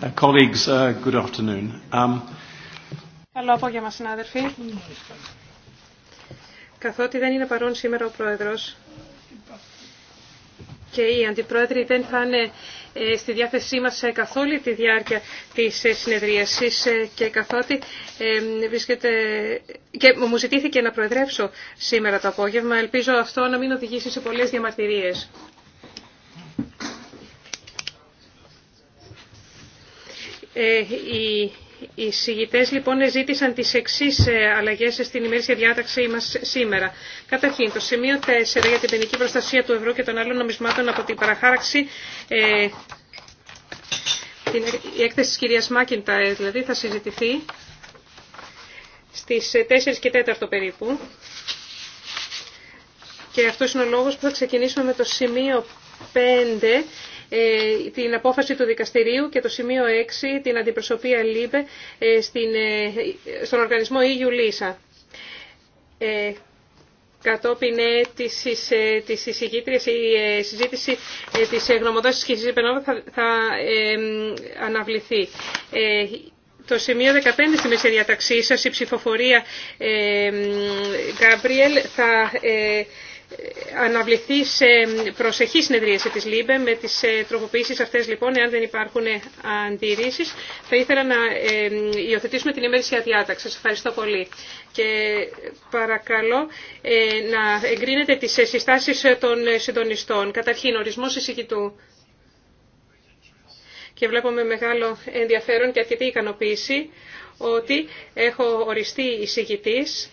Uh, colleagues, uh, good afternoon. Um, Καλό απόγευμα, συνάδελφοι. Καθότι δεν είναι παρόν σήμερα ο Πρόεδρος και οι Αντιπρόεδροι δεν θα είναι ε, στη διάθεσή μας καθ' τη διάρκεια της ε, συνεδρίασης ε, και καθότι βρίσκεται... και μου ζητήθηκε να προεδρεύσω σήμερα το απόγευμα. Ελπίζω αυτό να μην οδηγήσει σε πολλές διαμαρτυρίες. Ε, οι οι συγητές λοιπόν ζήτησαν τις εξής ε, αλλαγές στην ημερήσια διάταξή μας σήμερα. Καταρχήν, το σημείο 4 για την ποινική προστασία του ευρώ και των άλλων νομισμάτων από την παραχάραξη ε, την, η έκθεση της κυρίας Μάκιντα δηλαδή θα συζητηθεί στις 4 και 4 περίπου. Και αυτό είναι ο λόγος που θα ξεκινήσουμε με το σημείο 5 ε, την απόφαση του δικαστηρίου και το σημείο 6 την αντιπροσωπεία ΛΥΜΕ ε, ε, στον οργανισμό EU-LISA. Κατόπιν της, της εισηγήτριας η συζήτηση της γνωμοδότησης και της θα, θα αναβληθεί. Ε, το σημείο 15 στη μέση διαταξή σας, η ψηφοφορία Γκάμπριελ, θα ε, αναβληθεί σε προσεχή συνεδρίαση της ΛΥΜΠΕ με τις ε, τροποποιήσεις αυτές λοιπόν, εάν δεν υπάρχουν ε, αντιρρήσεις, θα ήθελα να υιοθετήσουμε την ημέρηση διάταξη. ευχαριστώ πολύ. Και παρακαλώ να εγκρίνετε τις συστάσεις των συντονιστών. Καταρχήν, ορισμός εισηγητού. Και βλέπω με μεγάλο ενδιαφέρον και αρκετή ικανοποίηση ότι έχω οριστεί εισηγητής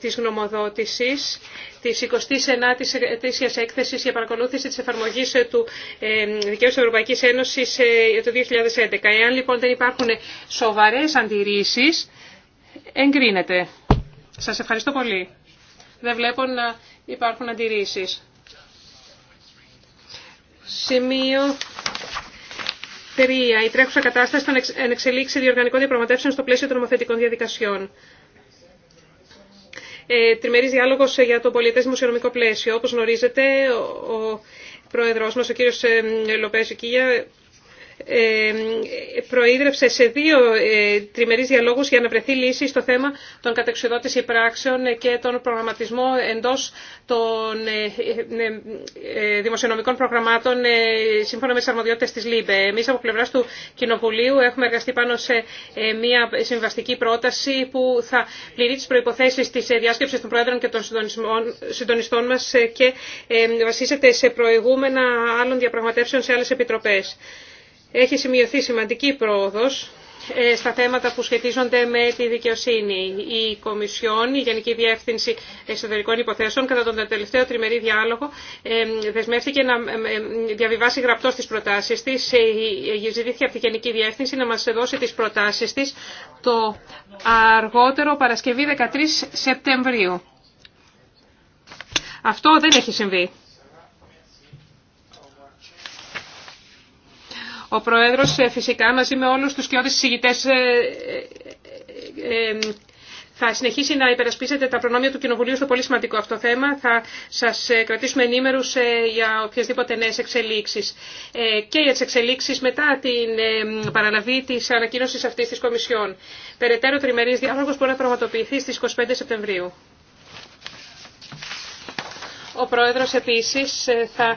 της γνωμοδότησης της 29ης ετήσιας έκθεσης για παρακολούθηση της εφαρμογής ε, του ε, Δικαίου της Ευρωπαϊκής Ένωσης ε, το 2011. Εάν λοιπόν δεν υπάρχουν σοβαρές αντιρρήσεις, εγκρίνεται. Σας ευχαριστώ πολύ. Δεν βλέπω να υπάρχουν αντιρρήσεις. Σημείο 3. Η τρέχουσα κατάσταση των ενεξελίξεων διοργανικών διαπραγματεύσεων στο πλαίσιο των νομοθετικών διαδικασιών. Ε, τριμερής διάλογος για το πολιτές δημοσιονομικό πλαίσιο. Όπως γνωρίζετε, ο πρόεδρος μα, ο κύριος ε, Λοπέζη Κίγια, προείδρευσε σε δύο ε, τριμερείς διαλόγους για να βρεθεί λύση στο θέμα των κατεξοδότηση πράξεων και τον προγραμματισμό εντός των ε, ε, δημοσιονομικών προγραμμάτων σύμφωνα με τις αρμοδιότητες της ΛΥΜΠΕ. Εμείς από πλευρά του Κοινοβουλίου έχουμε εργαστεί πάνω σε μια συμβαστική πρόταση που θα πληρεί τις προϋποθέσεις της διάσκεψης των Πρόεδρων και των συντονιστών μας και βασίζεται σε προηγούμενα άλλων διαπραγματεύσεων σε άλλες επιτροπές έχει σημειωθεί σημαντική πρόοδος ε, στα θέματα που σχετίζονται με τη δικαιοσύνη. Η Κομισιόν, η Γενική Διεύθυνση Εσωτερικών Υποθέσεων, κατά τον τελευταίο τριμερή διάλογο, ε, δεσμεύτηκε να ε, διαβιβάσει γραπτό τι προτάσει τη. Ζητήθηκε από τη Γενική Διεύθυνση να μα δώσει τι προτάσει τη το αργότερο Παρασκευή 13 Σεπτεμβρίου. Αυτό δεν έχει συμβεί. Ο Πρόεδρος ε, φυσικά μαζί με όλους τους ε, συζητητές ε, ε, θα συνεχίσει να υπερασπίσετε τα προνόμια του Κοινοβουλίου στο πολύ σημαντικό αυτό θέμα. Θα σα κρατήσουμε ενήμερου για οποιασδήποτε νέε εξελίξει. Και για τι εξελίξει μετά την παραλαβή τη ανακοίνωση αυτή τη Κομισιόν. Περαιτέρω τριμερή διάλογο μπορεί να πραγματοποιηθεί στι 25 Σεπτεμβρίου. Ο Πρόεδρος επίσης θα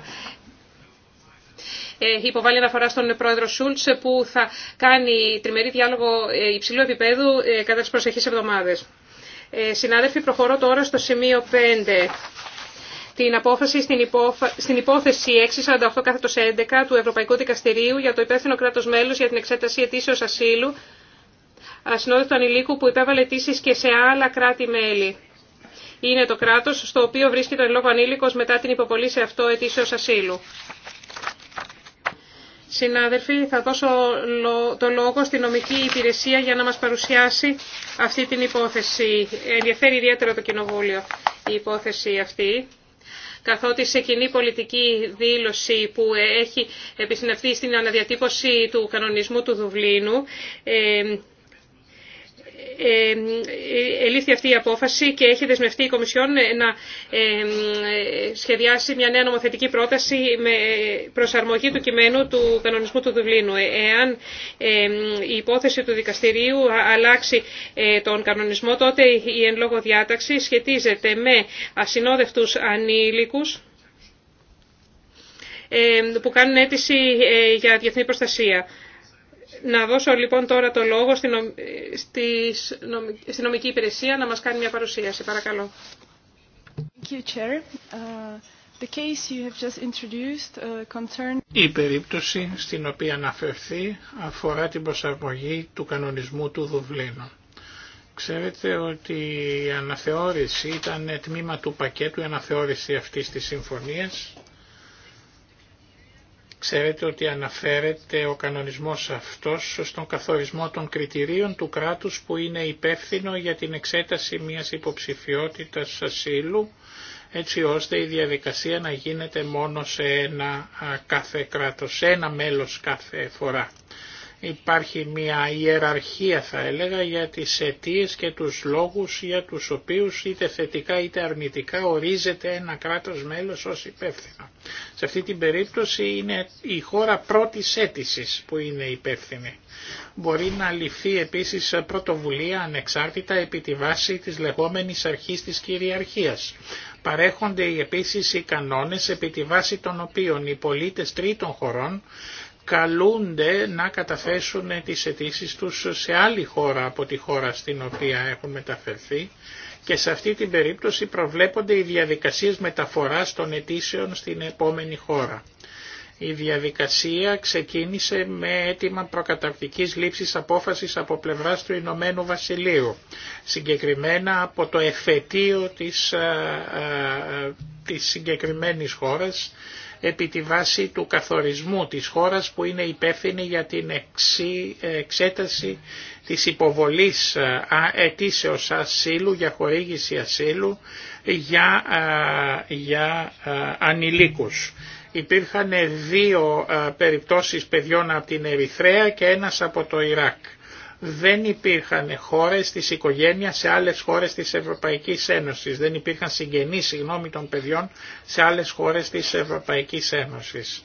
ε, υποβάλει αναφορά στον πρόεδρο Σούλτσε που θα κάνει τριμερή διάλογο ε, υψηλού επίπεδου ε, κατά τι προσεχείς εβδομάδες. Συνάδελφοι, προχωρώ τώρα στο σημείο 5 την απόφαση στην, υπόθεση 648 11 του Ευρωπαϊκού Δικαστηρίου για το υπεύθυνο κράτο μέλος για την εξέταση αιτήσεω ασύλου ασυνόδευτου ανηλίκου που υπέβαλε αιτήσει και σε άλλα κράτη-μέλη. Είναι το κράτο στο οποίο βρίσκεται ο λόγο ανήλικος μετά την υποβολή αυτό αιτήσεω ασύλου. Συνάδελφοι, θα δώσω το λόγο στη νομική υπηρεσία για να μας παρουσιάσει αυτή την υπόθεση. Ενδιαφέρει ιδιαίτερα το Κοινοβούλιο η υπόθεση αυτή, καθότι σε κοινή πολιτική δήλωση που έχει επισυνευθεί στην αναδιατύπωση του κανονισμού του Δουβλίνου, ε, ε, ε, ελήφθη αυτή η απόφαση και έχει δεσμευτεί η Κομισιόν ε, να σχεδιάσει μια νέα νομοθετική πρόταση με προσαρμογή του κειμένου του κανονισμού του Δουβλίνου. Εάν η υπόθεση του δικαστηρίου αλλάξει τον κανονισμό, τότε η εν λόγω διάταξη σχετίζεται με ασυνόδευτους ανήλικους που κάνουν αίτηση για διεθνή προστασία. Να δώσω λοιπόν τώρα το λόγο στην νομική υπηρεσία να μας κάνει μια παρουσίαση. Παρακαλώ. Η περίπτωση στην οποία αναφερθεί αφορά την προσαρμογή του κανονισμού του Δουβλίνου. Ξέρετε ότι η αναθεώρηση ήταν τμήμα του πακέτου η αναθεώρηση αυτής της συμφωνίας Ξέρετε ότι αναφέρεται ο κανονισμός αυτός στον καθορισμό των κριτηρίων του κράτους που είναι υπεύθυνο για την εξέταση μιας υποψηφιότητας ασύλου έτσι ώστε η διαδικασία να γίνεται μόνο σε ένα κάθε ένα μέλος κάθε φορά. Υπάρχει μια ιεραρχία θα έλεγα για τις αιτίε και τους λόγους για τους οποίους είτε θετικά είτε αρνητικά ορίζεται ένα κράτος μέλος ως υπεύθυνο. Σε αυτή την περίπτωση είναι η χώρα πρώτης αίτηση που είναι υπεύθυνη. Μπορεί να ληφθεί επίσης πρωτοβουλία ανεξάρτητα επί τη βάση της λεγόμενης αρχής της κυριαρχίας. Παρέχονται επίσης οι κανόνες επί τη βάση των οποίων οι πολίτες τρίτων χωρών καλούνται να καταθέσουν τις αιτήσει τους σε άλλη χώρα από τη χώρα στην οποία έχουν μεταφερθεί και σε αυτή την περίπτωση προβλέπονται οι διαδικασίες μεταφοράς των αιτήσεων στην επόμενη χώρα. Η διαδικασία ξεκίνησε με αίτημα προκαταρκτικής λήψης απόφασης από πλευράς του Ηνωμένου Βασιλείου, συγκεκριμένα από το εφετείο της, ε, ε, ε, της συγκεκριμένης χώρας επί τη βάση του καθορισμού της χώρας που είναι υπεύθυνη για την ε, εξέταση της υποβολής ε, αιτήσεως ασύλου για χορήγηση ασύλου για, ε, για ανηλίκους. Υπήρχαν δύο περιπτώσεις παιδιών από την Ερυθρέα και ένας από το Ιράκ δεν υπήρχαν χώρες της οικογένεια σε άλλες χώρες τη Ευρωπαϊκής Ένωσης. Δεν υπήρχαν συγγενείς, συγγνώμη, των παιδιών σε άλλες χώρες της Ευρωπαϊκής Ένωσης.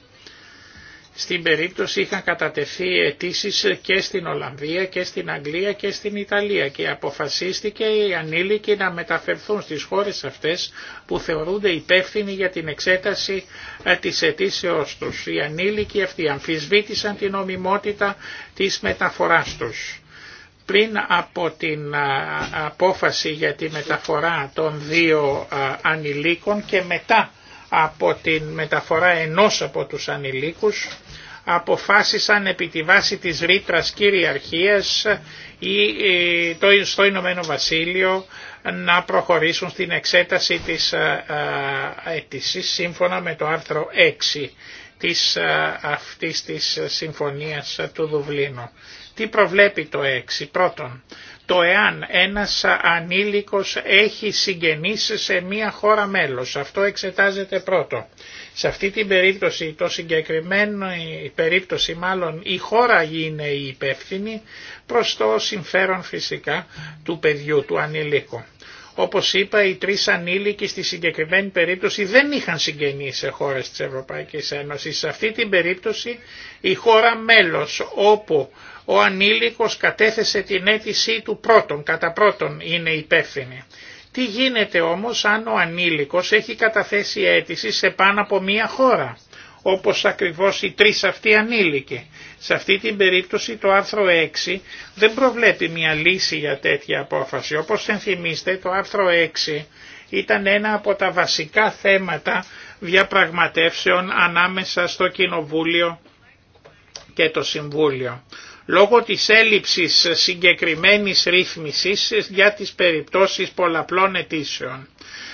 Στην περίπτωση είχαν κατατεθεί αιτήσει και στην Ολλανδία και στην Αγγλία και στην Ιταλία και αποφασίστηκε οι ανήλικοι να μεταφερθούν στις χώρες αυτές που θεωρούνται υπεύθυνοι για την εξέταση ε, της αιτήσεω τους. Οι ανήλικοι αυτοί αμφισβήτησαν την ομιμότητα της μεταφοράς τους πριν από την απόφαση για τη μεταφορά των δύο ανηλίκων και μετά από την μεταφορά ενός από τους ανηλίκους αποφάσισαν επί τη βάση της ρήτρας κυριαρχίας ε, στο Ηνωμένο Βασίλειο να προχωρήσουν στην εξέταση της αίτηση σύμφωνα με το άρθρο 6 της, αυτής της συμφωνίας του Δουβλίνου. Τι προβλέπει το 6. Πρώτον, το εάν ένας ανήλικος έχει συγγενείς σε μία χώρα μέλος. Αυτό εξετάζεται πρώτο. Σε αυτή την περίπτωση, το συγκεκριμένο περίπτωση μάλλον η χώρα είναι η υπεύθυνη προς το συμφέρον φυσικά του παιδιού, του ανηλίκου. Όπως είπα οι τρεις ανήλικοι στη συγκεκριμένη περίπτωση δεν είχαν συγγενείς σε χώρες της Ευρωπαϊκής Ένωσης. Σε αυτή την περίπτωση η χώρα μέλος όπου ο ανήλικος κατέθεσε την αίτησή του πρώτον, κατά πρώτον είναι υπεύθυνη. Τι γίνεται όμως αν ο ανήλικος έχει καταθέσει αίτηση σε πάνω από μία χώρα, όπως ακριβώς οι τρεις αυτοί ανήλικοι. Σε αυτή την περίπτωση το άρθρο 6 δεν προβλέπει μία λύση για τέτοια απόφαση. Όπως ενθυμίστε το άρθρο 6 ήταν ένα από τα βασικά θέματα διαπραγματεύσεων ανάμεσα στο Κοινοβούλιο και το Συμβούλιο λόγω της έλλειψης συγκεκριμένης ρύθμισης για τις περιπτώσεις πολλαπλών αιτήσεων.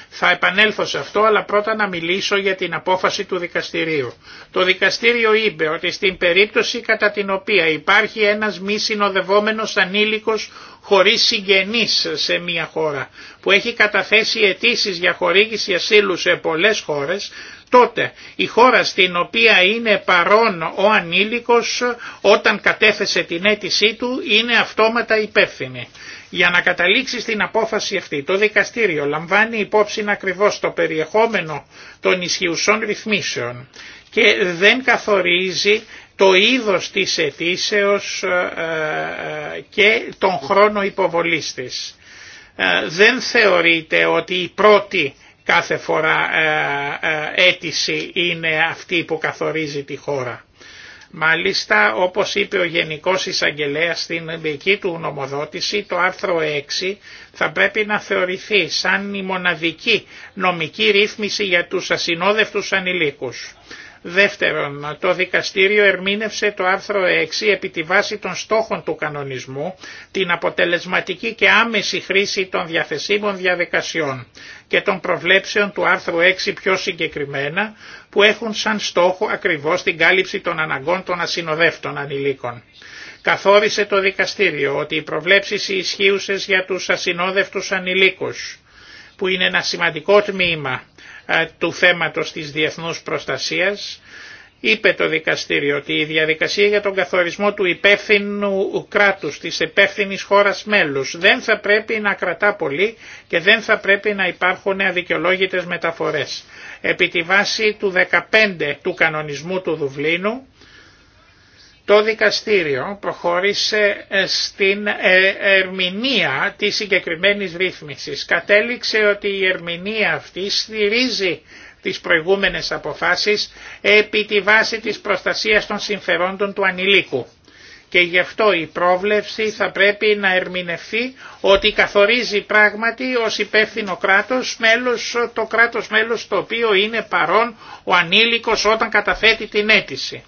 Θα επανέλθω σε αυτό, αλλά πρώτα να μιλήσω για την απόφαση του δικαστηρίου. Το δικαστήριο είπε ότι στην περίπτωση κατά την οποία υπάρχει ένας μη συνοδευόμενος ανήλικος χωρίς συγγενείς σε μια χώρα, που έχει καταθέσει αιτήσει για χορήγηση ασύλου σε πολλές χώρες, τότε η χώρα στην οποία είναι παρόν ο ανήλικος όταν κατέθεσε την αίτησή του είναι αυτόματα υπεύθυνη. Για να καταλήξει στην απόφαση αυτή το δικαστήριο λαμβάνει υπόψη ακριβώς το περιεχόμενο των ισχυουσών ρυθμίσεων και δεν καθορίζει το είδος της αιτήσεως ε, ε, και τον χρόνο υποβολής της. Ε, δεν θεωρείται ότι η πρώτη κάθε φορά ε, ε, αίτηση είναι αυτή που καθορίζει τη χώρα. Μάλιστα, όπως είπε ο Γενικός Εισαγγελέας στην δική του νομοδότηση, το άρθρο 6 θα πρέπει να θεωρηθεί σαν η μοναδική νομική ρύθμιση για τους ασυνόδευτους ανηλίκους. Δεύτερον, το δικαστήριο ερμήνευσε το άρθρο 6 επί τη βάση των στόχων του κανονισμού, την αποτελεσματική και άμεση χρήση των διαθεσίμων διαδικασιών και των προβλέψεων του άρθρου 6 πιο συγκεκριμένα, που έχουν σαν στόχο ακριβώς την κάλυψη των αναγκών των ασυνοδεύτων ανηλίκων. Καθόρισε το δικαστήριο ότι οι προβλέψεις ισχύουσες για τους ασυνόδευτους ανηλίκους, που είναι ένα σημαντικό τμήμα ε, του θέματος της διεθνούς προστασίας. Είπε το δικαστήριο ότι η διαδικασία για τον καθορισμό του υπεύθυνου κράτους, της υπεύθυνη χώρας μέλους, δεν θα πρέπει να κρατά πολύ και δεν θα πρέπει να υπάρχουν αδικαιολόγητες μεταφορές. Επί τη βάση του 15 του κανονισμού του Δουβλίνου, το δικαστήριο προχώρησε ε, στην ε, ερμηνεία της συγκεκριμένης ρύθμισης. Κατέληξε ότι η ερμηνεία αυτή στηρίζει τις προηγούμενες αποφάσεις επί τη βάση της προστασίας των συμφερόντων του ανηλίκου. Και γι' αυτό η πρόβλεψη θα πρέπει να ερμηνευθεί ότι καθορίζει πράγματι ως υπεύθυνο κράτος μέλος, το κράτος μέλος το οποίο είναι παρόν ο ανήλικος όταν καταθέτει την αίτηση.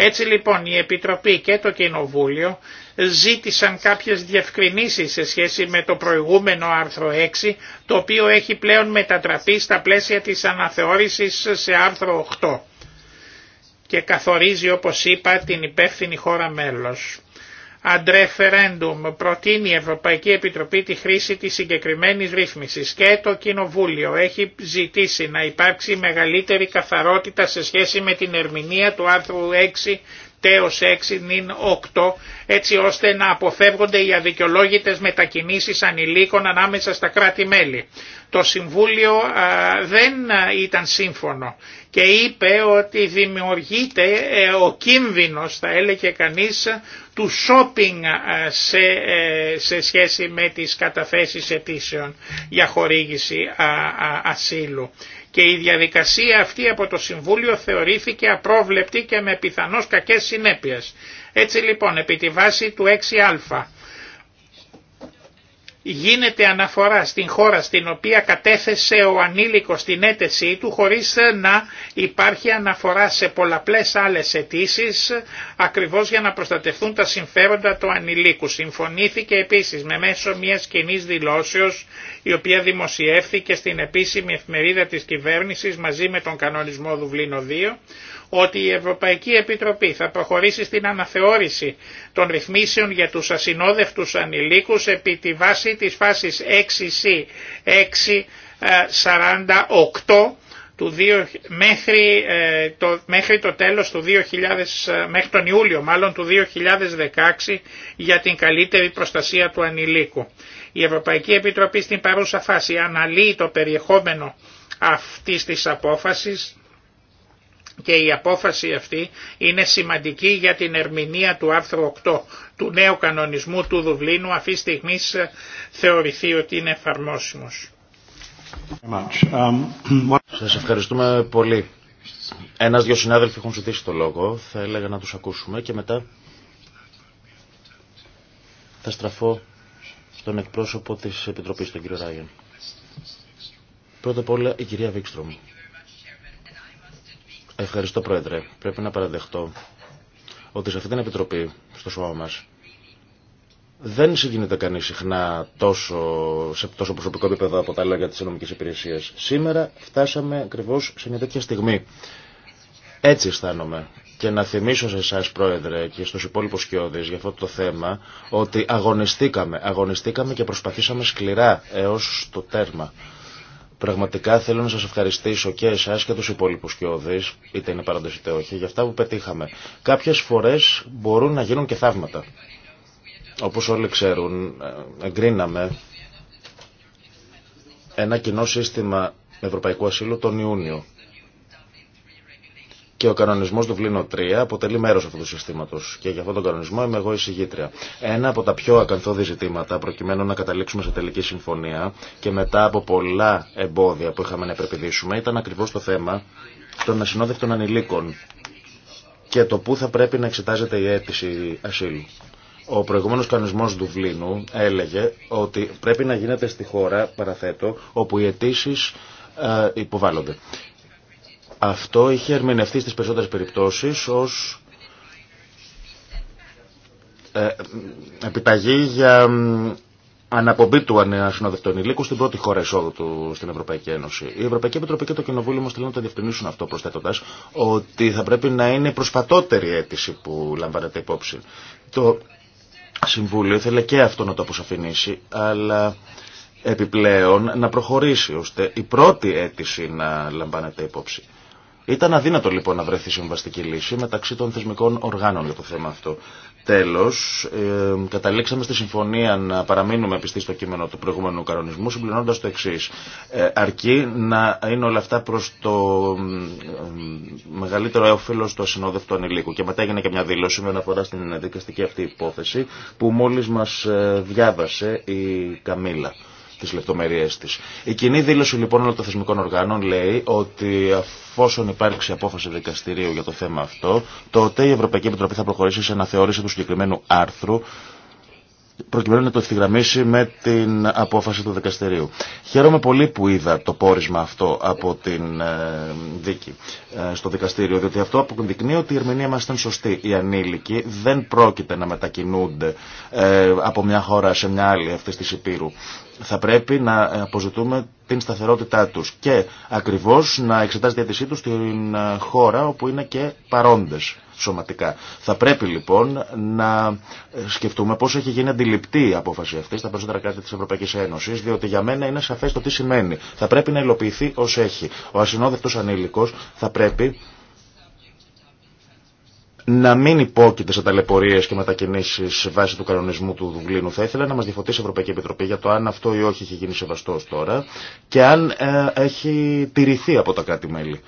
Έτσι λοιπόν η Επιτροπή και το Κοινοβούλιο ζήτησαν κάποιες διευκρινήσεις σε σχέση με το προηγούμενο άρθρο 6, το οποίο έχει πλέον μετατραπεί στα πλαίσια της αναθεώρησης σε άρθρο 8 και καθορίζει όπως είπα την υπεύθυνη χώρα μέλος αντρεφερέντουμ προτείνει η Ευρωπαϊκή Επιτροπή τη χρήση της συγκεκριμένης ρύθμισης και το Κοινοβούλιο έχει ζητήσει να υπάρξει μεγαλύτερη καθαρότητα σε σχέση με την ερμηνεία του άρθρου 6 έως 6 νυν 8 έτσι ώστε να αποφεύγονται οι αδικαιολόγητες μετακινήσεις ανηλίκων ανάμεσα στα κράτη-μέλη. Το Συμβούλιο δεν ήταν σύμφωνο και είπε ότι δημιουργείται ε, ο κίνδυνος θα έλεγε κανείς του shopping σε, ε, σε σχέση με τις καταθέσεις αιτήσεων για χορήγηση ασύλου και η διαδικασία αυτή από το Συμβούλιο θεωρήθηκε απρόβλεπτη και με πιθανώς κακές συνέπειες. Έτσι λοιπόν επί τη βάση του 6α γίνεται αναφορά στην χώρα στην οποία κατέθεσε ο ανήλικος την αίτησή του χωρίς να υπάρχει αναφορά σε πολλαπλές άλλες αιτήσει ακριβώς για να προστατευτούν τα συμφέροντα του ανηλίκου. Συμφωνήθηκε επίσης με μέσο μιας κοινή δηλώσεως η οποία δημοσιεύθηκε στην επίσημη εφημερίδα της κυβέρνησης μαζί με τον κανονισμό Δουβλίνο 2 ότι η Ευρωπαϊκή Επιτροπή θα προχωρήσει στην αναθεώρηση των ρυθμίσεων για τους ασυνόδευτους ανηλίκους επί τη βάση της φάσης 6C 648 του 2, μέχρι, ε, το, μέχρι το τέλος του 2000, ε, μέχρι τον Ιούλιο μάλλον του 2016 για την καλύτερη προστασία του ανηλίκου. Η Ευρωπαϊκή Επιτροπή στην παρούσα φάση αναλύει το περιεχόμενο αυτής της απόφασης και η απόφαση αυτή είναι σημαντική για την ερμηνεία του άρθρου 8 του νέου κανονισμού του Δουβλίνου αυτή τη στιγμή θεωρηθεί ότι είναι εφαρμόσιμος. Σας ευχαριστούμε πολύ. Ένας-δυο συνάδελφοι έχουν ζητήσει το λόγο. Θα έλεγα να τους ακούσουμε και μετά θα στραφώ στον εκπρόσωπο της Επιτροπής, τον κύριο Ράγεν. Πρώτα απ' όλα η κυρία Βίξτρομ. Ευχαριστώ, Πρόεδρε. Πρέπει να παραδεχτώ ότι σε αυτή την Επιτροπή, στο σώμα μας, δεν συγκινείται κανεί συχνά τόσο, σε τόσο προσωπικό επίπεδο από τα λόγια τη νομική υπηρεσία. Σήμερα φτάσαμε ακριβώ σε μια τέτοια στιγμή. Έτσι αισθάνομαι. Και να θυμίσω σε εσά, Πρόεδρε, και στου υπόλοιπου Σκιώδη για αυτό το θέμα, ότι αγωνιστήκαμε. Αγωνιστήκαμε και προσπαθήσαμε σκληρά έω το τέρμα. Πραγματικά θέλω να σας ευχαριστήσω και εσάς και τους υπόλοιπους κοιόδης, είτε είναι παρόντε είτε όχι, για αυτά που πετύχαμε. Κάποιες φορές μπορούν να γίνουν και θαύματα. Όπως όλοι ξέρουν, ε, εγκρίναμε ένα κοινό σύστημα ευρωπαϊκού ασύλου τον Ιούνιο. Και ο κανονισμό του 3 αποτελεί μέρο αυτού του συστήματο. Και για αυτόν τον κανονισμό είμαι εγώ εισηγήτρια. Ένα από τα πιο ακαθόδη ζητήματα, προκειμένου να καταλήξουμε σε τελική συμφωνία και μετά από πολλά εμπόδια που είχαμε να επερπηδήσουμε, ήταν ακριβώ το θέμα των ασυνόδευτων ανηλίκων και το πού θα πρέπει να εξετάζεται η αίτηση ασύλου. Ο προηγούμενο κανονισμό Δουβλίνου έλεγε ότι πρέπει να γίνεται στη χώρα, παραθέτω, όπου οι αιτήσει ε, υποβάλλονται. Αυτό είχε ερμηνευτεί στις περισσότερες περιπτώσεις ως ε, επιταγή για αναπομπή του ανεασυνοδευτών υλίκου στην πρώτη χώρα εισόδου του στην Ευρωπαϊκή Ένωση. Η Ευρωπαϊκή Επιτροπή και το Κοινοβούλιο μας θέλουν να το διευκρινίσουν αυτό προσθέτοντα ότι θα πρέπει να είναι η προσπατότερη αίτηση που λαμβάνεται υπόψη. Το Συμβούλιο ήθελε και αυτό να το αποσαφηνίσει, αλλά επιπλέον να προχωρήσει ώστε η πρώτη αίτηση να λαμβάνεται υπόψη. Ήταν αδύνατο λοιπόν να βρεθεί συμβαστική λύση μεταξύ των θεσμικών οργάνων για το θέμα αυτό. Τέλος, ε, καταλήξαμε στη συμφωνία να παραμείνουμε πιστοί στο κείμενο του προηγούμενου κανονισμού, συμπληρώνοντα το εξή. Ε, αρκεί να είναι όλα αυτά προς το μεγαλύτερο έοφυλο του ασυνόδευτου ανηλίκου. Και μετά έγινε και μια δήλωση με αναφορά στην δικαστική αυτή υπόθεση που μόλις μας ε, διάβασε η Καμίλα τις λεπτομέρειές της. Η κοινή δήλωση λοιπόν όλων των θεσμικών οργάνων λέει ότι αφόσον υπάρξει απόφαση δικαστηρίου για το θέμα αυτό, τότε η Ευρωπαϊκή Επιτροπή θα προχωρήσει σε αναθεώρηση του συγκεκριμένου άρθρου προκειμένου να το ευθυγραμμίσει με την απόφαση του δικαστηρίου. Χαίρομαι πολύ που είδα το πόρισμα αυτό από την ε, δίκη ε, στο δικαστήριο, διότι αυτό αποδεικνύει ότι η ερμηνεία μας ήταν σωστή. Οι ανήλικοι δεν πρόκειται να μετακινούνται ε, από μια χώρα σε μια άλλη αυτής τη Υπήρου θα πρέπει να αποζητούμε την σταθερότητά τους και ακριβώς να εξετάζει τη διατησή τους στην χώρα όπου είναι και παρόντες σωματικά. Θα πρέπει λοιπόν να σκεφτούμε πώς έχει γίνει αντιληπτή η απόφαση αυτή στα περισσότερα κράτη της Ευρωπαϊκής Ένωσης, διότι για μένα είναι σαφές το τι σημαίνει. Θα πρέπει να υλοποιηθεί ως έχει. Ο ασυνόδευτος ανήλικος θα πρέπει να μην υπόκειται σε ταλαιπωρίε και μετακινήσει βάσει του κανονισμού του Δουβλίνου. Θα ήθελα να μα διαφωτίσει η Ευρωπαϊκή Επιτροπή για το αν αυτό ή όχι έχει γίνει σεβαστό τώρα και αν ε, έχει τηρηθεί από τα κράτη-μέλη.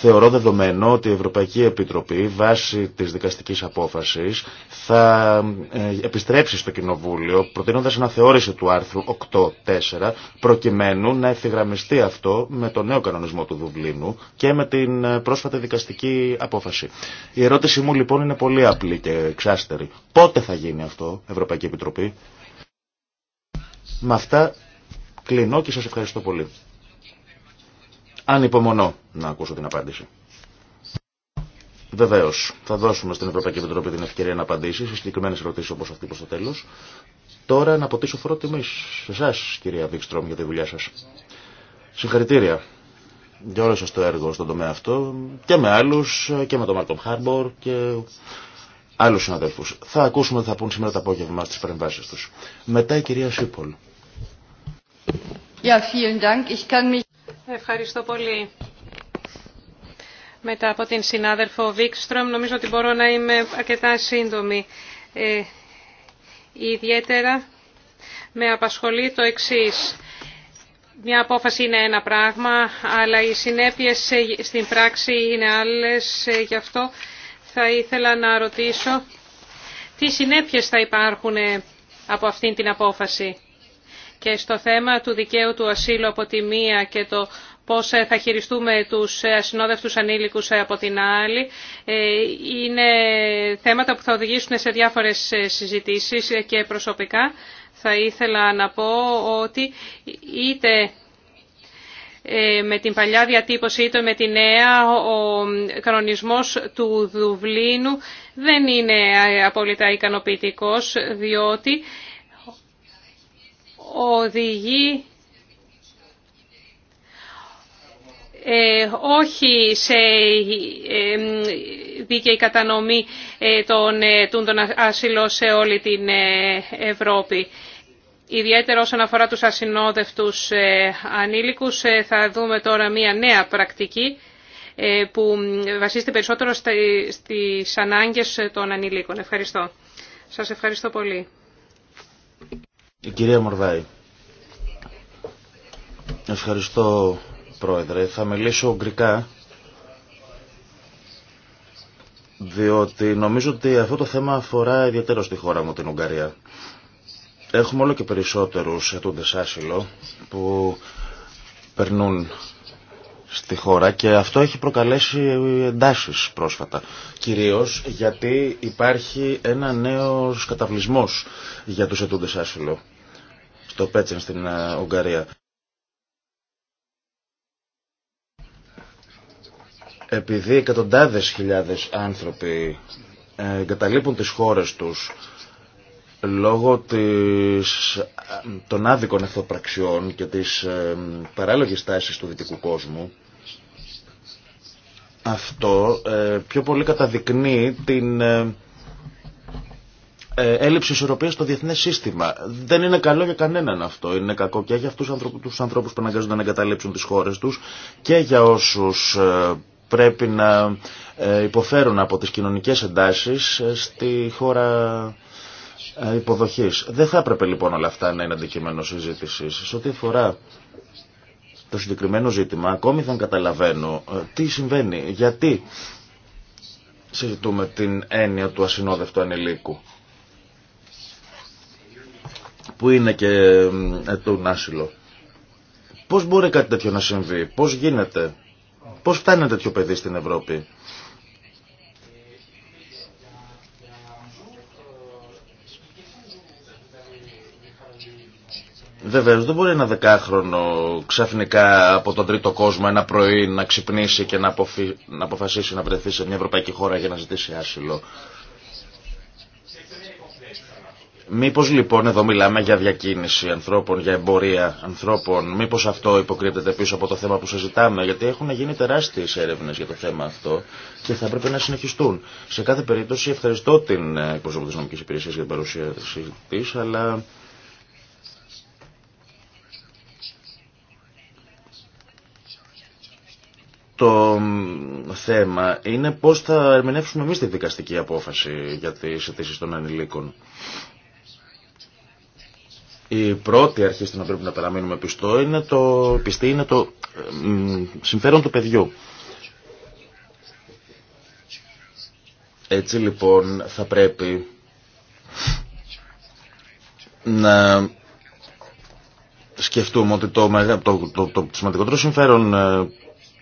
Θεωρώ δεδομένο ότι η Ευρωπαϊκή Επιτροπή βάσει της δικαστικής απόφασης θα ε, επιστρέψει στο Κοινοβούλιο προτείνοντας αναθεώρηση του άρθρου 8.4 προκειμένου να ευθυγραμμιστεί αυτό με το νέο κανονισμό του Δουβλίνου και με την ε, πρόσφατη δικαστική απόφαση. Η ερώτησή μου λοιπόν είναι πολύ απλή και εξάστερη. Πότε θα γίνει αυτό Ευρωπαϊκή Επιτροπή? Με αυτά κλείνω και σας ευχαριστώ πολύ. Ανυπομονώ να ακούσω την απάντηση. Βεβαίω, θα δώσουμε στην Ευρωπαϊκή Επιτροπή την ευκαιρία να απαντήσει σε συγκεκριμένε ερωτήσει όπω αυτή προ το τέλο. Τώρα να αποτίσω φορό τιμή σε εσά, κυρία Βίξτρομ, για τη δουλειά σα. Συγχαρητήρια για όλο σα το έργο στον τομέα αυτό και με άλλου και με τον Μάρκομ Χάρμπορ και άλλου συναδέλφου. Θα ακούσουμε τι θα πούν σήμερα το απόγευμα στι παρεμβάσει του. Μετά η κυρία Σίπολ. Ja, vielen Dank. Ich kann Ευχαριστώ πολύ. Μετά από την συνάδελφο Βίκστρομ, νομίζω ότι μπορώ να είμαι αρκετά σύντομη. Ε, ιδιαίτερα με απασχολεί το εξής. Μια απόφαση είναι ένα πράγμα, αλλά οι συνέπειες στην πράξη είναι άλλες. Ε, γι' αυτό θα ήθελα να ρωτήσω τι συνέπειες θα υπάρχουν από αυτήν την απόφαση και στο θέμα του δικαίου του ασύλου από τη μία και το πώς ε, θα χειριστούμε τους ε, ασυνόδευτους ανήλικους ε, από την άλλη. Είναι θέματα που θα οδηγήσουν σε διάφορες συζητήσεις και προσωπικά θα ήθελα να πω ότι είτε με την παλιά διατύπωση είτε με τη νέα ο κανονισμός του Δουβλίνου δεν είναι απόλυτα ικανοποιητικός διότι οδηγεί ε, όχι σε ε, δίκαιη κατανομή ε, των, ε, των ασύλων σε όλη την Ευρώπη. Ιδιαίτερα όσον αφορά τους ασυνόδευτους ανήλικους θα δούμε τώρα μία νέα πρακτική που βασίζεται περισσότερο στις ανάγκες των ανηλίκων. Ευχαριστώ. Σας ευχαριστώ πολύ. Η κυρία Μορδάη. Ευχαριστώ, Πρόεδρε. Θα μιλήσω ουγγρικά, διότι νομίζω ότι αυτό το θέμα αφορά ιδιαίτερα στη χώρα μου, την Ουγγαρία. Έχουμε όλο και περισσότερους ετούντες άσυλο που περνούν στη χώρα και αυτό έχει προκαλέσει εντάσεις πρόσφατα. Κυρίως γιατί υπάρχει ένα νέο καταβλισμός για τους ετούντε άσυλο στο Πέτσεν στην ε, Ουγγαρία. Επειδή εκατοντάδες χιλιάδες άνθρωποι ε, εγκαταλείπουν τις χώρες τους λόγω της, των άδικων ευθοπραξιών και της ε, παράλογης τάσης του δυτικού κόσμου αυτό ε, πιο πολύ καταδεικνύει την ε, ε, έλλειψη ισορροπίας στο διεθνές σύστημα. Δεν είναι καλό για κανέναν αυτό. Είναι κακό και για αυτούς ανθρώπους, τους ανθρώπους που αναγκάζονται να εγκαταλείψουν τις χώρες τους και για όσους ε, πρέπει να υποφέρουν από τις κοινωνικές εντάσεις στη χώρα ε, υποδοχής. Δεν θα έπρεπε λοιπόν όλα αυτά να είναι αντικείμενο συζήτηση. Σε ό,τι αφορά το συγκεκριμένο ζήτημα, ακόμη δεν καταλαβαίνω ε, τι συμβαίνει, γιατί συζητούμε την έννοια του ασυνόδευτου ανηλίκου που είναι και ε, το Νάσιλο. Πώς μπορεί κάτι τέτοιο να συμβεί, πώς γίνεται, πώς φτάνει ένα τέτοιο παιδί στην Ευρώπη. Βεβαίω δεν μπορεί ένα δεκάχρονο ξαφνικά από τον τρίτο κόσμο ένα πρωί να ξυπνήσει και να, να αποφασίσει να βρεθεί σε μια ευρωπαϊκή χώρα για να ζητήσει άσυλο. Μήπω λοιπόν εδώ μιλάμε για διακίνηση ανθρώπων, για εμπορία ανθρώπων, μήπω αυτό υποκρύπτεται πίσω από το θέμα που συζητάμε, γιατί έχουν γίνει τεράστιε έρευνε για το θέμα αυτό και θα έπρεπε να συνεχιστούν. Σε κάθε περίπτωση ευχαριστώ την εκπροσώπη τη νομική υπηρεσία για την παρουσία τη, αλλά Το θέμα είναι πώς θα ερμηνεύσουμε εμείς τη δικαστική απόφαση για τις αιτήσει των ανηλίκων. Η πρώτη αρχή στην οποία πρέπει να παραμείνουμε πιστό είναι το, πιστή είναι το συμφέρον του παιδιού. Έτσι λοιπόν θα πρέπει να σκεφτούμε ότι το, το, το, το σημαντικότερο συμφέρον ε,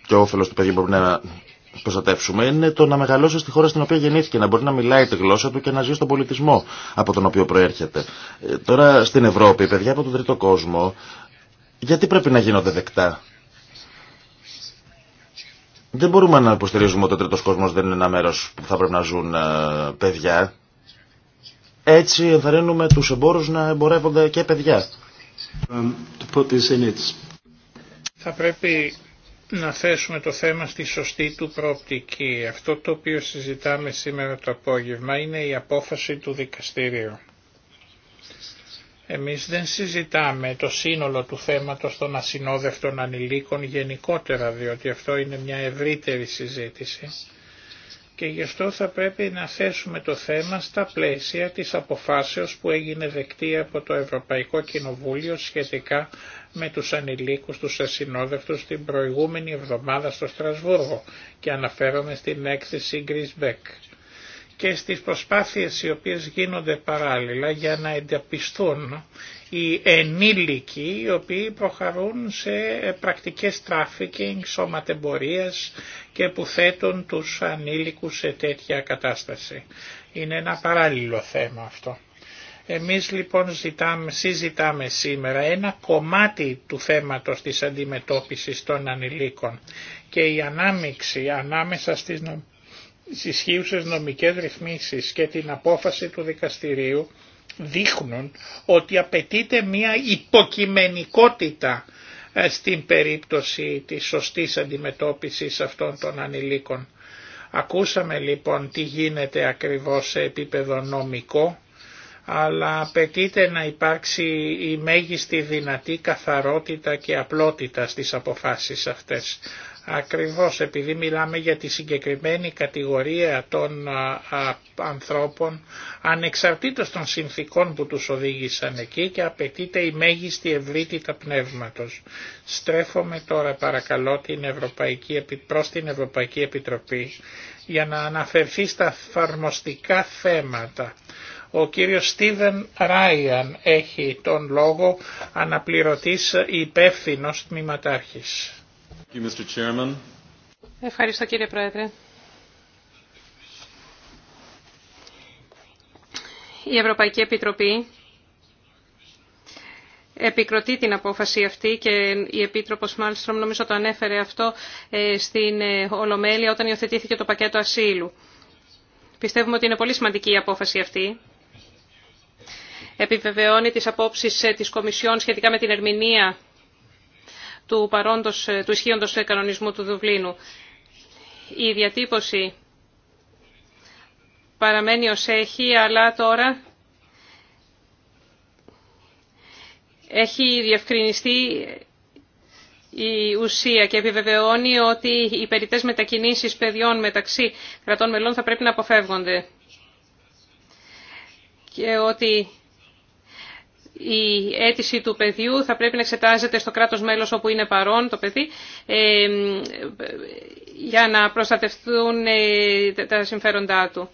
και όφελο του παιδιού που να προστατεύσουμε είναι το να μεγαλώσει στη χώρα στην οποία γεννήθηκε, να μπορεί να μιλάει τη γλώσσα του και να ζει στον πολιτισμό από τον οποίο προέρχεται. Ε, τώρα στην Ευρώπη, παιδιά από τον τρίτο κόσμο, γιατί πρέπει να γίνονται δεκτά. Δεν μπορούμε να υποστηρίζουμε ότι ο τρίτο κόσμο δεν είναι ένα μέρο που θα πρέπει να ζουν ε, παιδιά. Έτσι ενθαρρύνουμε του εμπόρου να εμπορεύονται και παιδιά. Um, θα πρέπει να θέσουμε το θέμα στη σωστή του προοπτική. Αυτό το οποίο συζητάμε σήμερα το απόγευμα είναι η απόφαση του δικαστηρίου. Εμείς δεν συζητάμε το σύνολο του θέματος των ασυνόδευτων ανηλίκων γενικότερα, διότι αυτό είναι μια ευρύτερη συζήτηση και γι' αυτό θα πρέπει να θέσουμε το θέμα στα πλαίσια της αποφάσεως που έγινε δεκτή από το Ευρωπαϊκό Κοινοβούλιο σχετικά με τους ανηλίκους, τους ασυνόδευτους την προηγούμενη εβδομάδα στο Στρασβούργο και αναφέρομαι στην έκθεση Γκρισμπέκ και στις προσπάθειες οι οποίες γίνονται παράλληλα για να εντεπιστούν οι ενήλικοι οι οποίοι προχαρούν σε πρακτικές τράφικινγκ, σωματεμπορίας και που θέτουν τους ανήλικους σε τέτοια κατάσταση. Είναι ένα παράλληλο θέμα αυτό. Εμείς λοιπόν ζητάμε, συζητάμε σήμερα ένα κομμάτι του θέματος της αντιμετώπισης των ανηλίκων και η ανάμειξη ανάμεσα στις ισχύουσες νομικές ρυθμίσεις και την απόφαση του δικαστηρίου δείχνουν ότι απαιτείται μια υποκειμενικότητα ε, στην περίπτωση της σωστής αντιμετώπισης αυτών των ανηλίκων. Ακούσαμε λοιπόν τι γίνεται ακριβώς σε επίπεδο νομικό, αλλά απαιτείται να υπάρξει η μέγιστη δυνατή καθαρότητα και απλότητα στις αποφάσεις αυτές. Ακριβώς επειδή μιλάμε για τη συγκεκριμένη κατηγορία των ανθρώπων ανεξαρτήτως των συνθήκων που τους οδήγησαν εκεί και απαιτείται η μέγιστη ευρύτητα πνεύματος. Στρέφομαι τώρα παρακαλώ την Ευρωπαϊκή, προς την Ευρωπαϊκή Επιτροπή για να αναφερθεί στα φαρμοστικά θέματα. Ο κύριος Στίβεν Ράιαν έχει τον λόγο αναπληρωτής υπεύθυνος τμήματάρχης. Ευχαριστώ κύριε Πρόεδρε. Η Ευρωπαϊκή Επιτροπή επικροτεί την απόφαση αυτή και η Επίτροπος Μάλστρομ νομίζω το ανέφερε αυτό ε, στην ε, Ολομέλεια όταν υιοθετήθηκε το πακέτο ασύλου. Πιστεύουμε ότι είναι πολύ σημαντική η απόφαση αυτή. Επιβεβαιώνει τις απόψεις ε, της Κομισιόν σχετικά με την ερμηνεία του, παρόντος, ε, του ισχύοντος κανονισμού του Δουβλίνου. Η διατύπωση παραμένει ως έχει, αλλά τώρα έχει διευκρινιστεί η ουσία και επιβεβαιώνει ότι οι περιττές μετακινήσεις παιδιών μεταξύ κρατών μελών θα πρέπει να αποφεύγονται και ότι η αίτηση του παιδιού θα πρέπει να εξετάζεται στο κράτος μέλος όπου είναι παρόν το παιδί ε, για να προστατευτούν ε, τα συμφέροντά του.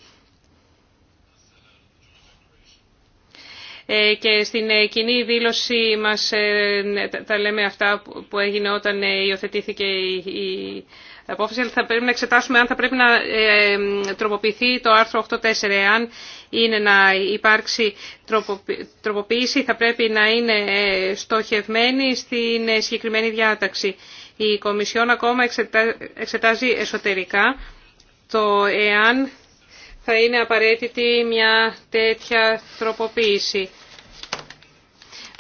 Ε, και στην κοινή δήλωση μας τα λέμε αυτά που έγινε όταν υιοθετήθηκε η απόφαση, θα πρέπει να εξετάσουμε αν θα πρέπει να ε, τροποποιηθεί το άρθρο 8.4. Εάν είναι να υπάρξει τροποποίηση, θα πρέπει να είναι ε, στοχευμένη στην ε, συγκεκριμένη διάταξη. Η Κομισιόν ακόμα εξετάζει εσωτερικά το εάν θα είναι απαραίτητη μια τέτοια τροποποίηση.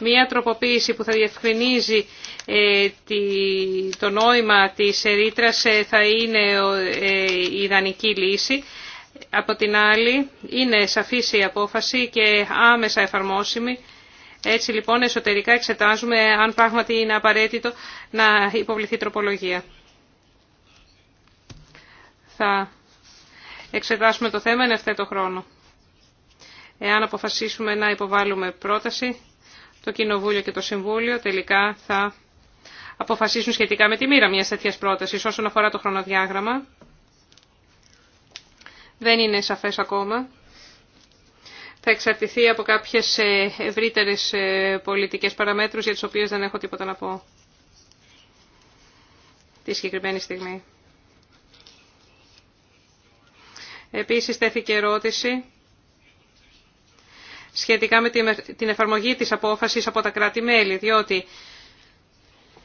Μία τροποποίηση που θα διευκρινίζει ε, το νόημα της ε, θα είναι ε, η ιδανική λύση. Από την άλλη, είναι σαφής η απόφαση και άμεσα εφαρμόσιμη. Έτσι λοιπόν εσωτερικά εξετάζουμε αν πράγματι είναι απαραίτητο να υποβληθεί τροπολογία. Θα εξετάσουμε το θέμα εν ευθέτω χρόνο. Εάν αποφασίσουμε να υποβάλουμε πρόταση, το Κοινοβούλιο και το Συμβούλιο τελικά θα αποφασίσουν σχετικά με τη μοίρα μιας τέτοιας πρότασης. Όσον αφορά το χρονοδιάγραμμα, δεν είναι σαφές ακόμα. Θα εξαρτηθεί από κάποιες ε, ευρύτερες ε, πολιτικές παραμέτρους για τις οποίες δεν έχω τίποτα να πω τη συγκεκριμένη στιγμή. Επίσης τέθηκε ερώτηση σχετικά με την εφαρμογή της απόφασης από τα κράτη-μέλη, διότι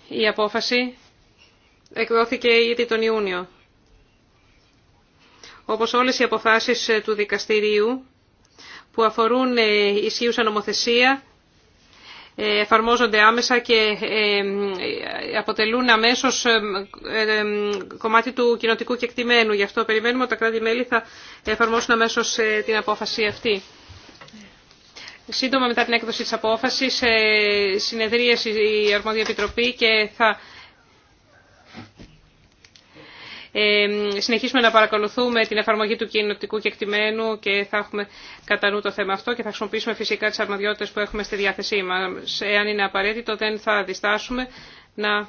η απόφαση εκδόθηκε ήδη τον Ιούνιο. Όπως όλες οι αποφάσεις ε, του δικαστηρίου που αφορούν ε, ισχύουσα νομοθεσία, ε, εφαρμόζονται άμεσα και αποτελούν αμέσως κομμάτι του κοινοτικού κεκτημένου. Γι' αυτό περιμένουμε ότι τα κράτη-μέλη θα εφαρμόσουν αμέσως την απόφαση αυτή. Σύντομα μετά την έκδοση της απόφασης ε, συνεδρίασε η Αρμόδια Επιτροπή και θα ε, συνεχίσουμε να παρακολουθούμε την εφαρμογή του κοινοτικού κεκτημένου και θα έχουμε κατά νου το θέμα αυτό και θα χρησιμοποιήσουμε φυσικά τις αρμοδιότητες που έχουμε στη διάθεσή μας. Εάν είναι απαραίτητο δεν θα διστάσουμε να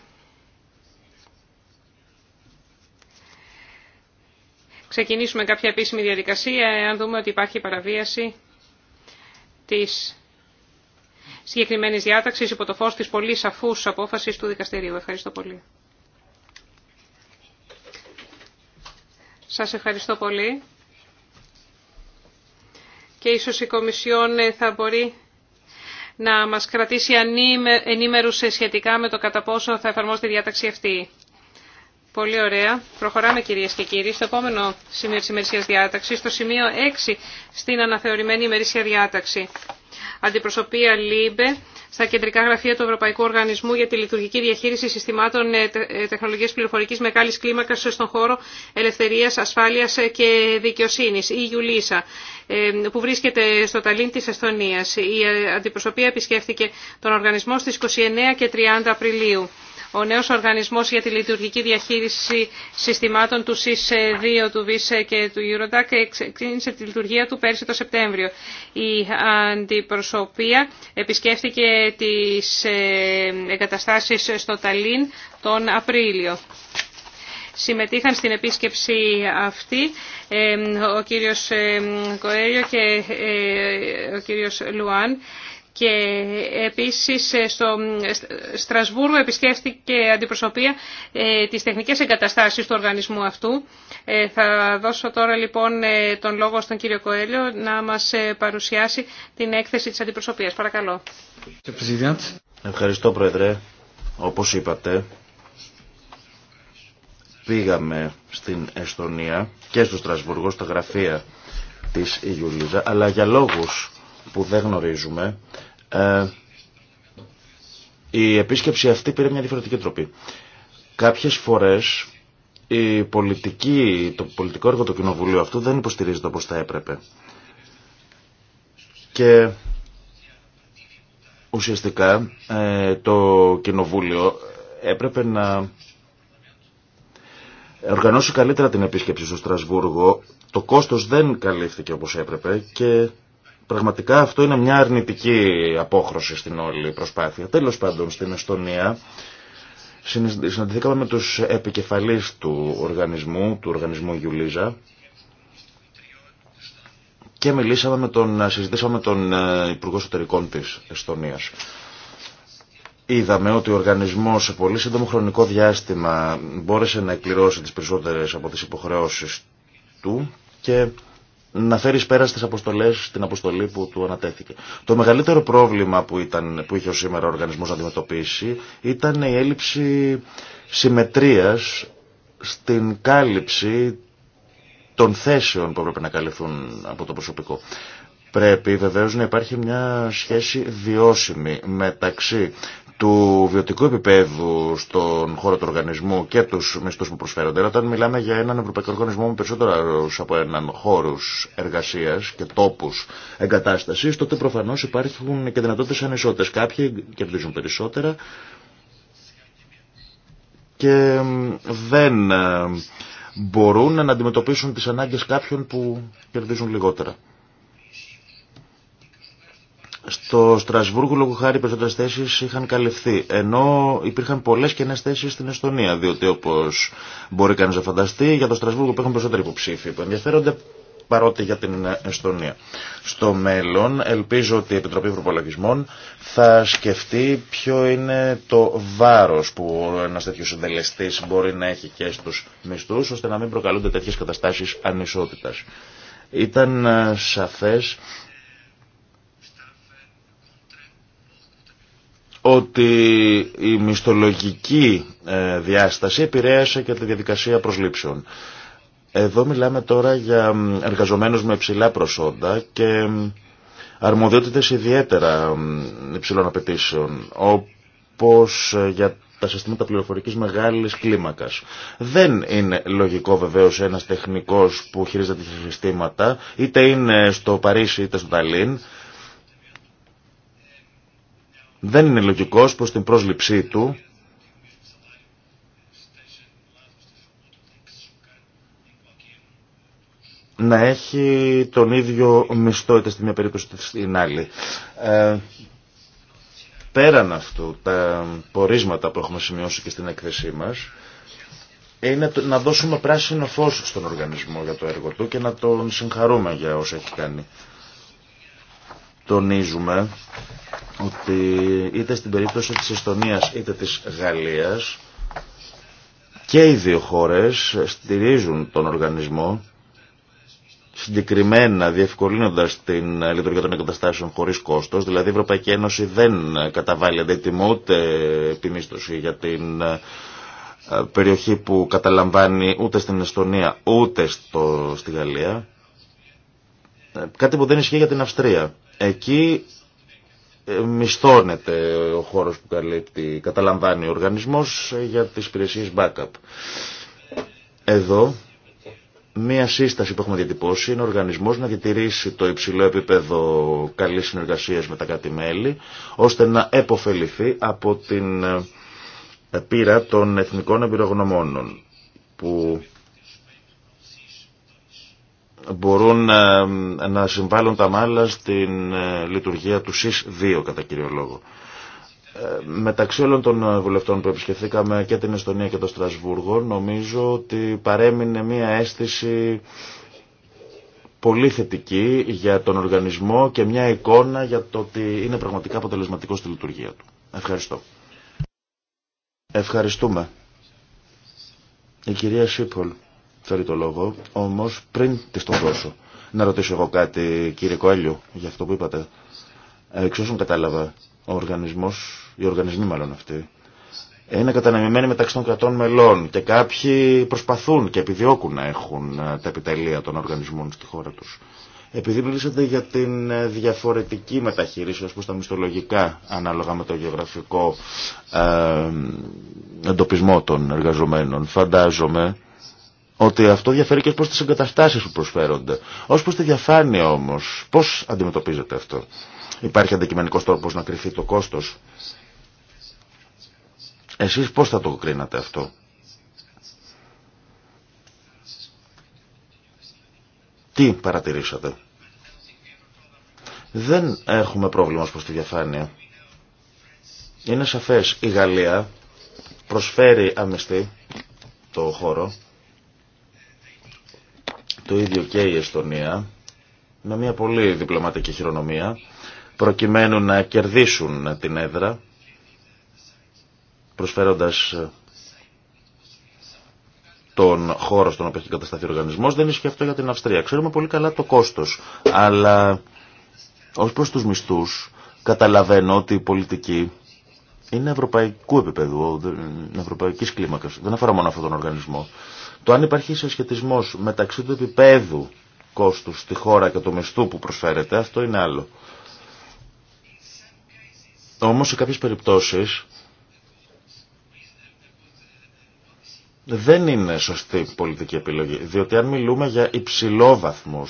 ξεκινήσουμε κάποια επίσημη διαδικασία Αν δούμε ότι υπάρχει παραβίαση της συγκεκριμένης διάταξης υπό το φως της πολύ σαφούς απόφασης του δικαστηρίου. Ευχαριστώ πολύ. Σας ευχαριστώ πολύ. Και ίσως η Κομισιόν ε, θα μπορεί να μας κρατήσει ενήμερους ε, σχετικά με το κατά πόσο θα εφαρμόσει τη διάταξη αυτή. Πολύ ωραία. Προχωράμε κυρίες και κύριοι στο επόμενο σημείο της ημερησίας διάταξης, στο σημείο 6 στην αναθεωρημένη ημερησία διάταξη. Αντιπροσωπεία ΛΥΜΠΕ στα κεντρικά γραφεία του Ευρωπαϊκού Οργανισμού για τη λειτουργική διαχείριση συστημάτων ε, ε, τεχνολογίας πληροφορικής μεγάλης κλίμακας ε, στον χώρο ελευθερίας, ασφάλειας και δικαιοσύνης, η Ιουλίσα, που βρίσκεται στο Ταλίν της Εστονίας. Η αντιπροσωπεία επισκέφθηκε τον οργανισμό στις 29 και 30 Απριλίου. Ο νέος οργανισμός για τη λειτουργική διαχείριση συστημάτων του ΣΥΣ2, του ΒΙΣ και του Eurodac ξεκίνησε τη λειτουργία του πέρσι το Σεπτέμβριο. Η αντιπροσωπεία επισκέφθηκε τις ε, εγκαταστάσεις στο Ταλίν τον Απρίλιο. Συμμετείχαν στην επίσκεψη αυτή ε, ο κύριος ε, Κοέριο και ο κύριος Λουάν και επίσης ε, στο ε, Στρασβούργο επισκέφθηκε αντιπροσωπεία ε, τις τεχνικές εγκαταστάσεις του οργανισμού αυτού. Θα δώσω τώρα λοιπόν τον λόγο στον κύριο Κοέλιο να μας παρουσιάσει την έκθεση της αντιπροσωπείας. Παρακαλώ. Ευχαριστώ Πρόεδρε. Όπως είπατε, πήγαμε στην Εστονία και στο Στρασβούργο, στα γραφεία της Ιουλίζα, αλλά για λόγους που δεν γνωρίζουμε, ε, η επίσκεψη αυτή πήρε μια διαφορετική τροπή. Κάποιες φορές η πολιτική, το πολιτικό έργο του Κοινοβουλίου αυτού δεν υποστηρίζεται όπως θα έπρεπε. Και ουσιαστικά ε, το Κοινοβούλιο έπρεπε να οργανώσει καλύτερα την επίσκεψη στο Στρασβούργο. Το κόστος δεν καλύφθηκε όπως έπρεπε και Πραγματικά αυτό είναι μια αρνητική απόχρωση στην όλη προσπάθεια. Τέλος πάντων στην Εστονία συναντηθήκαμε με τους επικεφαλείς του οργανισμού, του οργανισμού Γιουλίζα και μιλήσαμε τον, συζητήσαμε με τον ε, Υπουργό Εσωτερικών της Εστονίας. Είδαμε ότι ο οργανισμός σε πολύ σύντομο χρονικό διάστημα μπόρεσε να εκπληρώσει τις περισσότερες από τις υποχρεώσεις του και να φέρει πέρα στι αποστολέ την αποστολή που του ανατέθηκε. Το μεγαλύτερο πρόβλημα που, ήταν, που είχε ο σήμερα ο οργανισμός να αντιμετωπίσει ήταν η έλλειψη συμμετρίας στην κάλυψη των θέσεων που έπρεπε να καλυφθούν από το προσωπικό. Πρέπει βεβαίω να υπάρχει μια σχέση βιώσιμη μεταξύ του βιωτικού επίπεδου στον χώρο του οργανισμού και τους μισθού που προσφέρονται. Όταν μιλάμε για έναν ευρωπαϊκό οργανισμό με περισσότερους από έναν χώρους εργασία και τόπου εγκατάστασης, τότε προφανώ υπάρχουν και δυνατότητε ανισότητε. Κάποιοι κερδίζουν περισσότερα και δεν μπορούν να αντιμετωπίσουν τις ανάγκες κάποιων που κερδίζουν λιγότερα. Στο Στρασβούργο, λόγω χάρη, περισσότερε θέσει είχαν καλυφθεί. Ενώ υπήρχαν πολλέ καινέ θέσει στην Εστονία. Διότι, όπω μπορεί κανεί να φανταστεί, για το Στρασβούργο που έχουν περισσότεροι υποψήφοι που ενδιαφέρονται παρότι για την Εστονία. Στο μέλλον ελπίζω ότι η Επιτροπή Προπολογισμών θα σκεφτεί ποιο είναι το βάρος που ένας τέτοιος συντελεστής μπορεί να έχει και στους μισθούς ώστε να μην προκαλούνται τέτοιες καταστάσεις ανισότητας. Ήταν ε, σαφές ότι η μισθολογική ε, διάσταση επηρέασε και τη διαδικασία προσλήψεων. Εδώ μιλάμε τώρα για εργαζομένους με ψηλά προσόντα και αρμοδιότητες ιδιαίτερα υψηλών απαιτήσεων, όπως ε, για τα συστήματα πληροφορικής μεγάλης κλίμακας. Δεν είναι λογικό βεβαίως ένας τεχνικός που χειρίζεται τις συστήματα, είτε είναι στο Παρίσι είτε στο Ταλίν, δεν είναι λογικός προς την πρόσληψή του να έχει τον ίδιο μισθό είτε στη μία περίπτωση είτε στην άλλη. Ε, πέραν αυτού, τα πορίσματα που έχουμε σημειώσει και στην έκθεσή μας είναι να δώσουμε πράσινο φως στον οργανισμό για το έργο του και να τον συγχαρούμε για όσα έχει κάνει τονίζουμε ότι είτε στην περίπτωση της Εστονίας είτε της Γαλλίας και οι δύο χώρες στηρίζουν τον οργανισμό συγκεκριμένα διευκολύνοντας την λειτουργία των εγκαταστάσεων χωρίς κόστος, δηλαδή η Ευρωπαϊκή Ένωση δεν καταβάλλει αντίτιμο ούτε επιμίσθωση για την ε, περιοχή που καταλαμβάνει ούτε στην Εστονία ούτε στη Γαλλία. Ε, κάτι που δεν ισχύει για την Αυστρία. Εκεί ε, μισθώνεται ο χώρος που καλύπτει, καταλαμβάνει ο οργανισμός ε, για τις υπηρεσίες backup. Εδώ μία σύσταση που έχουμε διατυπώσει είναι ο οργανισμός να διατηρήσει το υψηλό επίπεδο καλής συνεργασίας με τα κάτι μέλη, ώστε να επωφεληθεί από την ε, πείρα των εθνικών εμπειρογνωμόνων που μπορούν ε, να, συμβάλλουν τα μάλλα στην ε, λειτουργία του ΣΥΣ 2 κατά κύριο λόγο. Ε, μεταξύ όλων των βουλευτών που επισκεφθήκαμε και την Εστονία και το Στρασβούργο νομίζω ότι παρέμεινε μια αίσθηση πολύ θετική για τον οργανισμό και μια εικόνα για το ότι είναι πραγματικά αποτελεσματικό στη λειτουργία του. Ευχαριστώ. Ευχαριστούμε. Η κυρία Σίπολ θέλει το λόγο, όμως πριν τη το δώσω. Να ρωτήσω εγώ κάτι κύριε Κοέλιο για αυτό που είπατε. Εξ όσων κατάλαβα, ο οργανισμός, οι οργανισμοί μάλλον αυτοί, είναι καταναμημένοι μεταξύ των κρατών μελών και κάποιοι προσπαθούν και επιδιώκουν να έχουν ε, τα επιτελεία των οργανισμών στη χώρα τους. Επειδή μιλήσατε για την ε, διαφορετική μεταχείριση ως προς τα μισθολογικά ανάλογα με το γεωγραφικό ε, εντοπισμό των εργαζομένων, φαντάζομαι ότι αυτό διαφέρει και ως προς τις εγκαταστάσεις που προσφέρονται. Ως προς τη διαφάνεια όμως, πώς αντιμετωπίζεται αυτό. Υπάρχει αντικειμενικός τρόπος να κρυφτεί το κόστος. Εσείς πώς θα το κρίνατε αυτό. Τι παρατηρήσατε. Δεν έχουμε πρόβλημα προς τη διαφάνεια. Είναι σαφές η Γαλλία προσφέρει αμυστή το χώρο το ίδιο και η Εστονία, με μια πολύ διπλωματική χειρονομία, προκειμένου να κερδίσουν την έδρα, προσφέροντας τον χώρο στον οποίο έχει κατασταθεί ο οργανισμός, δεν ισχύει αυτό για την Αυστρία. Ξέρουμε πολύ καλά το κόστος, αλλά ως προς τους μισθούς καταλαβαίνω ότι η πολιτική είναι ευρωπαϊκού επίπεδου, ευρωπαϊκής κλίμακας. Δεν αφορά μόνο αυτόν τον οργανισμό. Το αν υπάρχει σχετισμός μεταξύ του επίπεδου κόστου στη χώρα και του μισθού που προσφέρεται, αυτό είναι άλλο. Όμως σε κάποιες περιπτώσεις δεν είναι σωστή πολιτική επιλογή, διότι αν μιλούμε για υψηλόβαθμου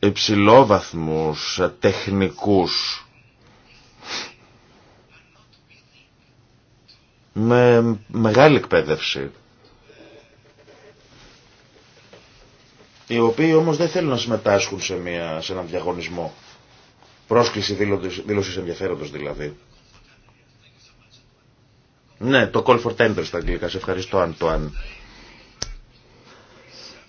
υψηλόβαθμους τεχνικούς με μεγάλη εκπαίδευση οι οποίοι όμως δεν θέλουν να συμμετάσχουν σε, μια, σε έναν διαγωνισμό. Πρόσκληση δήλωση ενδιαφέροντος δηλαδή. Ναι, το call for tender στα αγγλικά. Σε ευχαριστώ Αντουάν.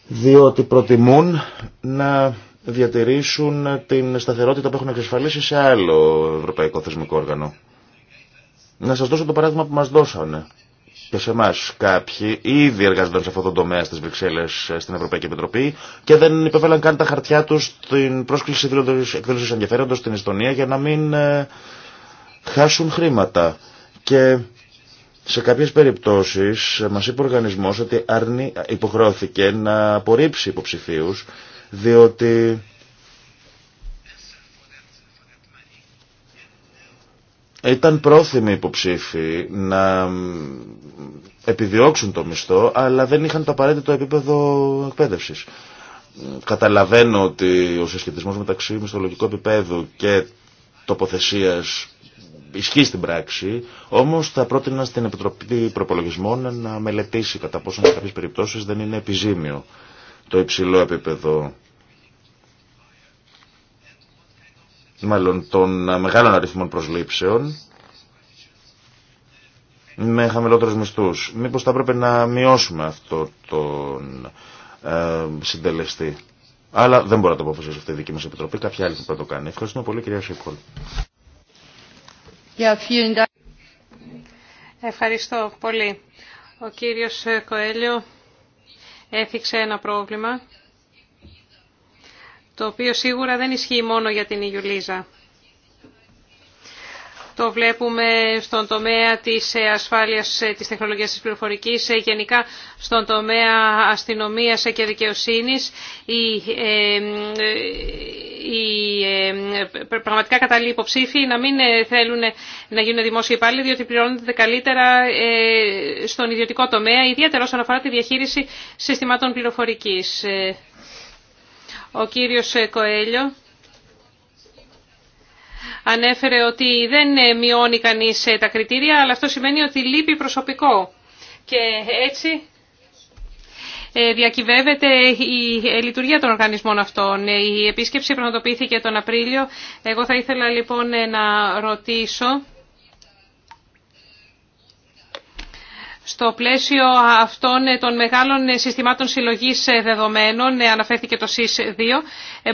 Διότι προτιμούν να διατηρήσουν την σταθερότητα που έχουν εξασφαλίσει σε άλλο ευρωπαϊκό θεσμικό όργανο. Να σας δώσω το παράδειγμα που μας δώσανε και σε εμά κάποιοι ήδη εργάζονταν σε αυτό το τομέα στι Βρυξέλλε στην Ευρωπαϊκή Επιτροπή και δεν υπέβαλαν καν τα χαρτιά του στην πρόσκληση εκδήλωση ενδιαφέροντο στην Εστονία για να μην ε, χάσουν χρήματα. Και σε κάποιες περιπτώσεις ε, μας είπε ο οργανισμός ότι αρνη, υποχρεώθηκε να απορρίψει υποψηφίου, διότι ήταν πρόθυμοι υποψήφοι να επιδιώξουν το μισθό, αλλά δεν είχαν το απαραίτητο επίπεδο εκπαίδευση. Καταλαβαίνω ότι ο συσχετισμός μεταξύ μισθολογικού επίπεδου και τοποθεσίας ισχύει στην πράξη, όμως θα πρότεινα στην Επιτροπή Προπολογισμών να μελετήσει κατά πόσο σε κάποιες περιπτώσεις δεν είναι επιζήμιο το υψηλό επίπεδο μάλλον των μεγάλων αριθμών προσλήψεων με χαμηλότερους μισθούς. Μήπως θα έπρεπε να μειώσουμε αυτό τον ε, συντελεστή. Αλλά δεν μπορώ να το αποφασίσω αυτή τη δική μας επιτροπή. Κάποια άλλη θα το κάνει. Ευχαριστούμε πολύ κυρία Σίπχολ. Ευχαριστώ πολύ. Ο κύριος Κοέλιο έφυξε ένα πρόβλημα το οποίο σίγουρα δεν ισχύει μόνο για την Ιουλίζα. Το βλέπουμε στον τομέα της ε, ασφάλειας ε, της τεχνολογίας της πληροφορικής, ε, γενικά στον τομέα αστυνομίας και δικαιοσύνης. Οι, πραγματικά κατάλληλοι υποψήφοι να μην θέλουν να γίνουν δημόσιοι υπάλληλοι, διότι πληρώνονται καλύτερα στον ιδιωτικό τομέα, ιδιαίτερα όσον αφορά τη διαχείριση συστημάτων πληροφορικής. Ο κύριος ε, Κοέλιο ανέφερε ότι δεν ε, μειώνει κανείς ε, τα κριτήρια, αλλά αυτό σημαίνει ότι λείπει προσωπικό. Και έτσι διακυβεύεται η λειτουργία των οργανισμών αυτών. Η επίσκεψη πραγματοποιήθηκε τον Απρίλιο. Εγώ θα ήθελα λοιπόν να ρωτήσω Στο πλαίσιο αυτών ε, των μεγάλων ε, συστημάτων συλλογής ε, δεδομένων, αναφέρθηκε το ΣΥΣ2,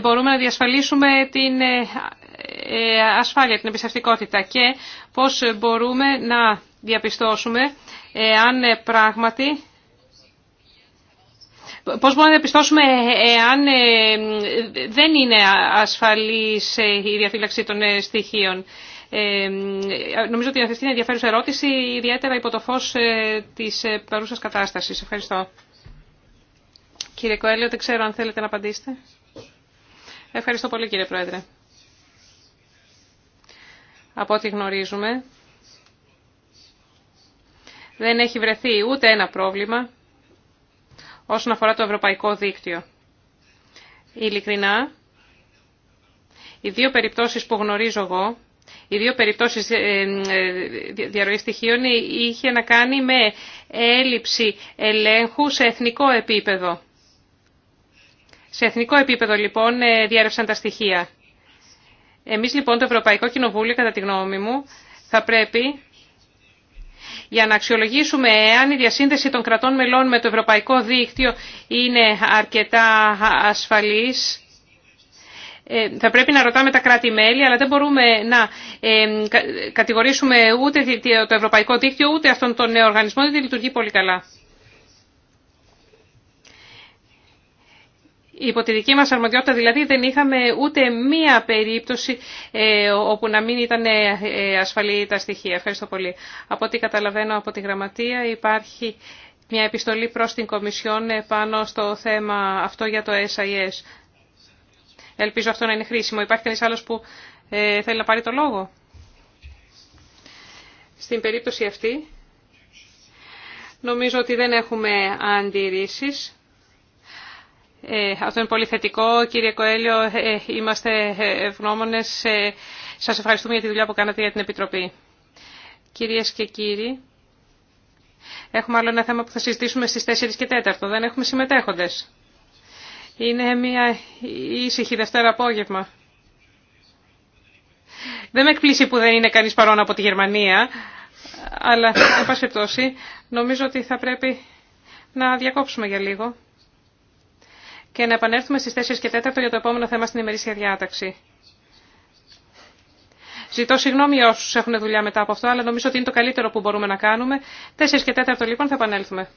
μπορούμε να διασφαλίσουμε την ασφάλεια, την εμπιστευτικότητα και πώς μπορούμε να διαπιστώσουμε αν πράγματι Πώς μπορούμε να διαπιστώσουμε εάν δεν είναι ασφαλής η διαφύλαξη των στοιχείων. Ε, νομίζω ότι αυτή είναι ενδιαφέρουσα ερώτηση, ιδιαίτερα υπό το φως ε, της ε, παρούσα κατάστασης. Ευχαριστώ. Κύριε Κοέλιο, δεν ξέρω αν θέλετε να απαντήσετε. Ευχαριστώ πολύ κύριε Πρόεδρε. Από ό,τι γνωρίζουμε, δεν έχει βρεθεί ούτε ένα πρόβλημα όσον αφορά το ευρωπαϊκό δίκτυο. Ειλικρινά, οι δύο περιπτώσεις που γνωρίζω εγώ οι δύο περιπτώσεις ε, ε, διαρροής στοιχείων ε, είχε να κάνει με έλλειψη ελέγχου σε εθνικό επίπεδο. Σε εθνικό επίπεδο λοιπόν διέρευσαν τα στοιχεία. Εμείς λοιπόν το Ευρωπαϊκό Κοινοβούλιο κατά τη γνώμη μου θα πρέπει για να αξιολογήσουμε εάν η διασύνδεση των κρατών μελών με το Ευρωπαϊκό Δίκτυο είναι αρκετά ασφαλής ε, θα πρέπει να ρωτάμε τα κράτη-μέλη, αλλά δεν μπορούμε να ε, κατηγορήσουμε ούτε το Ευρωπαϊκό Δίκτυο, ούτε αυτόν τον νέο οργανισμό, διότι λειτουργεί πολύ καλά. Υπό τη δική μας αρμοδιότητα δηλαδή δεν είχαμε ούτε μία περίπτωση ε, όπου να μην ήταν ασφαλή τα στοιχεία. Ευχαριστώ πολύ. Από ό,τι καταλαβαίνω από τη Γραμματεία υπάρχει μια επιστολή προς την Κομισιόν πάνω στο θέμα αυτό για το SIS. Ελπίζω αυτό να είναι χρήσιμο. Υπάρχει κανείς άλλος που ε, θέλει να πάρει το λόγο. Στην περίπτωση αυτή, νομίζω ότι δεν έχουμε αντιρρήσεις. Ε, αυτό είναι πολύ θετικό. Κύριε Κοέλιο, ε, είμαστε ευγνώμονες. Ε, σας ευχαριστούμε για τη δουλειά που κάνατε για την Επιτροπή. Κυρίες και κύριοι, έχουμε άλλο ένα θέμα που θα συζητήσουμε στις 4 και 4. Δεν έχουμε συμμετέχοντες. Είναι μια ήσυχη Δευτέρα απόγευμα. Δεν με εκπλήσει που δεν είναι κανείς παρόν από τη Γερμανία, αλλά, εν πάση νομίζω ότι θα πρέπει να διακόψουμε για λίγο και να επανέλθουμε στις 4 και 4 για το επόμενο θέμα στην ημερήσια διάταξη. Ζητώ συγγνώμη όσου έχουν δουλειά μετά από αυτό, αλλά νομίζω ότι είναι το καλύτερο που μπορούμε να κάνουμε. 4 και 4 λοιπόν θα επανέλθουμε.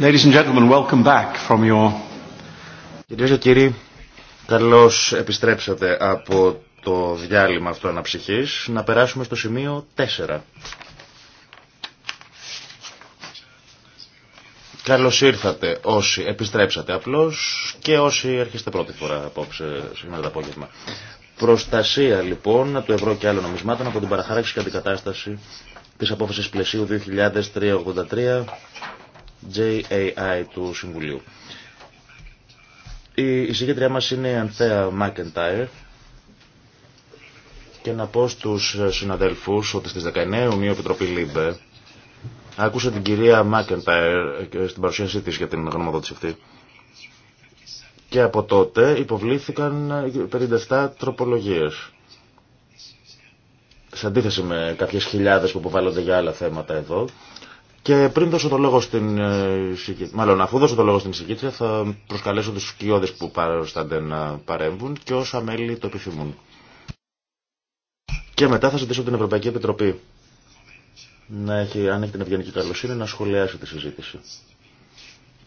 Ladies and gentlemen, welcome back from your... Κυρίες και κύριοι, καλώς επιστρέψατε από το διάλειμμα αυτό αναψυχής. Να περάσουμε στο σημείο 4. Καλώς ήρθατε όσοι επιστρέψατε απλώς και όσοι έρχεστε πρώτη φορά απόψε, σήμερα το απόγευμα. Προστασία λοιπόν του ευρώ και άλλων νομισμάτων από την παραχάραξη και αντικατάσταση της απόφασης πλαισίου 2383 JAI του Συμβουλίου. Η εισηγήτριά μας είναι η Ανθέα Μάκεντάιρ και να πω στους συναδελφούς ότι στις 19 Ιουνίου Επιτροπή λίμπε άκουσε την κυρία Μάκεντάιρ στην παρουσίασή της για την γνωμοδότηση αυτή και από τότε υποβλήθηκαν 57 τροπολογίες σε αντίθεση με κάποιες χιλιάδες που υποβάλλονται για άλλα θέματα εδώ και πριν δώσω το λόγο στην ε, μάλλον αφού δώσω το λόγο στην συγκήτρια θα προσκαλέσω τους σκιώδες που παραστάνται να παρέμβουν και όσα μέλη το επιθυμούν. Και μετά θα ζητήσω την Ευρωπαϊκή Επιτροπή να έχει, αν έχει την ευγενική καλοσύνη να σχολιάσει τη συζήτηση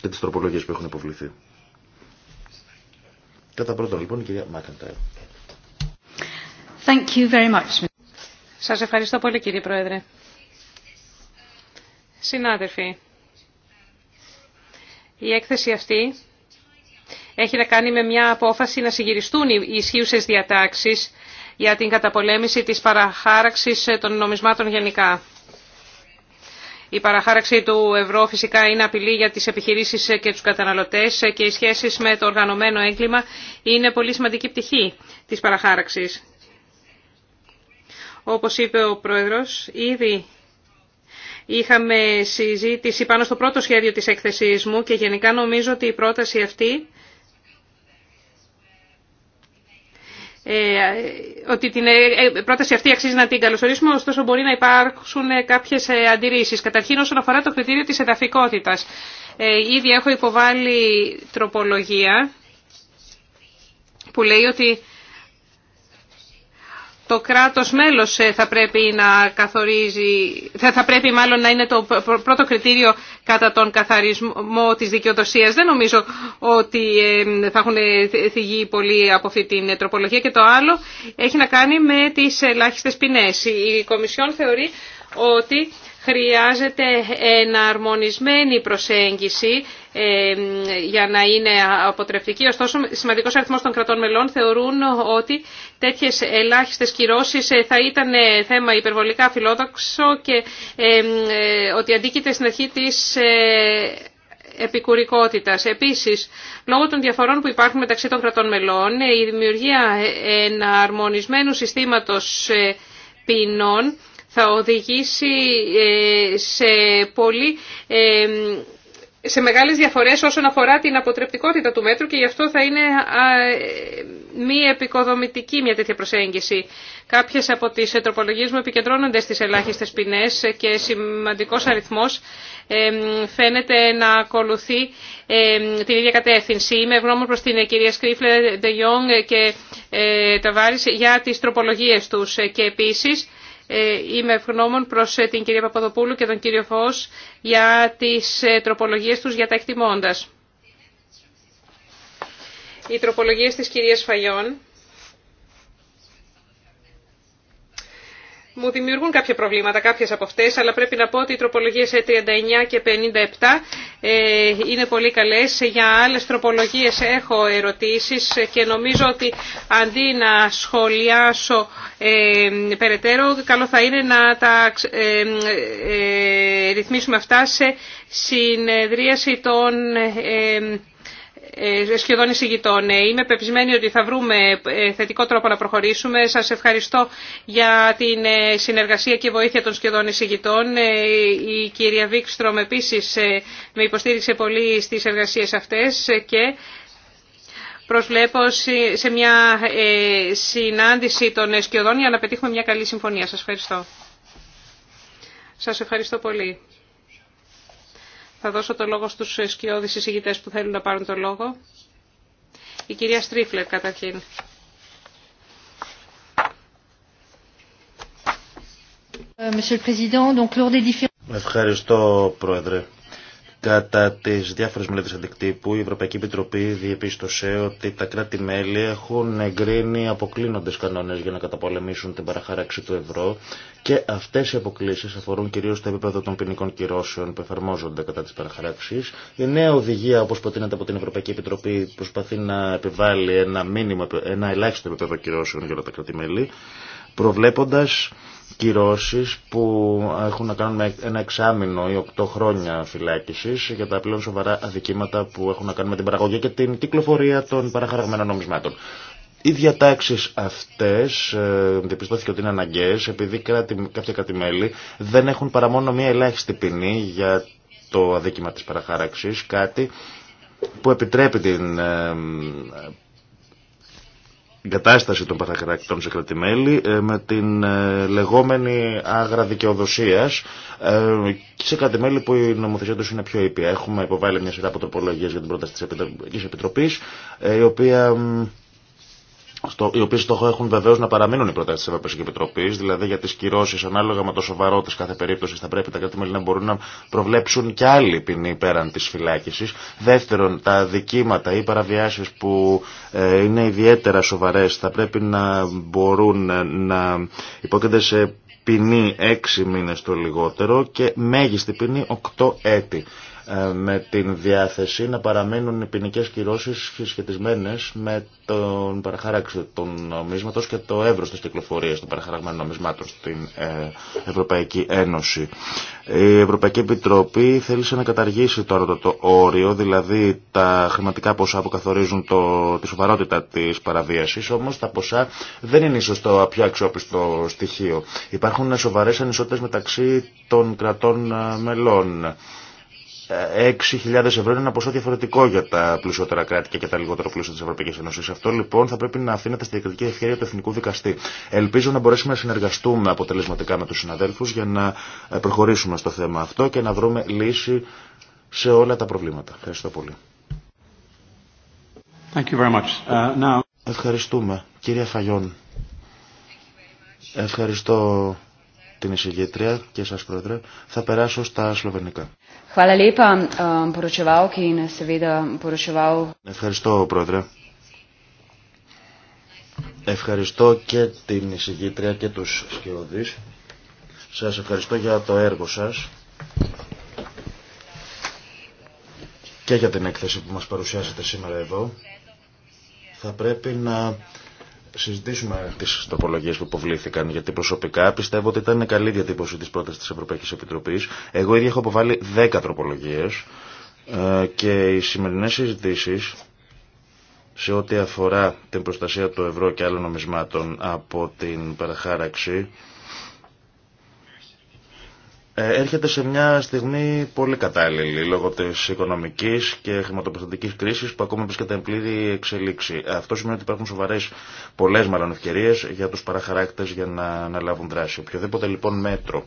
και τις τροπολογίες που έχουν υποβληθεί. Κατά πρώτον λοιπόν η κυρία Μάκαντάιρ. Σα Σας ευχαριστώ πολύ κύριε Πρόεδρε. Συνάδελφοι, η έκθεση αυτή έχει να κάνει με μια απόφαση να συγκυριστούν οι ισχύουσες διατάξεις για την καταπολέμηση της παραχάραξης των νομισμάτων γενικά. Η παραχάραξη του ευρώ φυσικά είναι απειλή για τις επιχειρήσεις και τους καταναλωτές και οι σχέσεις με το οργανωμένο έγκλημα είναι πολύ σημαντική πτυχή της παραχάραξης. Όπως είπε ο Πρόεδρος, ήδη Είχαμε συζήτηση πάνω στο πρώτο σχέδιο της έκθεσής μου και γενικά νομίζω ότι η πρόταση αυτή ε, ότι την ε, ε, πρόταση αυτή αξίζει να την καλωσορίσουμε, ωστόσο μπορεί να υπάρξουν κάποιες αντιρρήσεις. Καταρχήν όσον αφορά το κριτήριο της εδαφικότητας. Ήδη έχω υποβάλει τροπολογία που λέει ότι το κράτος μέλος ε, θα πρέπει να καθορίζει, θα πρέπει μάλλον να είναι το πρώτο κριτήριο κατά τον καθαρισμό της δικαιοδοσίας. Δεν νομίζω ότι ε, θα έχουν θυγεί πολύ από αυτή την τροπολογία και το άλλο έχει να κάνει με τις ελάχιστες ποινές. Η Κομισιόν θεωρεί ότι χρειάζεται εναρμονισμένη προσέγγιση ε, για να είναι αποτρεπτική. Ωστόσο, σημαντικός αριθμός των κρατών μελών θεωρούν ότι τέτοιες ελάχιστες κυρώσεις ε, θα ήταν ε, θέμα υπερβολικά φιλόδοξο και ότι αντίκειται στην αρχή της επικουρικότητας. Επίσης, λόγω των διαφορών που υπάρχουν μεταξύ των κρατών μελών, η δημιουργία εναρμονισμένου συστήματος ποινών θα οδηγήσει ε, σε πολύ ε, σε μεγάλες διαφορές όσον αφορά την αποτρεπτικότητα του μέτρου και γι' αυτό θα είναι ε, μη επικοδομητική μια τέτοια προσέγγιση. Κάποιες από τις τροπολογίες μου επικεντρώνονται στις ελάχιστες ποινές και σημαντικός αριθμός φαίνεται να ακολουθεί την ίδια κατεύθυνση. Είμαι ευγνώμων προς την κυρία Σκρίφλε, Ντεγιόγκ και ε, Ταβάρης για τις τροπολογίες τους και επίσης ε, είμαι ευγνώμων προς ε, την κυρία Παπαδοπούλου και τον κύριο Φως για τις ε, τροπολογίες τους για τα εκτιμώντας. Οι τροπολογίες της κυρίας Φαγιών μου δημιουργούν κάποια προβλήματα, κάποιες από αυτές, αλλά πρέπει να πω ότι οι τροπολογίες 39 και 57 ε, είναι πολύ καλές. Για άλλες τροπολογίες έχω ερωτήσεις και νομίζω ότι αντί να σχολιάσω ε, περαιτέρω, καλό θα είναι να τα ε, ρυθμίσουμε αυτά σε συνεδρίαση των ε, σχεδόν εισηγητών. Ναι. Είμαι πεπισμένη ότι θα βρούμε ε, θετικό τρόπο να προχωρήσουμε. Σας ευχαριστώ για την ε, συνεργασία και βοήθεια των σχεδόν εισηγητών. Η κυρία Βίκστρομ επίσης με υποστήριξε πολύ στις εργασίες αυτές και προσβλέπω σε μια συνάντηση των σχεδόν για να πετύχουμε μια καλή συμφωνία. Σας ευχαριστώ. Σας ευχαριστώ πολύ. Θα δώσω το λόγο στους σκιώδεις εισηγητές που θέλουν να πάρουν το λόγο. Η κυρία Στρίφλερ καταρχήν. Ευχαριστώ Πρόεδρε. Κατά τι διάφορε μελέτε αντικτύπου, η Ευρωπαϊκή Επιτροπή διεπίστωσε ότι τα κράτη-μέλη έχουν εγκρίνει αποκλίνοντε κανόνε για να καταπολεμήσουν την παραχάραξη του ευρώ και αυτέ οι αποκλήσει αφορούν κυρίω το επίπεδο των ποινικών κυρώσεων που εφαρμόζονται κατά τη παραχάραξη. Η νέα οδηγία, όπω προτείνεται από την Ευρωπαϊκή Επιτροπή, προσπαθεί να επιβάλλει ένα, μήνυμα, ένα ελάχιστο επίπεδο κυρώσεων για όλα τα κράτη-μέλη, προβλέποντα κυρώσεις που έχουν να κάνουν με ένα εξάμεινο ή οκτώ χρόνια φυλάκισης για τα πλέον σοβαρά αδικήματα που έχουν να κάνουν με την παραγωγή και την κυκλοφορία των παραχαραγμένων νομισμάτων. Οι διατάξει αυτέ ε, διαπιστώθηκε ότι είναι αναγκαίε επειδή κράτη, κάποια δεν έχουν παρά μόνο μία ελάχιστη ποινή για το αδίκημα τη παραχάραξη, κάτι που επιτρέπει την ε, κατάσταση των παθακρακτών σε κρατημέλη ε, με την ε, λεγόμενη άγρα δικαιοδοσία ε, σε κρατημέλη που η νομοθεσία του είναι πιο ήπια. Έχουμε υποβάλει μια σειρά από τροπολογίε για την πρόταση τη Επιτροπή, η οποία στο, οι οποίε στόχο έχουν βεβαίω να παραμείνουν οι προτάσει τη Ευρωπαϊκή Επιτροπή, δηλαδή για τι κυρώσει ανάλογα με το σοβαρό τη κάθε περίπτωση, θα πρέπει τα κράτη-μέλη να μπορούν να προβλέψουν και άλλη ποινή πέραν τη φυλάκιση. Δεύτερον, τα δικήματα ή παραβιάσει που ε, είναι ιδιαίτερα σοβαρέ θα πρέπει να μπορούν ε, να υπόκεινται σε ποινή 6 μήνε το λιγότερο και μέγιστη ποινή 8 έτη. Ε, με την διάθεση να παραμείνουν οι ποινικέ κυρώσει σχετισμένε με τον παραχάραξη των νομίσματο και το εύρο τη κυκλοφορία των παραχαραγμένων νομισμάτων στην ε, Ευρωπαϊκή Ένωση. Η Ευρωπαϊκή Επιτροπή θέλησε να καταργήσει το όριο, δηλαδή τα χρηματικά ποσά που καθορίζουν το, τη σοβαρότητα τη παραβίαση, όμω τα ποσά δεν είναι ίσω το πιο αξιόπιστο στοιχείο. Υπάρχουν σοβαρέ ανισότητε μεταξύ των κρατών ε, μελών. 6.000 ευρώ είναι ένα ποσό διαφορετικό για τα πλουσιότερα κράτη και τα λιγότερο πλούσια τη Ευρωπαϊκή Ένωση. Αυτό λοιπόν θα πρέπει να αφήνεται στη διακριτική ευκαιρία του Εθνικού Δικαστή. Ελπίζω να μπορέσουμε να συνεργαστούμε αποτελεσματικά με του συναδέλφου για να ε, προχωρήσουμε στο θέμα αυτό και να βρούμε λύση σε όλα τα προβλήματα. Ευχαριστώ πολύ. Thank you very much. Uh, now... Ευχαριστούμε. Κύριε Φαγιόν, ευχαριστώ την εισηγήτρια και σας πρόεδρε. Θα περάσω στα σλοβενικά. Um, ευχαριστώ, Πρόεδρε. Ευχαριστώ και την εισηγήτρια και τους σκιώδεις. Σας ευχαριστώ για το έργο σας και για την έκθεση που μας παρουσιάσετε σήμερα εδώ. Θα πρέπει να συζητήσουμε τι τοπολογίε που υποβλήθηκαν, γιατί προσωπικά πιστεύω ότι ήταν καλή διατύπωση τη πρόταση τη Ευρωπαϊκή Επιτροπή. Εγώ ήδη έχω αποβάλει 10 τροπολογίες ε, και οι σημερινέ συζητήσει σε ό,τι αφορά την προστασία του ευρώ και άλλων νομισμάτων από την παραχάραξη ε, έρχεται σε μια στιγμή πολύ κατάλληλη λόγω της οικονομικής και χρηματοπιστωτικής κρίσης που ακόμα βρίσκεται εν πλήρη εξελίξη. Αυτό σημαίνει ότι υπάρχουν σοβαρές πολλές μάλλον ευκαιρίε για τους παραχαράκτες για να, να λάβουν δράση. Οποιοδήποτε λοιπόν μέτρο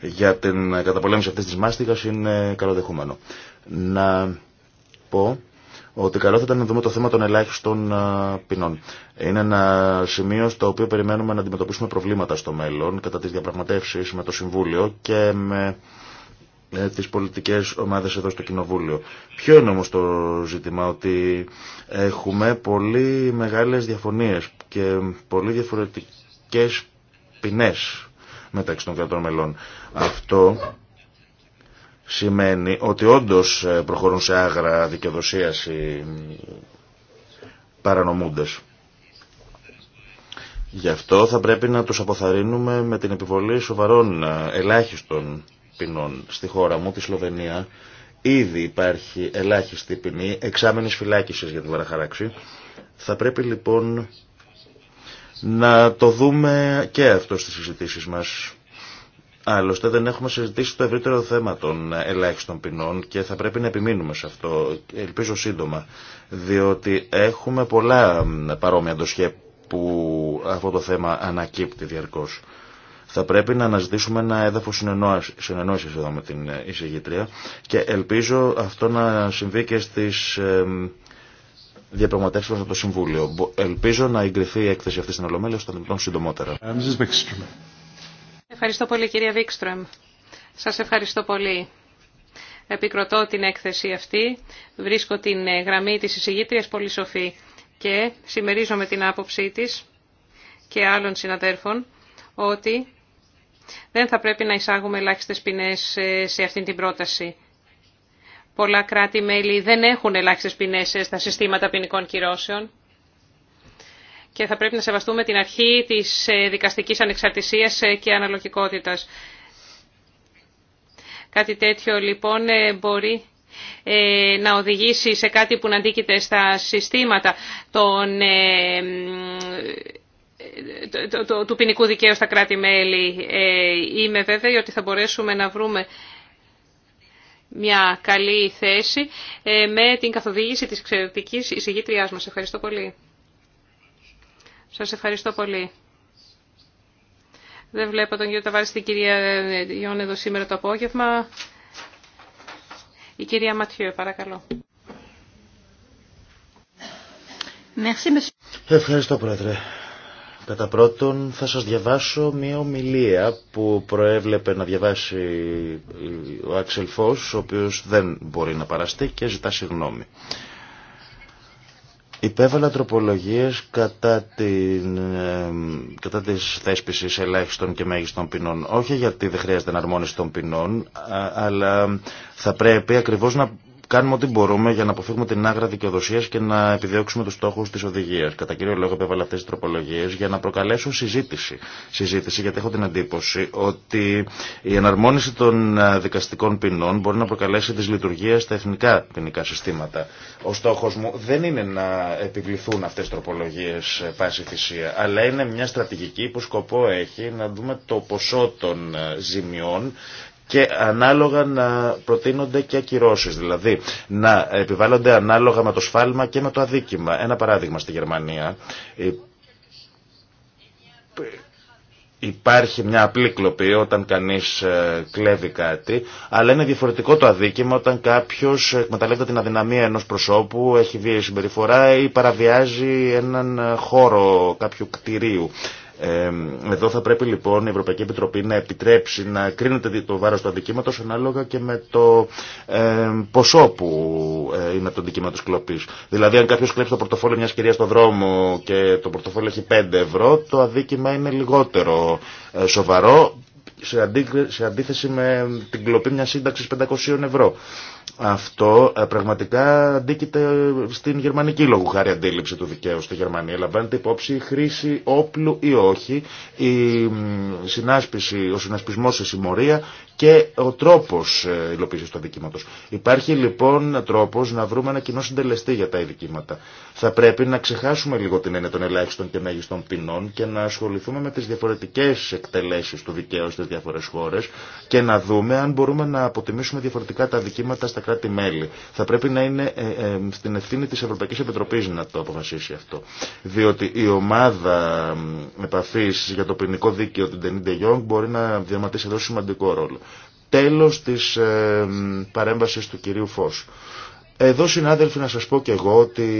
για την καταπολέμηση αυτής της μάστιγας είναι καλοδεχούμενο. Να πω ότι καλό θα ήταν να δούμε το θέμα των ελάχιστων ποινών. Είναι ένα σημείο στο οποίο περιμένουμε να αντιμετωπίσουμε προβλήματα στο μέλλον κατά τις διαπραγματεύσεις με το Συμβούλιο και με ε, τις πολιτικές ομάδες εδώ στο Κοινοβούλιο. Ποιο είναι όμως το ζήτημα, ότι έχουμε πολύ μεγάλες διαφωνίες και πολύ διαφορετικές ποινές μεταξύ των κρατών μελών. Αυτό σημαίνει ότι όντως ε, προχωρούν σε άγρα δικαιοδοσίας οι παρανομούντες. Γι' αυτό θα πρέπει να τους αποθαρρύνουμε με την επιβολή σοβαρών ε, ελάχιστων ποινών. Στη χώρα μου, τη Σλοβενία, ήδη υπάρχει ελάχιστη ποινή εξάμενης φυλάκισης για την παραχαράξη. Θα πρέπει λοιπόν να το δούμε και αυτό στις συζητήσεις μας Άλλωστε δεν έχουμε συζητήσει το ευρύτερο θέμα των ελάχιστων ποινών και θα πρέπει να επιμείνουμε σε αυτό, ελπίζω σύντομα, διότι έχουμε πολλά παρόμοια ντοσχέ που αυτό το θέμα ανακύπτει διαρκώς. Θα πρέπει να αναζητήσουμε ένα έδαφο συνεννόησης εδώ με την ε, εισηγήτρια και ελπίζω αυτό να συμβεί και στις ε, διαπραγματεύσει μα από το Συμβούλιο. Ελπίζω να εγκριθεί η έκθεση αυτή στην Ολομέλεια ώστε να συντομότερα. Uh, Ευχαριστώ πολύ κυρία Βίκστρομ. Σας ευχαριστώ πολύ. Επικροτώ την έκθεση αυτή. Βρίσκω την ε, γραμμή της εισηγήτριας πολύ σοφή και συμμερίζομαι την άποψή της και άλλων συναδέρφων ότι δεν θα πρέπει να εισάγουμε ελάχιστε ποινές ε, σε αυτήν την πρόταση. Πολλά κράτη-μέλη δεν έχουν ελάχιστες ποινές στα συστήματα ποινικών κυρώσεων και θα πρέπει να σεβαστούμε την αρχή της ε, δικαστικής ανεξαρτησίας ε, και αναλογικότητας. Κάτι τέτοιο λοιπόν ε, μπορεί να οδηγήσει σε κάτι που να αντίκειται στα συστήματα του ποινικού δικαίου στα κράτη-μέλη. Είμαι βέβαιη ότι θα μπορέσουμε να βρούμε μια καλή θέση με την καθοδήγηση της εξαιρετικής εισηγήτριάς μας. Ευχαριστώ πολύ. Σας ευχαριστώ πολύ. Δεν βλέπω τον κύριο Ταβάρη στην κυρία Ιόν εδώ σήμερα το απόγευμα. Η κυρία Ματιού, παρακαλώ. Ευχαριστώ, Πρόεδρε. Κατά πρώτον, θα σας διαβάσω μια ομιλία που προέβλεπε να διαβάσει ο Αξελφός, ο οποίος δεν μπορεί να παραστεί και ζητά συγγνώμη. Υπέβαλα τροπολογίες κατά, τη ε, κατά της θέσπισης ελάχιστων και μέγιστων ποινών. Όχι γιατί δεν χρειάζεται να αρμόνιση των ποινών, αλλά θα πρέπει ακριβώς να κάνουμε ό,τι μπορούμε για να αποφύγουμε την άγρα δικαιοδοσία και να επιδιώξουμε του στόχου τη οδηγία. Κατά κύριο λόγο, επέβαλα αυτέ τι τροπολογίε για να προκαλέσω συζήτηση. Συζήτηση, γιατί έχω την εντύπωση ότι η εναρμόνιση των ε, δικαστικών ποινών μπορεί να προκαλέσει λειτουργία στα εθνικά ποινικά συστήματα. Ο στόχο μου δεν είναι να επιβληθούν αυτέ τι τροπολογίε ε, πάση θυσία, αλλά είναι μια στρατηγική που σκοπό έχει να δούμε το ποσό των ε, ζημιών και ανάλογα να προτείνονται και ακυρώσει. Δηλαδή να επιβάλλονται ανάλογα με το σφάλμα και με το αδίκημα. Ένα παράδειγμα στη Γερμανία. Υπάρχει μια απλή κλοπή όταν κανείς ε, κλέβει κάτι, αλλά είναι διαφορετικό το αδίκημα όταν κάποιος εκμεταλλεύεται την αδυναμία ενός προσώπου, έχει βίαιη συμπεριφορά ή παραβιάζει έναν ε, χώρο κάποιου κτηρίου εδώ θα πρέπει λοιπόν η Ευρωπαϊκή Επιτροπή να επιτρέψει να κρίνεται το βάρος του αντικείμενος ανάλογα και με το ποσό που ε, είναι το αντικείμενο της κλοπής. Δηλαδή αν κάποιος κλέψει το πορτοφόλι μιας κυρίας στο δρόμο και το πορτοφόλι έχει 5 ευρώ το αδίκημα είναι λιγότερο ε, σοβαρό σε αντίθεση με την κλοπή μιας σύνταξης 500 ευρώ. Αυτό ε, πραγματικά αντίκειται στην γερμανική λόγου χάρη αντίληψη του δικαίου στη Γερμανία. Λαμβάνεται υπόψη η χρήση όπλου ή όχι, η συνάσπιση, ο συνασπισμός σε συμμορία και ο τρόπος ε, υλοποίησης του αδικήματος. Υπάρχει λοιπόν τρόπος να βρούμε ένα κοινό συντελεστή για τα ειδικήματα. Θα πρέπει να ξεχάσουμε λίγο την έννοια των ελάχιστων και μέγιστων ποινών και να ασχοληθούμε με τις διαφορετικές εκτελέσεις του δικαίου στις διάφορες χώρες και να δούμε αν μπορούμε να αποτιμήσουμε διαφορετικά τα δικήματα στα κράτη-μέλη. Θα πρέπει να είναι ε, ε, στην ευθύνη της Ευρωπαϊκής Επιτροπής να το αποφασίσει αυτό. Διότι η ομάδα επαφής για το ποινικό δίκαιο την Τενίντε Γιόγκ μπορεί να διαματίσει εδώ σημαντικό ρόλο. Τέλος της ε, παρέμβασης του κυρίου Φως. Εδώ συνάδελφοι να σας πω και εγώ ότι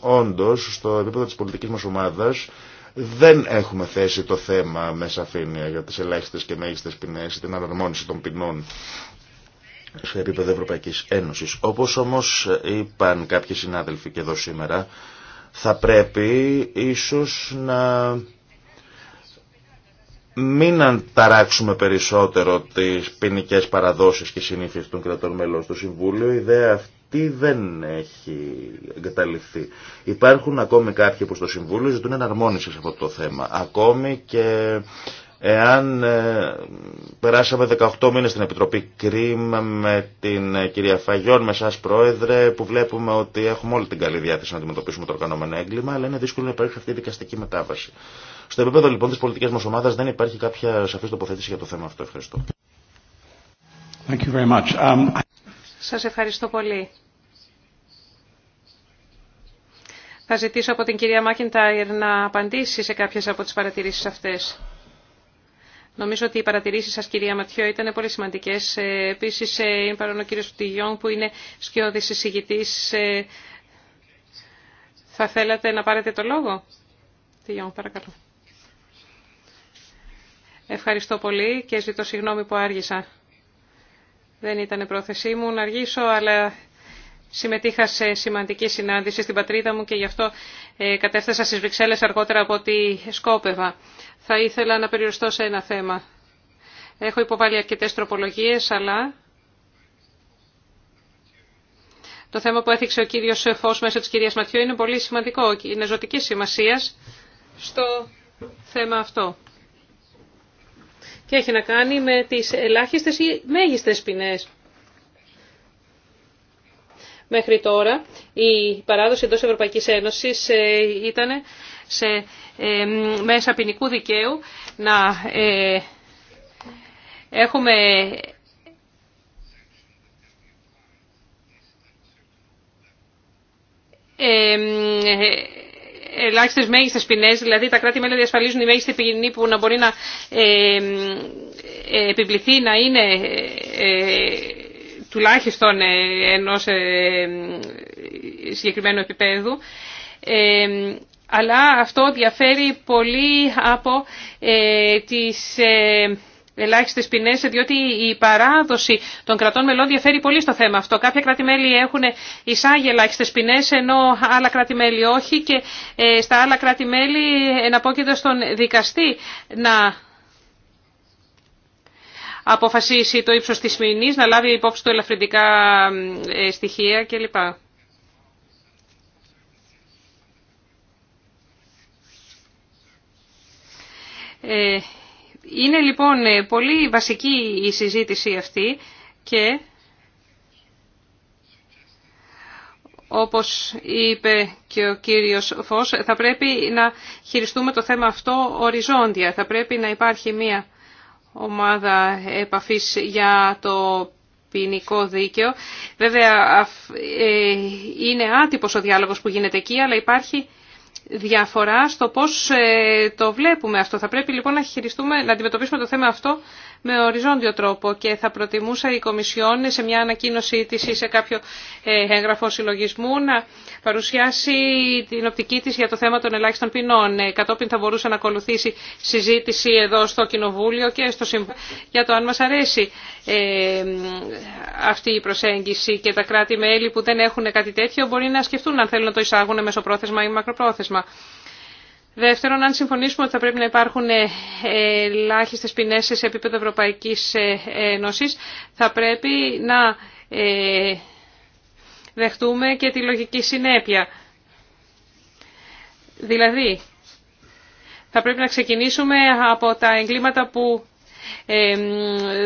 όντως στο επίπεδο της πολιτικής μας ομάδας δεν έχουμε θέσει το θέμα με σαφήνεια για τις ελάχιστες και μέγιστες ποινές ή την αναρμόνιση των ποινών σε επίπεδο Ευρωπαϊκής Ένωσης. Όπως όμως είπαν κάποιοι συνάδελφοι και εδώ σήμερα, θα πρέπει ίσως να μην ανταράξουμε περισσότερο τις ποινικέ παραδόσεις και συνήθειες των κρατών μελών στο Συμβούλιο. Η ιδέα αυτή δεν έχει εγκαταληφθεί. Υπάρχουν ακόμη κάποιοι που στο Συμβούλιο ζητούν εναρμόνιση σε αυτό το θέμα. Ακόμη και Εάν ε, περάσαμε 18 μήνες στην Επιτροπή Κριμ με την ε, κυρία Φαγιόν, με εσάς πρόεδρε, που βλέπουμε ότι έχουμε όλη την καλή διάθεση να αντιμετωπίσουμε το οργανωμένο έγκλημα, αλλά είναι δύσκολο να υπάρχει αυτή η δικαστική μετάβαση. Στο επίπεδο λοιπόν της πολιτικής μας ομάδας δεν υπάρχει κάποια σαφής τοποθέτηση για το θέμα αυτό. Ευχαριστώ. Thank you very much. Um, Σας ευχαριστώ πολύ. Θα ζητήσω από την κυρία Μάκιντάιρ να απαντήσει σε κάποιες από τις παρατηρήσεις αυτές. Νομίζω ότι οι παρατηρήσει σα, κυρία Ματιό, ήταν πολύ σημαντικέ. Ε, Επίση, ε, είναι παρόν ο κύριο Τιγιόν, που είναι σκιώδη εισηγητή. Ε, θα θέλατε να πάρετε το λόγο. Τιγιον, παρακαλώ. Ευχαριστώ πολύ και ζητώ συγγνώμη που άργησα. Δεν ήταν πρόθεσή μου να αργήσω, αλλά συμμετείχα σε σημαντική συνάντηση στην πατρίδα μου και γι' αυτό ε, κατέφτασα στις Βρυξέλλες αργότερα από ό,τι σκόπευα. Θα ήθελα να περιοριστώ σε ένα θέμα. Έχω υποβάλει αρκετές τροπολογίες, αλλά το θέμα που έθιξε ο κύριος Φως μέσα της κυρίας Ματιού είναι πολύ σημαντικό. Είναι ζωτική σημασία στο θέμα αυτό. Και έχει να κάνει με τις ελάχιστες ή μέγιστες ποινές. Μέχρι τώρα η παράδοση εντός Ευρωπαϊκής Ένωσης ε, ήταν σε ε, μέσα ποινικού δικαίου να ε, έχουμε ελάχιστε μέγιστε ποινέ, δηλαδή τα κράτη-μέλη διασφαλίζουν η μέγιστη ποινή που να μπορεί να επιβληθεί να είναι τουλάχιστον ε, ενός ε, συγκεκριμένου επίπεδου, ε, αλλά αυτό διαφέρει πολύ από τις ελάχιστες ποινές, διότι η παράδοση των κρατών μελών διαφέρει πολύ στο θέμα αυτό. Κάποια κράτη-μέλη έχουν εισάγει ελαχιστε ποινες ποινέ, ενώ άλλα κράτη-μέλη όχι και στα άλλα κράτη-μέλη εναπόκειται στον δικαστή να αποφασίσει το ύψος της μηνής, να λάβει υπόψη του ελαφρυντικά ε, στοιχεία κλπ. Ε, είναι λοιπόν ε, πολύ βασική η συζήτηση αυτή και όπως είπε και ο κύριος Φως, θα πρέπει να χειριστούμε το θέμα αυτό οριζόντια. Θα πρέπει να υπάρχει μία ομάδα επαφής για το ποινικό δίκαιο. Βέβαια ε, είναι άτυπος ο διάλογος που γίνεται εκεί, αλλά υπάρχει διαφορά στο πώς ε, το βλέπουμε αυτό. Θα πρέπει λοιπόν να χειριστούμε, να αντιμετωπίσουμε το θέμα αυτό με οριζόντιο τρόπο και θα προτιμούσα η Κομισιόν σε μια ανακοίνωσή της ή σε κάποιο ε, έγγραφο συλλογισμού να παρουσιάσει την οπτική της για το θέμα των ελάχιστων ποινών. Ε, κατόπιν θα μπορούσε να ακολουθήσει συζήτηση εδώ στο Κοινοβούλιο και στο Συμβούλιο για το αν μας αρέσει ε, αυτή η προσέγγιση και τα κράτη-μέλη που δεν έχουν κάτι τέτοιο μπορεί να σκεφτούν αν θέλουν να το εισάγουν μεσοπρόθεσμα ή μακροπρόθεσμα. Δεύτερον, αν συμφωνήσουμε ότι θα πρέπει να υπάρχουν ε, ελάχιστες ποινές σε επίπεδο Ευρωπαϊκής ε, Ένωσης, θα πρέπει να ε, δεχτούμε και τη λογική συνέπεια. Δηλαδή, θα πρέπει να ξεκινήσουμε από τα εγκλήματα που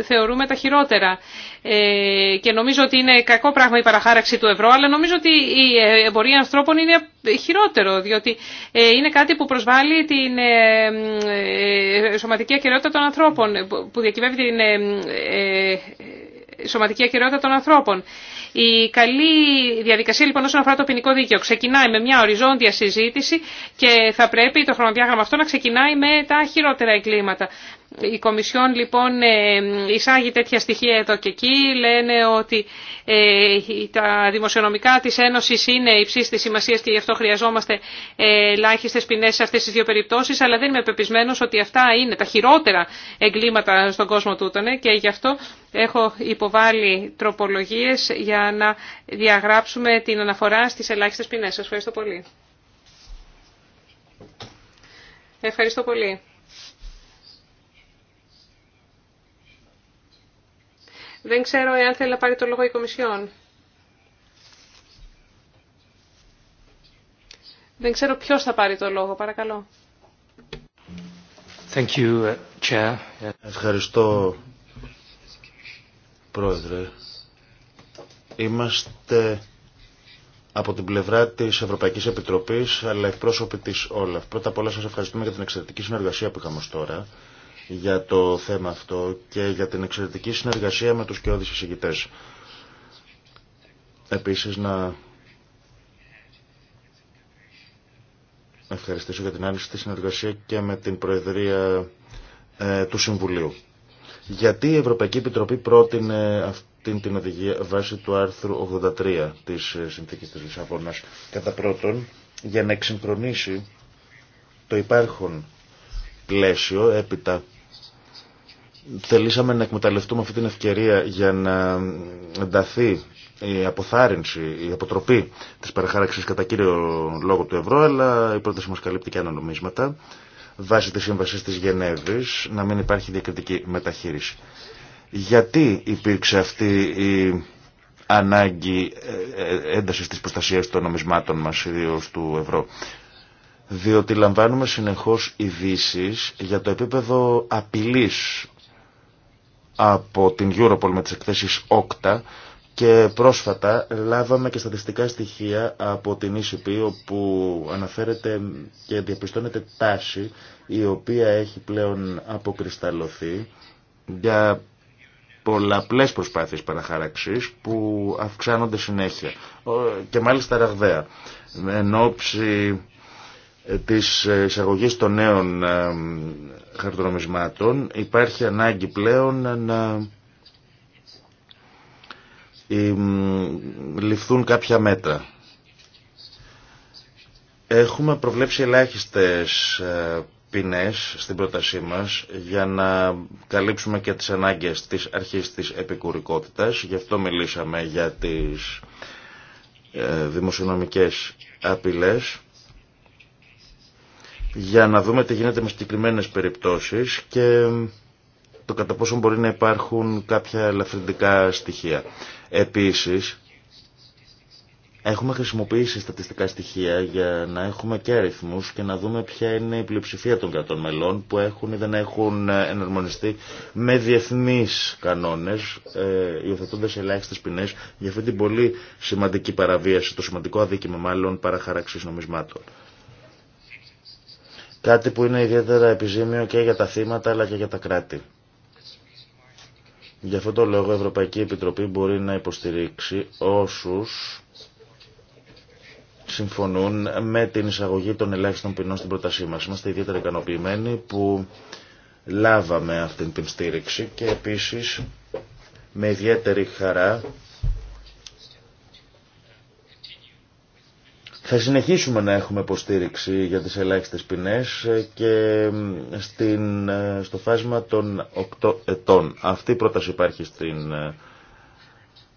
θεωρούμε τα χειρότερα. Ε, και νομίζω ότι είναι κακό πράγμα η παραχάραξη του ευρώ, αλλά νομίζω ότι η εμπορία ανθρώπων είναι χειρότερο, διότι ε, είναι κάτι που προσβάλλει την ε, σωματική ακαιρεότητα των ανθρώπων, που διακυβεύει την σωματική ακαιρεότητα των ανθρώπων. Η καλή διαδικασία λοιπόν όσον αφορά το ποινικό δίκαιο ξεκινάει με μια οριζόντια συζήτηση και θα πρέπει το χρονοδιάγραμμα αυτό να ξεκινάει με τα χειρότερα εγκλήματα. Η Κομισιόν λοιπόν ε, εισάγει τέτοια στοιχεία εδώ και εκεί. Λένε ότι ε, τα δημοσιονομικά της Ένωσης είναι υψής της σημασίας και γι' αυτό χρειαζόμαστε ε, ελάχιστες ποινές σε αυτές τις δύο περιπτώσεις, αλλά δεν είμαι πεπισμένος ότι αυτά είναι τα χειρότερα εγκλήματα στον κόσμο τούτον και γι' αυτό έχω υποβάλει τροπολογίες για να διαγράψουμε την αναφορά στις ελάχιστες ποινές. Σας ευχαριστώ πολύ. Ευχαριστώ πολύ. Δεν ξέρω εάν θέλει να πάρει το λόγο η Κομισιόν. Δεν ξέρω ποιος θα πάρει το λόγο, παρακαλώ. Thank you, uh, Chair. Ευχαριστώ, Πρόεδρε. Είμαστε από την πλευρά της Ευρωπαϊκής Επιτροπής, αλλά εκπρόσωποι της Όλαφ. Πρώτα απ' όλα σας ευχαριστούμε για την εξαιρετική συνεργασία που είχαμε τώρα για το θέμα αυτό και για την εξαιρετική συνεργασία με τους κοιόδης εισηγητές. Επίσης να ευχαριστήσω για την άνοιξη συνεργασία και με την Προεδρία ε, του Συμβουλίου. Γιατί η Ευρωπαϊκή Επιτροπή πρότεινε αυτή την οδηγία βάσει του άρθρου 83 της ε, Συνθήκης της Λισαβόνας. Κατά πρώτον, για να εξυγχρονίσει το υπάρχον πλαίσιο έπειτα θελήσαμε να εκμεταλλευτούμε αυτή την ευκαιρία για να ενταθεί η αποθάρρυνση, η αποτροπή της παραχάραξης κατά κύριο λόγο του ευρώ, αλλά η πρόταση μας καλύπτει και άλλα νομίσματα, βάσει της σύμβασης της Γενέβης, να μην υπάρχει διακριτική μεταχείριση. Γιατί υπήρξε αυτή η ανάγκη ε, ε, ένταση της προστασίας των νομισμάτων μας, ιδίω του ευρώ. Διότι λαμβάνουμε συνεχώς ειδήσει για το επίπεδο απειλής από την Europol με τις εκθέσεις οκτά και πρόσφατα λάβαμε και στατιστικά στοιχεία από την ECP όπου αναφέρεται και διαπιστώνεται τάση η οποία έχει πλέον αποκρισταλωθεί για πολλαπλές προσπάθειες παραχάραξης που αυξάνονται συνέχεια και μάλιστα ραγδαία. Εν της εισαγωγής των νέων ε, χαρτονομισμάτων υπάρχει ανάγκη πλέον να ε, ληφθούν κάποια μέτρα. Έχουμε προβλέψει ελάχιστες ε, ποινές στην πρότασή μας για να καλύψουμε και τις ανάγκες της αρχής της επικουρικότητας. Γι' αυτό μιλήσαμε για τις δημοσιονομικές απειλές για να δούμε τι γίνεται με συγκεκριμένε περιπτώσεις και το κατά πόσο μπορεί να υπάρχουν κάποια ελαφρυντικά στοιχεία. Επίσης, έχουμε χρησιμοποιήσει στατιστικά στοιχεία για να έχουμε και αριθμούς και να δούμε ποια είναι η πλειοψηφία των κρατών μελών που έχουν ή δεν έχουν εναρμονιστεί με διεθνείς κανόνες, ε, υιοθετώντας ελάχιστες ποινές για αυτή την πολύ σημαντική παραβίαση, το σημαντικό αδίκημα μάλλον παραχαραξής νομισμάτων. Κάτι που είναι ιδιαίτερα επιζήμιο και για τα θύματα αλλά και για τα κράτη. Γι' αυτό τον λόγο η Ευρωπαϊκή Επιτροπή μπορεί να υποστηρίξει όσους συμφωνούν με την εισαγωγή των ελάχιστων ποινών στην πρότασή μας. Είμαστε ιδιαίτερα ικανοποιημένοι που λάβαμε αυτή την στήριξη και επίσης με ιδιαίτερη χαρά Θα συνεχίσουμε να έχουμε υποστήριξη για τις ελάχιστες ποινές ε, και στην, ε, στο φάσμα των 8 ετών. Αυτή η πρόταση υπάρχει στην, ε,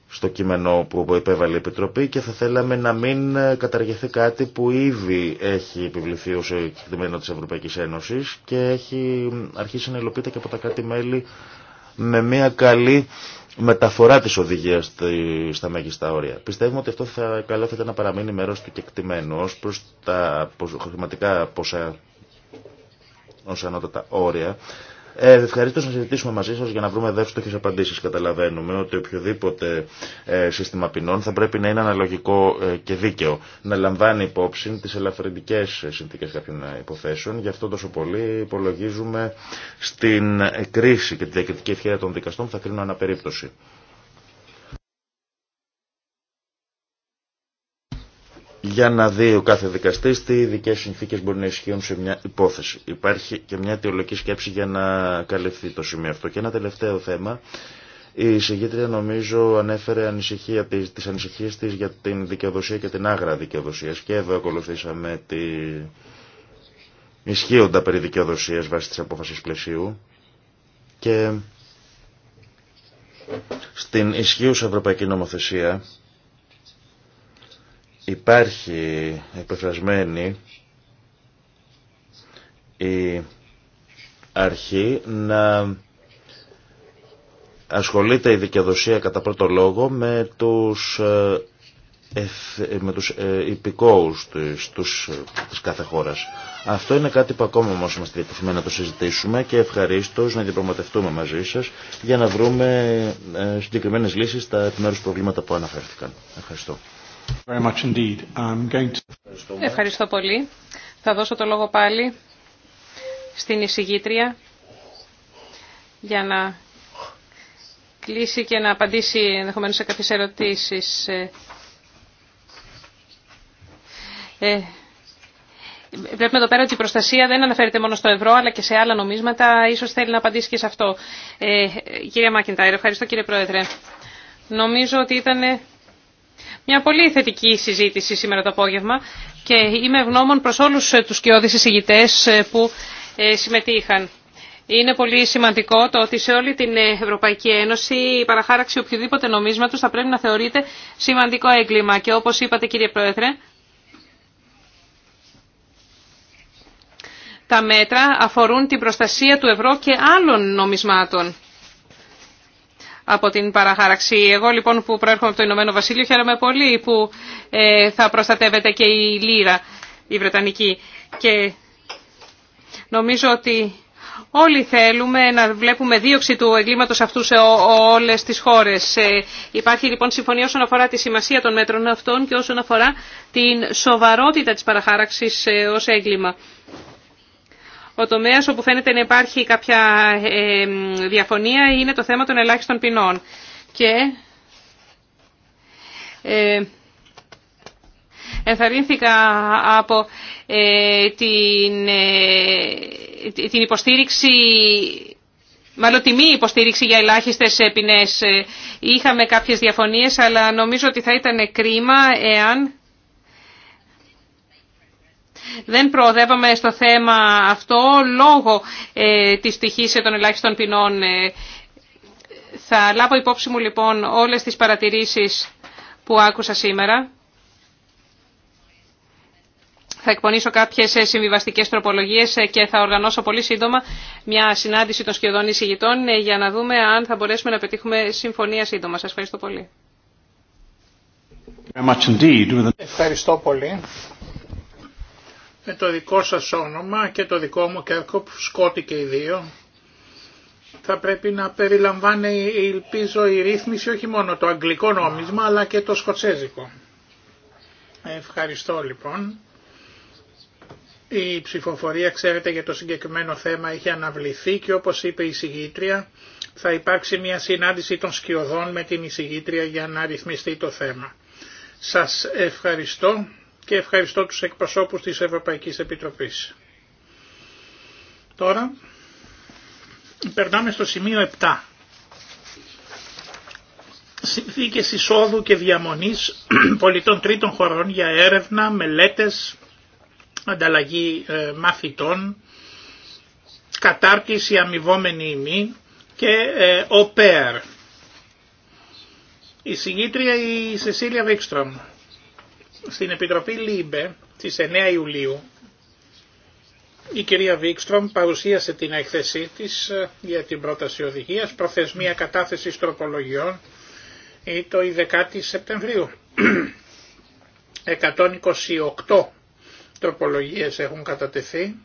στο κείμενο που υπέβαλε η Επιτροπή και θα θέλαμε να μην καταργηθεί κάτι που ήδη έχει επιβληθεί ως εκδημένο της Ευρωπαϊκής Ένωσης και έχει αρχίσει να υλοποιείται και από τα κάτι μέλη με μια καλή μεταφορά της οδηγίας στα μέγιστα όρια. Πιστεύουμε ότι αυτό θα καλό να παραμείνει μέρος του κεκτημένου ως προς τα χρηματικά ποσά ως ανώτατα όρια ε, Ευχαριστώ να συζητήσουμε μαζί σα για να βρούμε δεύτερε απαντήσει. Καταλαβαίνουμε ότι οποιοδήποτε ε, σύστημα ποινών θα πρέπει να είναι αναλογικό ε, και δίκαιο. Να λαμβάνει υπόψη τι ελαφρυντικέ ε, συνθήκε κάποιων υποθέσεων. Γι' αυτό τόσο πολύ υπολογίζουμε στην κρίση και τη διακριτική ευχαίρεια των δικαστών που θα κρίνουν αναπερίπτωση. για να δει ο κάθε δικαστή, τι ειδικέ συνθήκες μπορεί να ισχύουν σε μια υπόθεση. Υπάρχει και μια αιτιολογική σκέψη για να καλυφθεί το σημείο αυτό. Και ένα τελευταίο θέμα. Η συγγήτρια νομίζω ανέφερε ανησυχία τις, τις ανησυχίες της για την δικαιοδοσία και την άγρα δικαιοδοσία. και εδώ ακολουθήσαμε τη ισχύοντα περί δικαιοδοσίας βάσει της απόφασης πλαισίου και στην ισχύουσα ευρωπαϊκή νομοθεσία υπάρχει επεφρασμένη η αρχή να ασχολείται η δικαιοδοσία κατά πρώτο λόγο με τους, ε, ε, με τους ε, υπηκόους της, τους, της κάθε χώρας. Αυτό είναι κάτι που ακόμα όμως είμαστε διατεθειμένοι να το συζητήσουμε και ευχαρίστως να διαπραγματευτούμε μαζί σας για να βρούμε συγκεκριμένες λύσεις στα επιμέρους προβλήματα που αναφέρθηκαν. Ευχαριστώ. Ευχαριστώ πολύ. Θα δώσω το λόγο πάλι στην εισηγήτρια για να κλείσει και να απαντήσει ενδεχομένως σε κάποιες ερωτήσεις. Ε, ε, βλέπουμε εδώ πέρα ότι η προστασία δεν αναφέρεται μόνο στο ευρώ αλλά και σε άλλα νομίσματα. Ίσως θέλει να απαντήσει και σε αυτό. Ε, ε κυρία Μάκιντάιρ, ευχαριστώ κύριε Πρόεδρε. Νομίζω ότι ήταν μια πολύ θετική συζήτηση σήμερα το απόγευμα και είμαι ευγνώμων προς όλους τους κοιόδης εισηγητές ε, που ε, συμμετείχαν. Είναι πολύ σημαντικό το ότι σε όλη την Ευρωπαϊκή Ένωση η παραχάραξη οποιοδήποτε νομίσματος θα πρέπει να θεωρείται σημαντικό έγκλημα. Και όπως είπατε κύριε Πρόεδρε, τα μέτρα αφορούν την προστασία του ευρώ και άλλων νομισμάτων από την παραχάραξη. Εγώ λοιπόν που προέρχομαι από το Ηνωμένο Βασίλειο χαίρομαι πολύ που ε, θα προστατεύεται και η Λύρα, η Βρετανική. Και νομίζω ότι όλοι θέλουμε να βλέπουμε δίωξη του εγκλήματος αυτού σε όλες τις χώρες. Ε, υπάρχει λοιπόν συμφωνία όσον αφορά τη σημασία των μέτρων αυτών και όσον αφορά την σοβαρότητα της παραχάραξης ε, ως έγκλημα. Ο τομέας όπου φαίνεται να υπάρχει κάποια ε, διαφωνία είναι το θέμα των ελάχιστων ποινών. Και ε, ενθαρρύνθηκα από ε, την, την υποστήριξη Μάλλον τη μη υποστήριξη για ελάχιστε ποινέ. Είχαμε κάποιε διαφωνίε, αλλά νομίζω ότι θα ήταν κρίμα εάν δεν προοδεύαμε στο θέμα αυτό λόγω ε, της τυχής των ελάχιστων ποινών. Ε, θα λάβω υπόψη μου λοιπόν όλες τις παρατηρήσεις που άκουσα σήμερα. Θα εκπονήσω κάποιες ε, συμβιβαστικές τροπολογίες και θα οργανώσω πολύ σύντομα μια συνάντηση των σχεδόν εισηγητών για να δούμε αν θα μπορέσουμε να πετύχουμε συμφωνία σύντομα. Σας Ευχαριστώ πολύ με το δικό σας όνομα και το δικό μου Κέρκοπ, που και οι δύο, θα πρέπει να περιλαμβάνει, ελπίζω, η ρύθμιση όχι μόνο το αγγλικό νόμισμα αλλά και το σκοτσέζικο. Ευχαριστώ λοιπόν. Η ψηφοφορία, ξέρετε, για το συγκεκριμένο θέμα έχει αναβληθεί και όπως είπε η συγγήτρια, θα υπάρξει μια συνάντηση των σκιωδών με την εισηγήτρια για να ρυθμιστεί το θέμα. Σας ευχαριστώ και ευχαριστώ τους εκπροσώπους της Ευρωπαϊκής Επιτροπής. Τώρα περνάμε στο σημείο 7. Συνθήκες εισόδου και διαμονής πολιτών τρίτων χωρών για έρευνα, μελέτες, ανταλλαγή ε, μαθητών, κατάρτιση αμοιβόμενη ημί και ε, ο Η συγγήτρια η Σεσίλια Βίξτρομ. Στην Επιτροπή ΛΥΜΠΕ της 9 Ιουλίου η κυρία Βίξτρομ παρουσίασε την έκθεσή της ε, για την πρόταση οδηγίας προθεσμία κατάθεσης τροπολογιών ή το 10 Σεπτεμβρίου. 128 τροπολογίες έχουν κατατεθεί.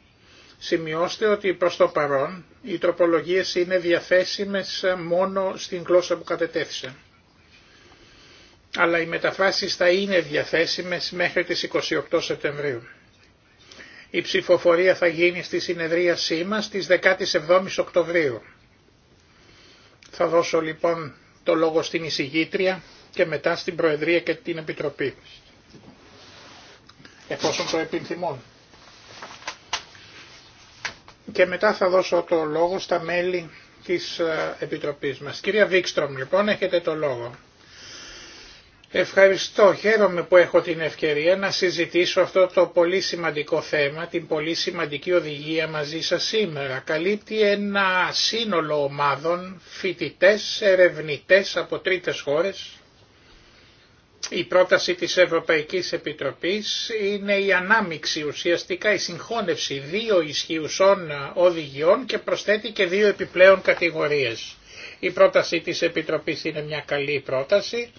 Σημειώστε ότι προς το παρόν οι τροπολογίες είναι διαθέσιμες μόνο στην γλώσσα που κατετέθησαν αλλά οι μεταφράσεις θα είναι διαθέσιμες μέχρι τις 28 Σεπτεμβρίου. Η ψηφοφορία θα γίνει στη συνεδρίασή μας στις 17 Οκτωβρίου. Θα δώσω λοιπόν το λόγο στην εισηγήτρια και μετά στην Προεδρία και την Επιτροπή. Εφόσον το επιθυμούν. Και μετά θα δώσω το λόγο στα μέλη της ε, Επιτροπής μας. Κυρία Βίξτρομ λοιπόν έχετε το λόγο. Ευχαριστώ. Χαίρομαι που έχω την ευκαιρία να συζητήσω αυτό το πολύ σημαντικό θέμα, την πολύ σημαντική οδηγία μαζί σας σήμερα. Καλύπτει ένα σύνολο ομάδων, φοιτητές, ερευνητές από τρίτες χώρες. Η πρόταση της Ευρωπαϊκής Επιτροπής είναι η ανάμιξη ουσιαστικά, η συγχώνευση δύο ισχυουσών οδηγιών και προσθέτει και δύο επιπλέον κατηγορίες. Η πρόταση της Επιτροπής είναι μια καλή πρόταση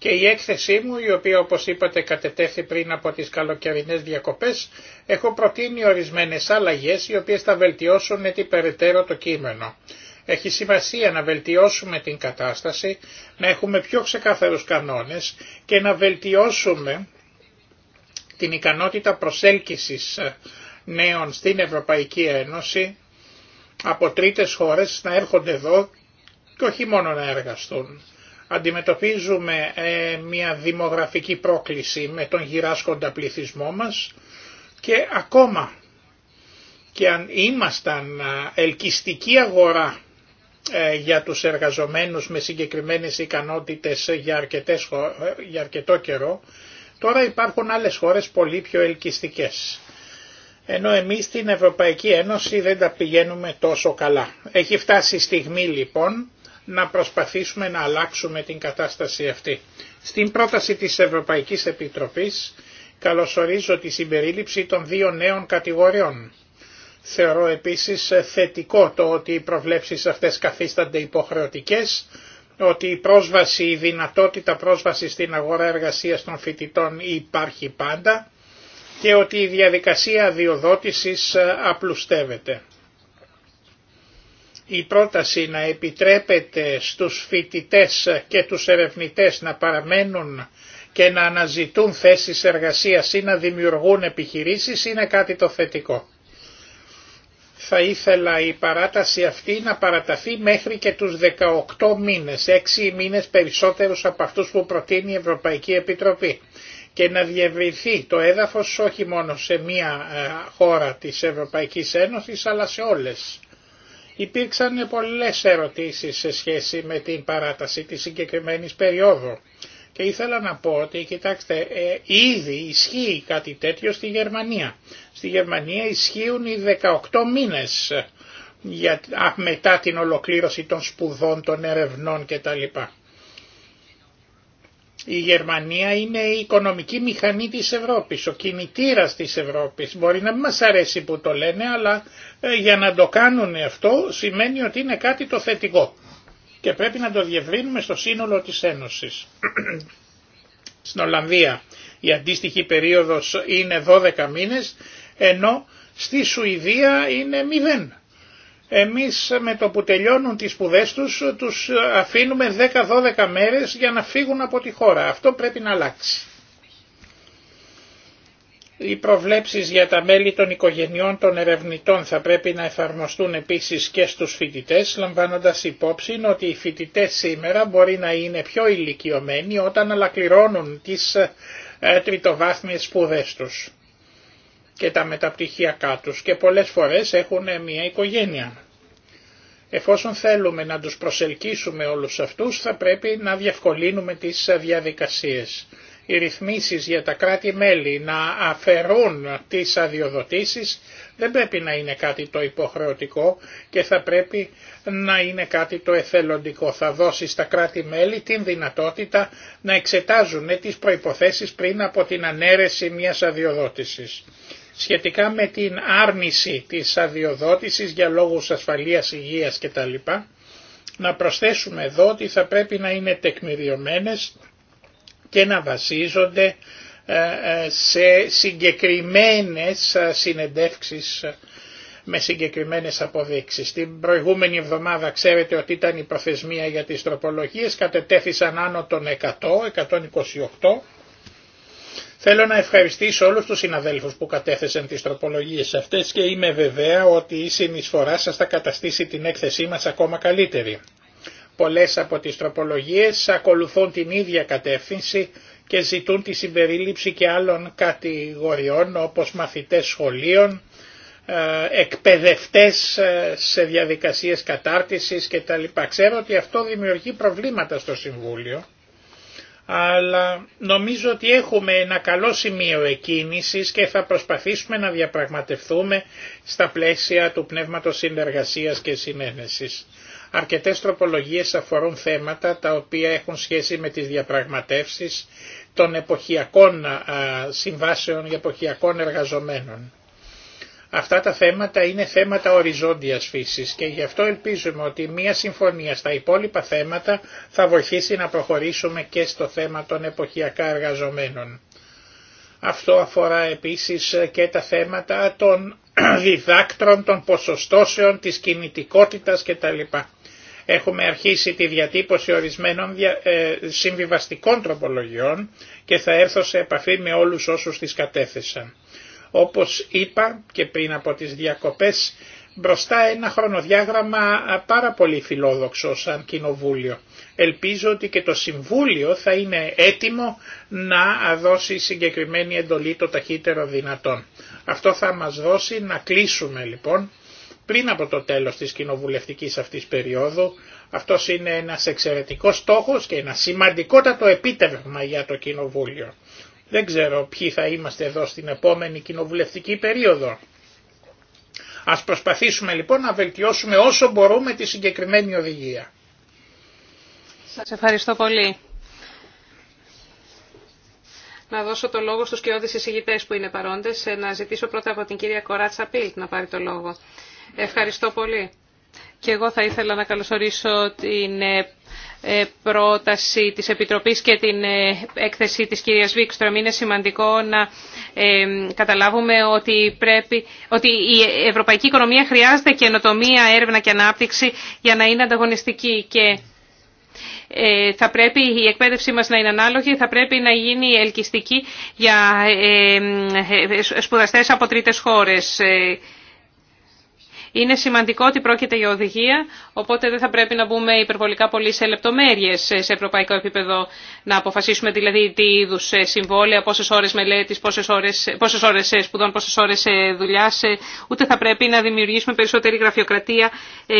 και η έκθεσή μου, η οποία όπως είπατε κατετέθη πριν από τις καλοκαιρινές διακοπές, έχω προτείνει ορισμένες άλλαγες οι οποίες θα βελτιώσουν την περαιτέρω το κείμενο. Έχει σημασία να βελτιώσουμε την κατάσταση, να έχουμε πιο ξεκάθαρους κανόνες και να βελτιώσουμε την ικανότητα προσέλκυσης ε, νέων στην Ευρωπαϊκή Ένωση από τρίτες χώρες να έρχονται εδώ και όχι μόνο να εργαστούν αντιμετωπίζουμε ε, μια δημογραφική πρόκληση με τον γυράσκοντα πληθυσμό μας και ακόμα και αν ήμασταν ε, ελκυστική αγορά ε, για τους εργαζομένους με συγκεκριμένες ικανότητες για, αρκετό καιρό, τώρα υπάρχουν άλλες χώρες πολύ πιο ελκυστικές. Ενώ εμείς στην Ευρωπαϊκή Ένωση δεν τα πηγαίνουμε τόσο καλά. Έχει φτάσει η στιγμή λοιπόν να προσπαθήσουμε να αλλάξουμε την κατάσταση αυτή. Στην πρόταση της Ευρωπαϊκής Επιτροπής καλωσορίζω τη συμπερίληψη των δύο νέων κατηγοριών. Θεωρώ επίσης θετικό το ότι οι προβλέψεις αυτές καθίστανται υποχρεωτικές, ότι η πρόσβαση, η δυνατότητα πρόσβαση στην αγορά εργασίας των φοιτητών υπάρχει πάντα και ότι η διαδικασία διοδότησης απλουστεύεται η πρόταση να επιτρέπεται στους φοιτητές και τους ερευνητές να παραμένουν και να αναζητούν θέσεις εργασίας ή να δημιουργούν επιχειρήσεις είναι κάτι το θετικό. Θα ήθελα η παράταση αυτή να παραταθεί μέχρι και τους 18 μήνες, 6 μήνες περισσότερους από αυτούς που προτείνει η Ευρωπαϊκή Επιτροπή και να διευρυνθεί το έδαφος όχι μόνο σε μία ε, χώρα της Ευρωπαϊκής Ένωσης αλλά σε όλες. Υπήρξαν πολλές ερωτήσεις σε σχέση με την παράταση της συγκεκριμένης περίοδου. Και ήθελα να πω ότι, κοιτάξτε, ε, ήδη ισχύει κάτι τέτοιο στη Γερμανία. Στη Γερμανία ισχύουν οι 18 μήνες για, α, μετά την ολοκλήρωση των σπουδών, των ερευνών κτλ. Η Γερμανία είναι η οικονομική μηχανή της Ευρώπης, ο κινητήρας της Ευρώπης. Μπορεί να μην μας αρέσει που το λένε, αλλά ε, για να το κάνουν αυτό σημαίνει ότι είναι κάτι το θετικό. Και πρέπει να το διευρύνουμε στο σύνολο της Ένωσης. Στην Ολλανδία η αντίστοιχη περίοδος είναι 12 μήνες, ενώ στη Σουηδία είναι 0 εμείς με το που τελειώνουν τις σπουδέ τους, τους αφήνουμε 10-12 μέρες για να φύγουν από τη χώρα. Αυτό πρέπει να αλλάξει. Οι προβλέψεις για τα μέλη των οικογενειών των ερευνητών θα πρέπει να εφαρμοστούν επίσης και στους φοιτητές, λαμβάνοντας υπόψη ότι οι φοιτητές σήμερα μπορεί να είναι πιο ηλικιωμένοι όταν ανακληρώνουν τις ε, τριτοβάθμιες σπουδές τους και τα μεταπτυχιακά τους και πολλές φορές έχουν μια οικογένεια. Εφόσον θέλουμε να τους προσελκύσουμε όλους αυτούς θα πρέπει να διευκολύνουμε τις διαδικασίες. Οι ρυθμίσεις για τα κράτη-μέλη να αφαιρούν τις αδειοδοτήσεις δεν πρέπει να είναι κάτι το υποχρεωτικό και θα πρέπει να είναι κάτι το εθελοντικό. Θα δώσει στα κράτη-μέλη την δυνατότητα να εξετάζουν τις προϋποθέσεις πριν από την ανέρεση μιας αδειοδότησης σχετικά με την άρνηση της αδειοδότησης για λόγους ασφαλείας, υγείας κτλ. Να προσθέσουμε εδώ ότι θα πρέπει να είναι τεκμηριωμένες και να βασίζονται ε, ε, σε συγκεκριμένες ε, συνεντεύξεις με συγκεκριμένες αποδείξεις. Την προηγούμενη εβδομάδα ξέρετε ότι ήταν η προθεσμία για τις τροπολογίες, κατετέθησαν άνω των 100, 128 Θέλω να ευχαριστήσω όλους τους συναδέλφους που κατέθεσαν τις τροπολογίες αυτές και είμαι βεβαία ότι η συνεισφορά σας θα καταστήσει την έκθεσή μας ακόμα καλύτερη. Πολλές από τις τροπολογίες ακολουθούν την ίδια κατεύθυνση και ζητούν τη συμπερίληψη και άλλων κατηγοριών όπως μαθητές σχολείων, ε, εκπαιδευτές ε, σε διαδικασίες κατάρτισης κτλ. Ξέρω ότι αυτό δημιουργεί προβλήματα στο Συμβούλιο αλλά νομίζω ότι έχουμε ένα καλό σημείο εκκίνησης και θα προσπαθήσουμε να διαπραγματευτούμε στα πλαίσια του πνεύματος συνεργασίας και συνένεσης. Αρκετές τροπολογίες αφορούν θέματα τα οποία έχουν σχέση με τις διαπραγματεύσεις των εποχιακών συμβάσεων για εποχιακών εργαζομένων. Αυτά τα θέματα είναι θέματα οριζόντιας φύσης και γι' αυτό ελπίζουμε ότι μια συμφωνία στα υπόλοιπα θέματα θα βοηθήσει να προχωρήσουμε και στο θέμα των εποχιακά εργαζομένων. Αυτό αφορά επίσης και τα θέματα των διδάκτρων, των ποσοστώσεων, της κινητικότητας κτλ. Έχουμε αρχίσει τη διατύπωση ορισμένων ε, συμβιβαστικών τροπολογιών και θα έρθω σε επαφή με όλους όσους τις κατέθεσαν. Όπως είπα και πριν από τις διακοπές, μπροστά ένα χρονοδιάγραμμα πάρα πολύ φιλόδοξο σαν κοινοβούλιο. Ελπίζω ότι και το Συμβούλιο θα είναι έτοιμο να δώσει συγκεκριμένη εντολή το ταχύτερο δυνατόν. Αυτό θα μας δώσει να κλείσουμε λοιπόν πριν από το τέλος της κοινοβουλευτικής αυτής περίοδου. Αυτός είναι ένας εξαιρετικός στόχος και ένα σημαντικότατο επίτευγμα για το Κοινοβούλιο. Δεν ξέρω ποιοι θα είμαστε εδώ στην επόμενη κοινοβουλευτική περίοδο. Ας προσπαθήσουμε λοιπόν να βελτιώσουμε όσο μπορούμε τη συγκεκριμένη οδηγία. Σας ευχαριστώ πολύ. Να δώσω το λόγο στους κοιόδης εισηγητές που είναι παρόντες. Ε, να ζητήσω πρώτα από την κυρία Κοράτσα Πίλτ να πάρει το λόγο. Ευχαριστώ πολύ. Και εγώ θα ήθελα να καλωσορίσω την ε, ε, πρόταση της Επιτροπής και την ε, έκθεση της κυρίας Βίκστρομ είναι σημαντικό να ε, καταλάβουμε ότι, πρέπει, ότι η ευρωπαϊκή οικονομία χρειάζεται καινοτομία, έρευνα και ανάπτυξη για να είναι ανταγωνιστική και θα πρέπει η εκπαίδευσή μας να είναι ανάλογη, θα πρέπει να γίνει ελκυστική για σπουδαστές από τρίτες χώρες. Είναι σημαντικό ότι πρόκειται για οδηγία, οπότε δεν θα πρέπει να μπούμε υπερβολικά πολύ σε λεπτομέρειε σε ευρωπαϊκό επίπεδο, να αποφασίσουμε δηλαδή τι είδου ε, συμβόλαια, πόσε ώρε μελέτη, πόσε ώρε ε, σπουδών, πόσε ώρε δουλειά, ε, ούτε θα πρέπει να δημιουργήσουμε περισσότερη γραφειοκρατία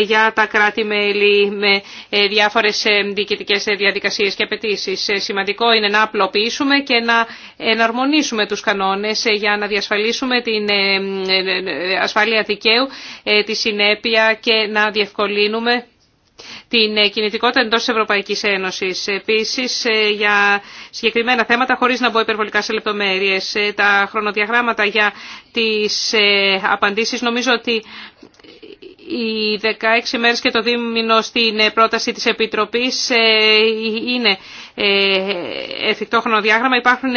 για τα κράτη-μέλη με διάφορε διοικητικέ διαδικασίε και απαιτήσει. Σημαντικό είναι να απλοποιήσουμε και να εναρμονίσουμε του κανόνε για να διασφαλίσουμε την ασφάλεια δικαίου τη συνέπεια και να διευκολύνουμε την κινητικότητα εντός της Ευρωπαϊκής Ένωσης. Επίσης, ε, για συγκεκριμένα θέματα, χωρίς να μπω υπερβολικά σε λεπτομέρειες, ε, τα χρονοδιαγράμματα για τις ε, απαντήσεις νομίζω ότι οι 16 μέρες και το δίμηνο στην πρόταση της Επιτροπής είναι εφικτό χρονοδιάγραμμα. Υπάρχουν,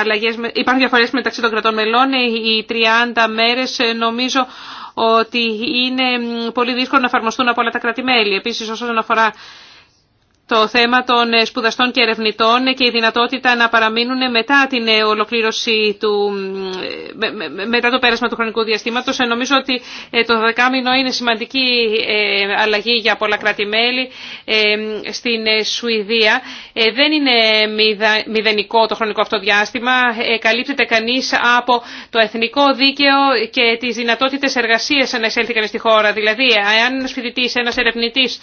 αλλαγές, υπάρχουν διαφορές μεταξύ των κρατών μελών. Οι 30 μέρες νομίζω ότι είναι πολύ δύσκολο να εφαρμοστούν από όλα τα κράτη-μέλη. Επίσης όσον αφορά το θέμα των ε, σπουδαστών και ερευνητών και η δυνατότητα να παραμείνουν μετά την ε, ολοκλήρωση του, ε, μετά το πέρασμα του χρονικού διαστήματος. Νομίζω ότι το δεκάμινο είναι σημαντική αλλαγή για πολλά κράτη-μέλη στην Σουηδία. Δεν είναι μηδενικό το χρονικό αυτό διάστημα. Καλύπτεται κανείς από το εθνικό δίκαιο και τις δυνατότητες εργασίας να στη χώρα. Δηλαδή, αν ένας φοιτητής, ένας ερευνητής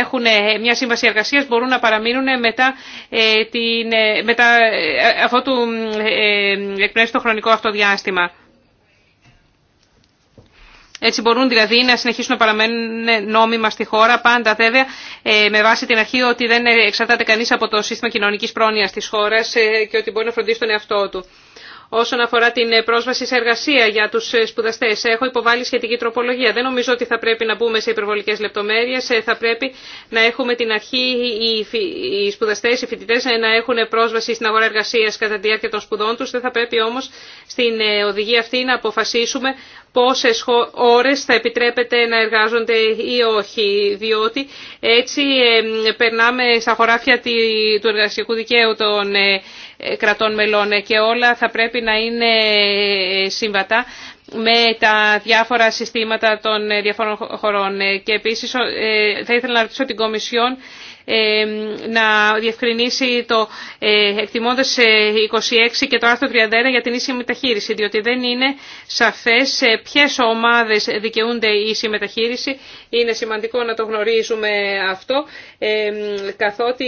έχουν μια σύμβαση εργασίας μπορούν να παραμείνουν μετά, ε, την, ε, μετά ε, αυτό του εκπνεύσει το χρονικό αυτό διάστημα. Έτσι μπορούν δηλαδή να συνεχίσουν να παραμένουν νόμιμα στη χώρα, πάντα βέβαια με βάση την αρχή ότι δεν εξαρτάται κανείς από το σύστημα κοινωνικής πρόνοιας της χώρας και ότι μπορεί να φροντίσει τον εαυτό του όσον αφορά την ε, πρόσβαση σε εργασία για τους ε, σπουδαστές. Έχω υποβάλει σχετική τροπολογία. Δεν νομίζω ότι θα πρέπει να μπούμε σε υπερβολικές λεπτομέρειες. Ε, θα πρέπει να έχουμε την αρχή οι σπουδαστές, οι φοιτητέ, να έχουν πρόσβαση στην αγορά εργασίας κατά τη διάρκεια των σπουδών τους. Δεν θα πρέπει όμως στην οδηγία αυτή να αποφασίσουμε πόσε ώρε θα επιτρέπεται να εργάζονται ή όχι, διότι έτσι περνάμε στα χωράφια του εργασιακού δικαίου των κρατών μελών και όλα θα πρέπει να είναι συμβατά με τα διάφορα συστήματα των διαφόρων χωρών. Και επίσης ε, θα ήθελα να ρωτήσω την Κομισιόν ε, να διευκρινίσει το ε, εκτιμώντας 26 και το άρθρο 31 για την ίση μεταχείριση, διότι δεν είναι σαφές ποιες ομάδες δικαιούνται η ίση μεταχείριση. Είναι σημαντικό να το γνωρίζουμε αυτό, καθότι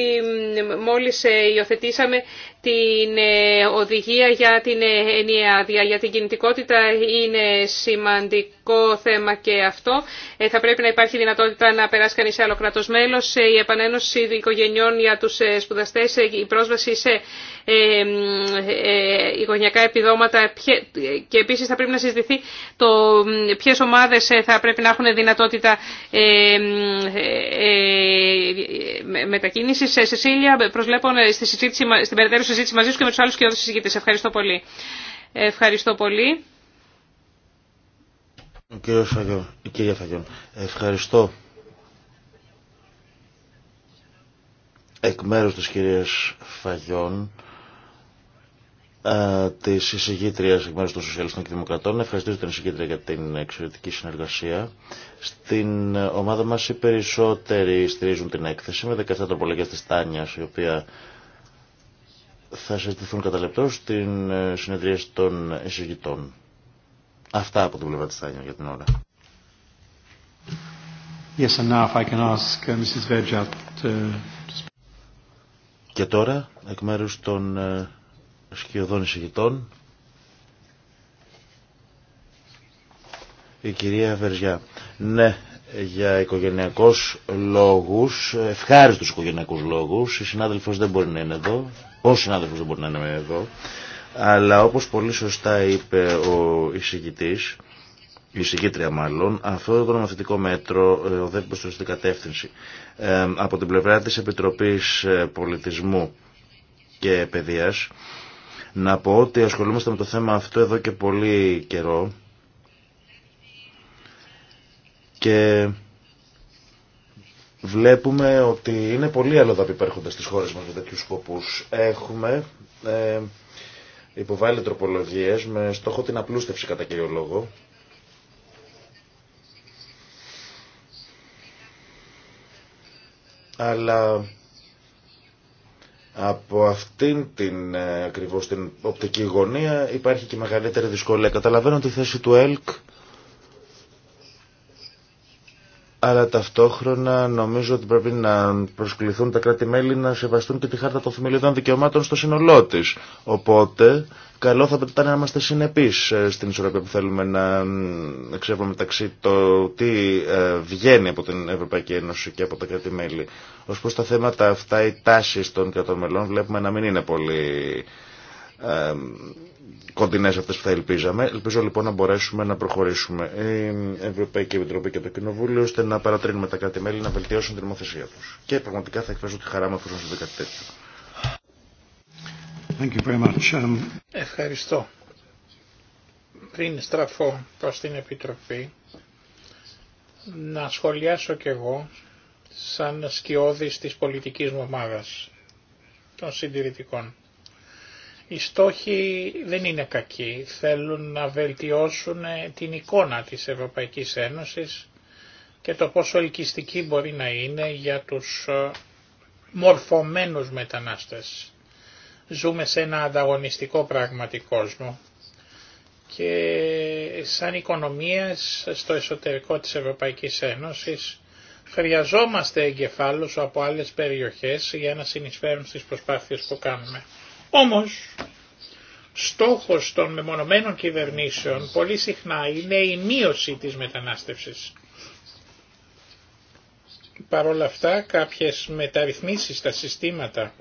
μόλις υιοθετήσαμε την ε, οδηγία για την ε, ενιαία άδεια. Για την κινητικότητα είναι σημαντικό θέμα και αυτό. Ε, θα πρέπει να υπάρχει δυνατότητα να περάσει κανεί σε άλλο κράτο μέλο. Η επανένωση οικογενειών για του σπουδαστέ, η πρόσβαση σε οικογενειακά ε, επιδόματα και επίσης θα πρέπει να συζητηθεί το ποιες ομάδες ε, θα πρέπει να έχουν δυνατότητα ε, μετακίνησης. Σε Σεσίλια προσβλέπω στη συζήτηση, στην περαιτέρω συζήτηση μαζί σου και με τους άλλους και συζητητές. Ευχαριστώ πολύ. Ευχαριστώ πολύ. Κύριε Φαγιόν, κύριε Φαγιόν, ευχαριστώ εκ μέρους της κυρίας Φαγιόν ε, τη εισηγήτρια εκ μέρου των Σοσιαλιστών και Δημοκρατών. Ευχαριστήσω την εισηγήτρια για την εξαιρετική συνεργασία. Στην ομάδα μα οι περισσότεροι στηρίζουν την έκθεση με 17 τροπολογίε τη Τάνια, η οποία θα συζητηθούν κατά λεπτό στην ε, συνεδρία των εισηγητών. Αυτά από την πλευρά τη Τάνια για την ώρα. Yes, and I can ask uh, Mrs. Uh, και τώρα, εκ μέρου των ε, σχεδόν εισηγητών. Η κυρία Βερζιά. Ναι, για οικογενειακούς λόγους, ευχάριστους οικογενειακούς λόγους, οι συνάδελφος δεν μπορεί να είναι εδώ, ο συνάδελφος δεν μπορεί να είναι εδώ, αλλά όπως πολύ σωστά είπε ο εισηγητής, η εισηγήτρια μάλλον, αυτό το νομοθετικό μέτρο ε, οδεύει προς την κατεύθυνση. Ε, από την πλευρά της Επιτροπής ε, Πολιτισμού και Παιδείας, να πω ότι ασχολούμαστε με το θέμα αυτό εδώ και πολύ καιρό και βλέπουμε ότι είναι πολύ αλλοδαπή που υπέρχονται στις χώρες μας με τέτοιους σκοπούς. Έχουμε ε, υποβάλει τροπολογίες με στόχο την απλούστευση κατά κύριο λόγο. Αλλά από αυτήν την ε, ακριβώς την οπτική γωνία υπάρχει και μεγαλύτερη δυσκολία. Καταλαβαίνω τη θέση του ΕΛΚ αλλά ταυτόχρονα νομίζω ότι πρέπει να προσκληθούν τα κράτη-μέλη να σεβαστούν και τη χάρτα των θεμελιωδών δικαιωμάτων στο σύνολό τη. Οπότε, καλό θα πρέπει να είμαστε συνεπεί ε, στην ισορροπία που θέλουμε να εξεύρουμε μεταξύ το τι ε, βγαίνει από την Ευρωπαϊκή Ένωση και από τα κράτη-μέλη. Ω προ τα θέματα αυτά, οι τάσει των κρατών μελών βλέπουμε να μην είναι πολύ ε, κοντινέ αυτέ που θα ελπίζαμε. Ελπίζω λοιπόν να μπορέσουμε να προχωρήσουμε η ε, Ευρωπαϊκή Επιτροπή και το Κοινοβούλιο ώστε να παρατρύνουμε τα κράτη-μέλη να βελτιώσουν την νομοθεσία του. Και πραγματικά θα εκφράσω τη χαρά μου αφού συμβεί κάτι τέτοιο. Um, Ευχαριστώ. Πριν στραφώ προ την Επιτροπή, να σχολιάσω κι εγώ σαν σκιώδης της πολιτικής μου ομάδας των συντηρητικών. Οι στόχοι δεν είναι κακοί, θέλουν να βελτιώσουν ε, την εικόνα της Ευρωπαϊκής Ένωσης και το πόσο ελκυστική μπορεί να είναι για τους ε, μορφωμένους μετανάστες. Ζούμε σε ένα ανταγωνιστικό πραγματικό κόσμο και σαν οικονομίες στο εσωτερικό της Ευρωπαϊκής Ένωσης χρειαζόμαστε εγκεφάλους από άλλες περιοχές για να συνεισφέρουν στις προσπάθειες που κάνουμε. Όμως, στόχος των μεμονωμένων κυβερνήσεων πολύ συχνά είναι η μείωση της μετανάστευσης. Παρ' όλα αυτά κάποιες μεταρρυθμίσεις στα συστήματα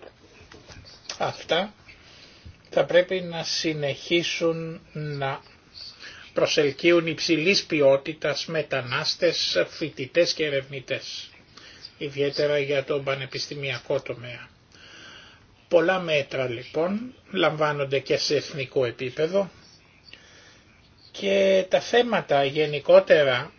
αυτά θα πρέπει να συνεχίσουν να προσελκύουν υψηλής ποιότητας μετανάστες, φοιτητές και ερευνητές, ιδιαίτερα για τον πανεπιστημιακό τομέα. Πολλά μέτρα λοιπόν λαμβάνονται και σε εθνικό επίπεδο και τα θέματα γενικότερα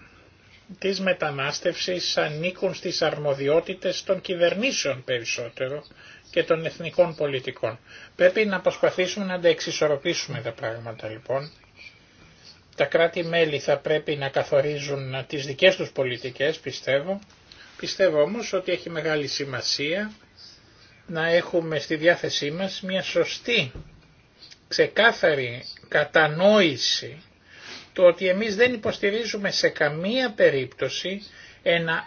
της μετανάστευσης ανήκουν στις αρμοδιότητες των κυβερνήσεων περισσότερο και των εθνικών πολιτικών. Πρέπει να προσπαθήσουμε να τα εξισορροπήσουμε τα πράγματα λοιπόν. Τα κράτη-μέλη θα πρέπει να καθορίζουν τις δικές τους πολιτικές, πιστεύω. Πιστεύω όμως ότι έχει μεγάλη σημασία να έχουμε στη διάθεσή μας μια σωστή, ξεκάθαρη κατανόηση το ότι εμείς δεν υποστηρίζουμε σε καμία περίπτωση ένα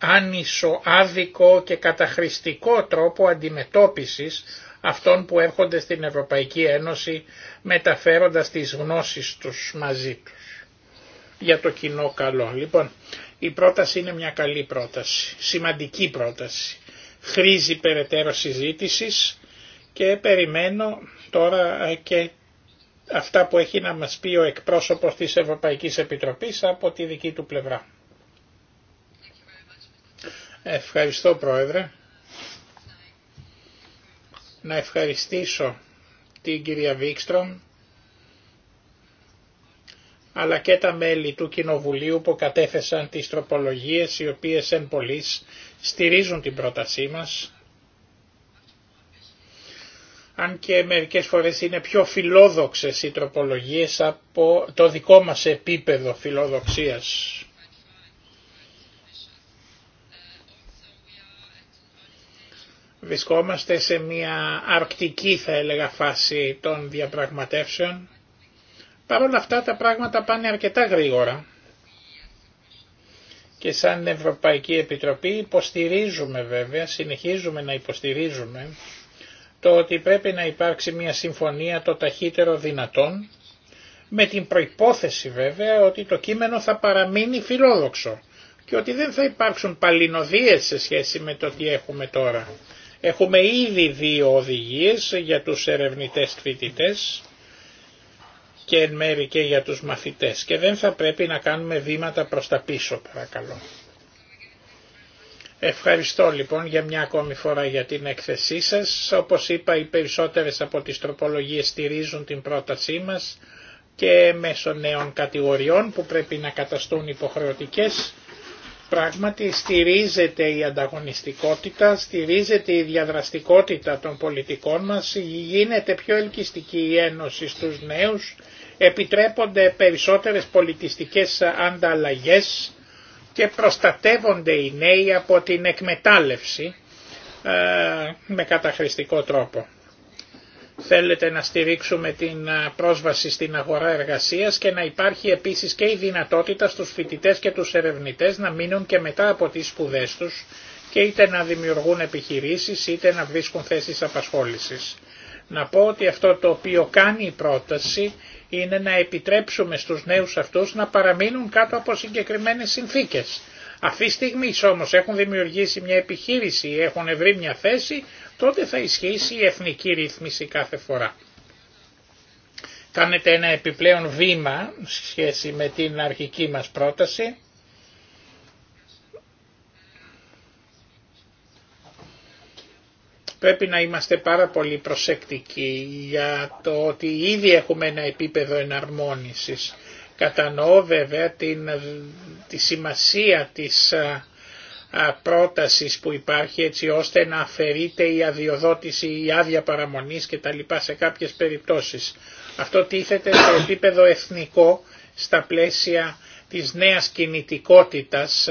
άνισο, άδικο και καταχρηστικό τρόπο αντιμετώπισης αυτών που έρχονται στην Ευρωπαϊκή Ένωση μεταφέροντας τις γνώσεις τους μαζί τους για το κοινό καλό. Λοιπόν, η πρόταση είναι μια καλή πρόταση, σημαντική πρόταση χρήζει περαιτέρω συζήτησης και περιμένω τώρα ε, και αυτά που έχει να μας πει ο εκπρόσωπος της Ευρωπαϊκής Επιτροπής από τη δική του πλευρά. Ευχαριστώ Πρόεδρε. Να ευχαριστήσω την κυρία Βίξτρομ αλλά και τα μέλη του Κοινοβουλίου που κατέθεσαν τις τροπολογίες οι οποίες εν πολλής στηρίζουν την πρότασή μας, αν και μερικές φορές είναι πιο φιλόδοξες οι τροπολογίες από το δικό μας επίπεδο φιλοδοξίας. Βρισκόμαστε σε μια αρκτική θα έλεγα φάση των διαπραγματεύσεων Παρ' όλα αυτά τα πράγματα πάνε αρκετά γρήγορα και σαν Ευρωπαϊκή Επιτροπή υποστηρίζουμε βέβαια, συνεχίζουμε να υποστηρίζουμε το ότι πρέπει να υπάρξει μια συμφωνία το ταχύτερο δυνατόν με την προϋπόθεση βέβαια ότι το κείμενο θα παραμείνει φιλόδοξο και ότι δεν θα υπάρξουν παλινοδίες σε σχέση με το τι έχουμε τώρα. Έχουμε ήδη δύο οδηγίες για τους ερευνητές φοιτητές και εν μέρη και για τους μαθητές και δεν θα πρέπει να κάνουμε βήματα προς τα πίσω παρακαλώ. Ευχαριστώ λοιπόν για μια ακόμη φορά για την έκθεσή σας. Όπως είπα οι περισσότερες από τις τροπολογίες στηρίζουν την πρότασή μας και μέσω νέων κατηγοριών που πρέπει να καταστούν υποχρεωτικές. Πράγματι στηρίζεται η ανταγωνιστικότητα, στηρίζεται η διαδραστικότητα των πολιτικών μας, γίνεται πιο ελκυστική η ένωση στους νέους επιτρέπονται περισσότερες πολιτιστικές ανταλλαγές και προστατεύονται οι νέοι από την εκμετάλλευση ε, με καταχρηστικό τρόπο. Θέλετε να στηρίξουμε την ε, πρόσβαση στην αγορά εργασίας και να υπάρχει επίσης και η δυνατότητα στους φοιτητές και τους ερευνητές να μείνουν και μετά από τις σπουδές τους και είτε να δημιουργούν επιχειρήσεις είτε να βρίσκουν θέσεις απασχόλησης. Να πω ότι αυτό το οποίο κάνει η πρόταση είναι να επιτρέψουμε στους νέους αυτούς να παραμείνουν κάτω από συγκεκριμένες συνθήκες. Αυτή τη στιγμή όμως έχουν δημιουργήσει μια επιχείρηση ή έχουν βρει μια θέση, τότε θα ισχύσει η εθνική ρύθμιση κάθε φορά. Κάνετε ένα επιπλέον βήμα σχέση με την αρχική μας πρόταση Πρέπει να είμαστε πάρα πολύ προσεκτικοί για το ότι ήδη έχουμε ένα επίπεδο εναρμόνισης. Κατανοώ βέβαια την, τη σημασία της πρότασης που υπάρχει έτσι ώστε να αφαιρείται η αδειοδότηση, η άδεια παραμονής και τα λοιπά σε κάποιες περιπτώσεις. Αυτό τίθεται στο επίπεδο εθνικό στα πλαίσια της νέας κινητικότητας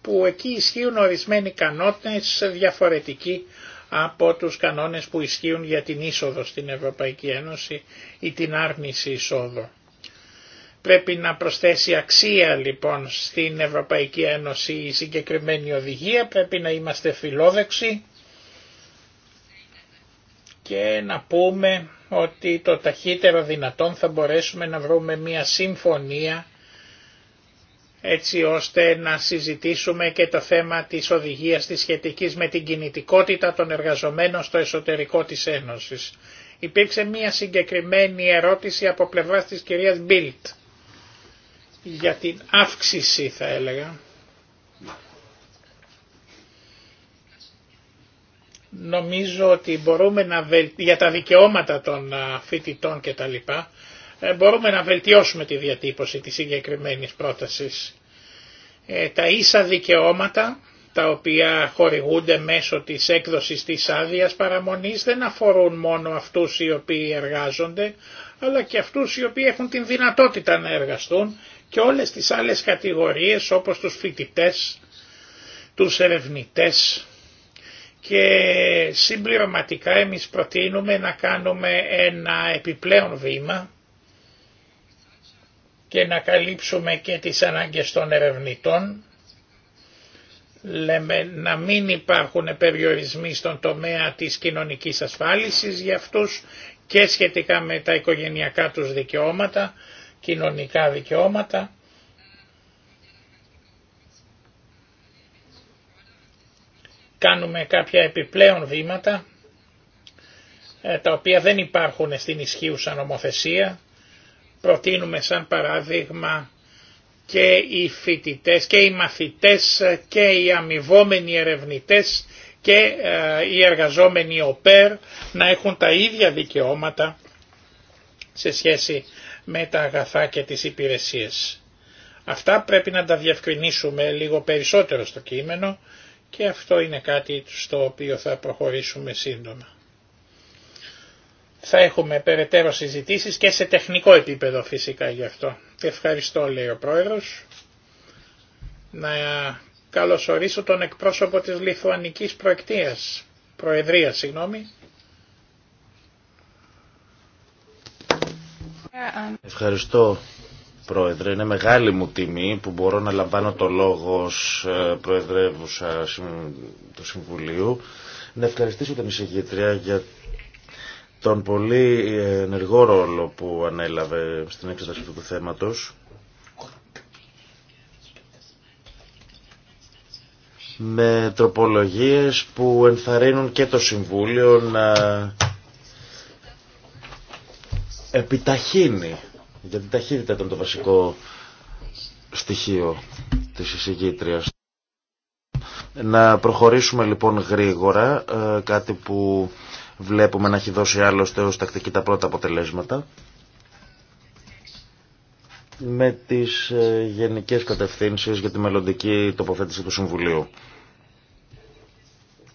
που εκεί ισχύουν ορισμένοι κανόνες διαφορετικοί από τους κανόνες που ισχύουν για την είσοδο στην Ευρωπαϊκή Ένωση ή την άρνηση εισόδου. Πρέπει να προσθέσει αξία λοιπόν στην Ευρωπαϊκή Ένωση η συγκεκριμένη οδηγία, πρέπει να είμαστε φιλόδεξοι και να πούμε ότι το ταχύτερο δυνατόν θα μπορέσουμε να βρούμε μια συμφωνία έτσι ώστε να συζητήσουμε και το θέμα της οδηγίας της σχετικής με την κινητικότητα των εργαζομένων στο εσωτερικό της Ένωσης. Υπήρξε μία συγκεκριμένη ερώτηση από πλευράς της κυρίας Μπίλτ για την αύξηση θα έλεγα. Νομίζω ότι μπορούμε να βελτιώσουμε για τα δικαιώματα των φοιτητών και τα ε, μπορούμε να βελτιώσουμε τη διατύπωση της συγκεκριμένης πρότασης. Ε, τα ίσα δικαιώματα τα οποία χορηγούνται μέσω της έκδοσης της άδειας παραμονής δεν αφορούν μόνο αυτούς οι οποίοι εργάζονται, αλλά και αυτούς οι οποίοι έχουν την δυνατότητα να εργαστούν και όλες τις άλλες κατηγορίες όπως τους φοιτητές, τους ερευνητές και συμπληρωματικά εμείς προτείνουμε να κάνουμε ένα επιπλέον βήμα και να καλύψουμε και τις ανάγκες των ερευνητών. Λέμε να μην υπάρχουν περιορισμοί στον τομέα της κοινωνικής ασφάλισης για αυτούς και σχετικά με τα οικογενειακά τους δικαιώματα, κοινωνικά δικαιώματα. Κάνουμε κάποια επιπλέον βήματα ε, τα οποία δεν υπάρχουν στην ισχύουσα νομοθεσία Προτείνουμε σαν παράδειγμα και οι φοιτητές και οι μαθητές και οι αμοιβόμενοι ερευνητές και ε, οι εργαζόμενοι ΟΠΕΡ να έχουν τα ίδια δικαιώματα σε σχέση με τα αγαθά και τις υπηρεσίες. Αυτά πρέπει να τα διευκρινίσουμε λίγο περισσότερο στο κείμενο και αυτό είναι κάτι στο οποίο θα προχωρήσουμε σύντομα. Θα έχουμε περαιτέρω συζητήσεις και σε τεχνικό επίπεδο φυσικά γι' αυτό. Ευχαριστώ λέει ο Πρόεδρος. Να καλωσορίσω τον εκπρόσωπο της Λιθουανικής Προεκτείας, Προεδρίας, συγγνώμη. Ευχαριστώ Πρόεδρε, είναι μεγάλη μου τιμή που μπορώ να λαμβάνω το λόγο ως ε, Προεδρεύουσα του Συμβουλίου. Να ευχαριστήσω την εισηγήτρια για τον πολύ ε, ενεργό ρόλο που ανέλαβε στην εξετάση αυτού του θέματος. με τροπολογίες που ενθαρρύνουν και το Συμβούλιο να επιταχύνει, γιατί ταχύτητα ήταν το βασικό στοιχείο της εισηγήτριας. Να προχωρήσουμε λοιπόν γρήγορα, ε, κάτι που βλέπουμε να έχει δώσει άλλωστε ως τακτική τα πρώτα αποτελέσματα με τις ε, γενικές κατευθύνσεις για τη μελλοντική τοποθέτηση του Συμβουλίου.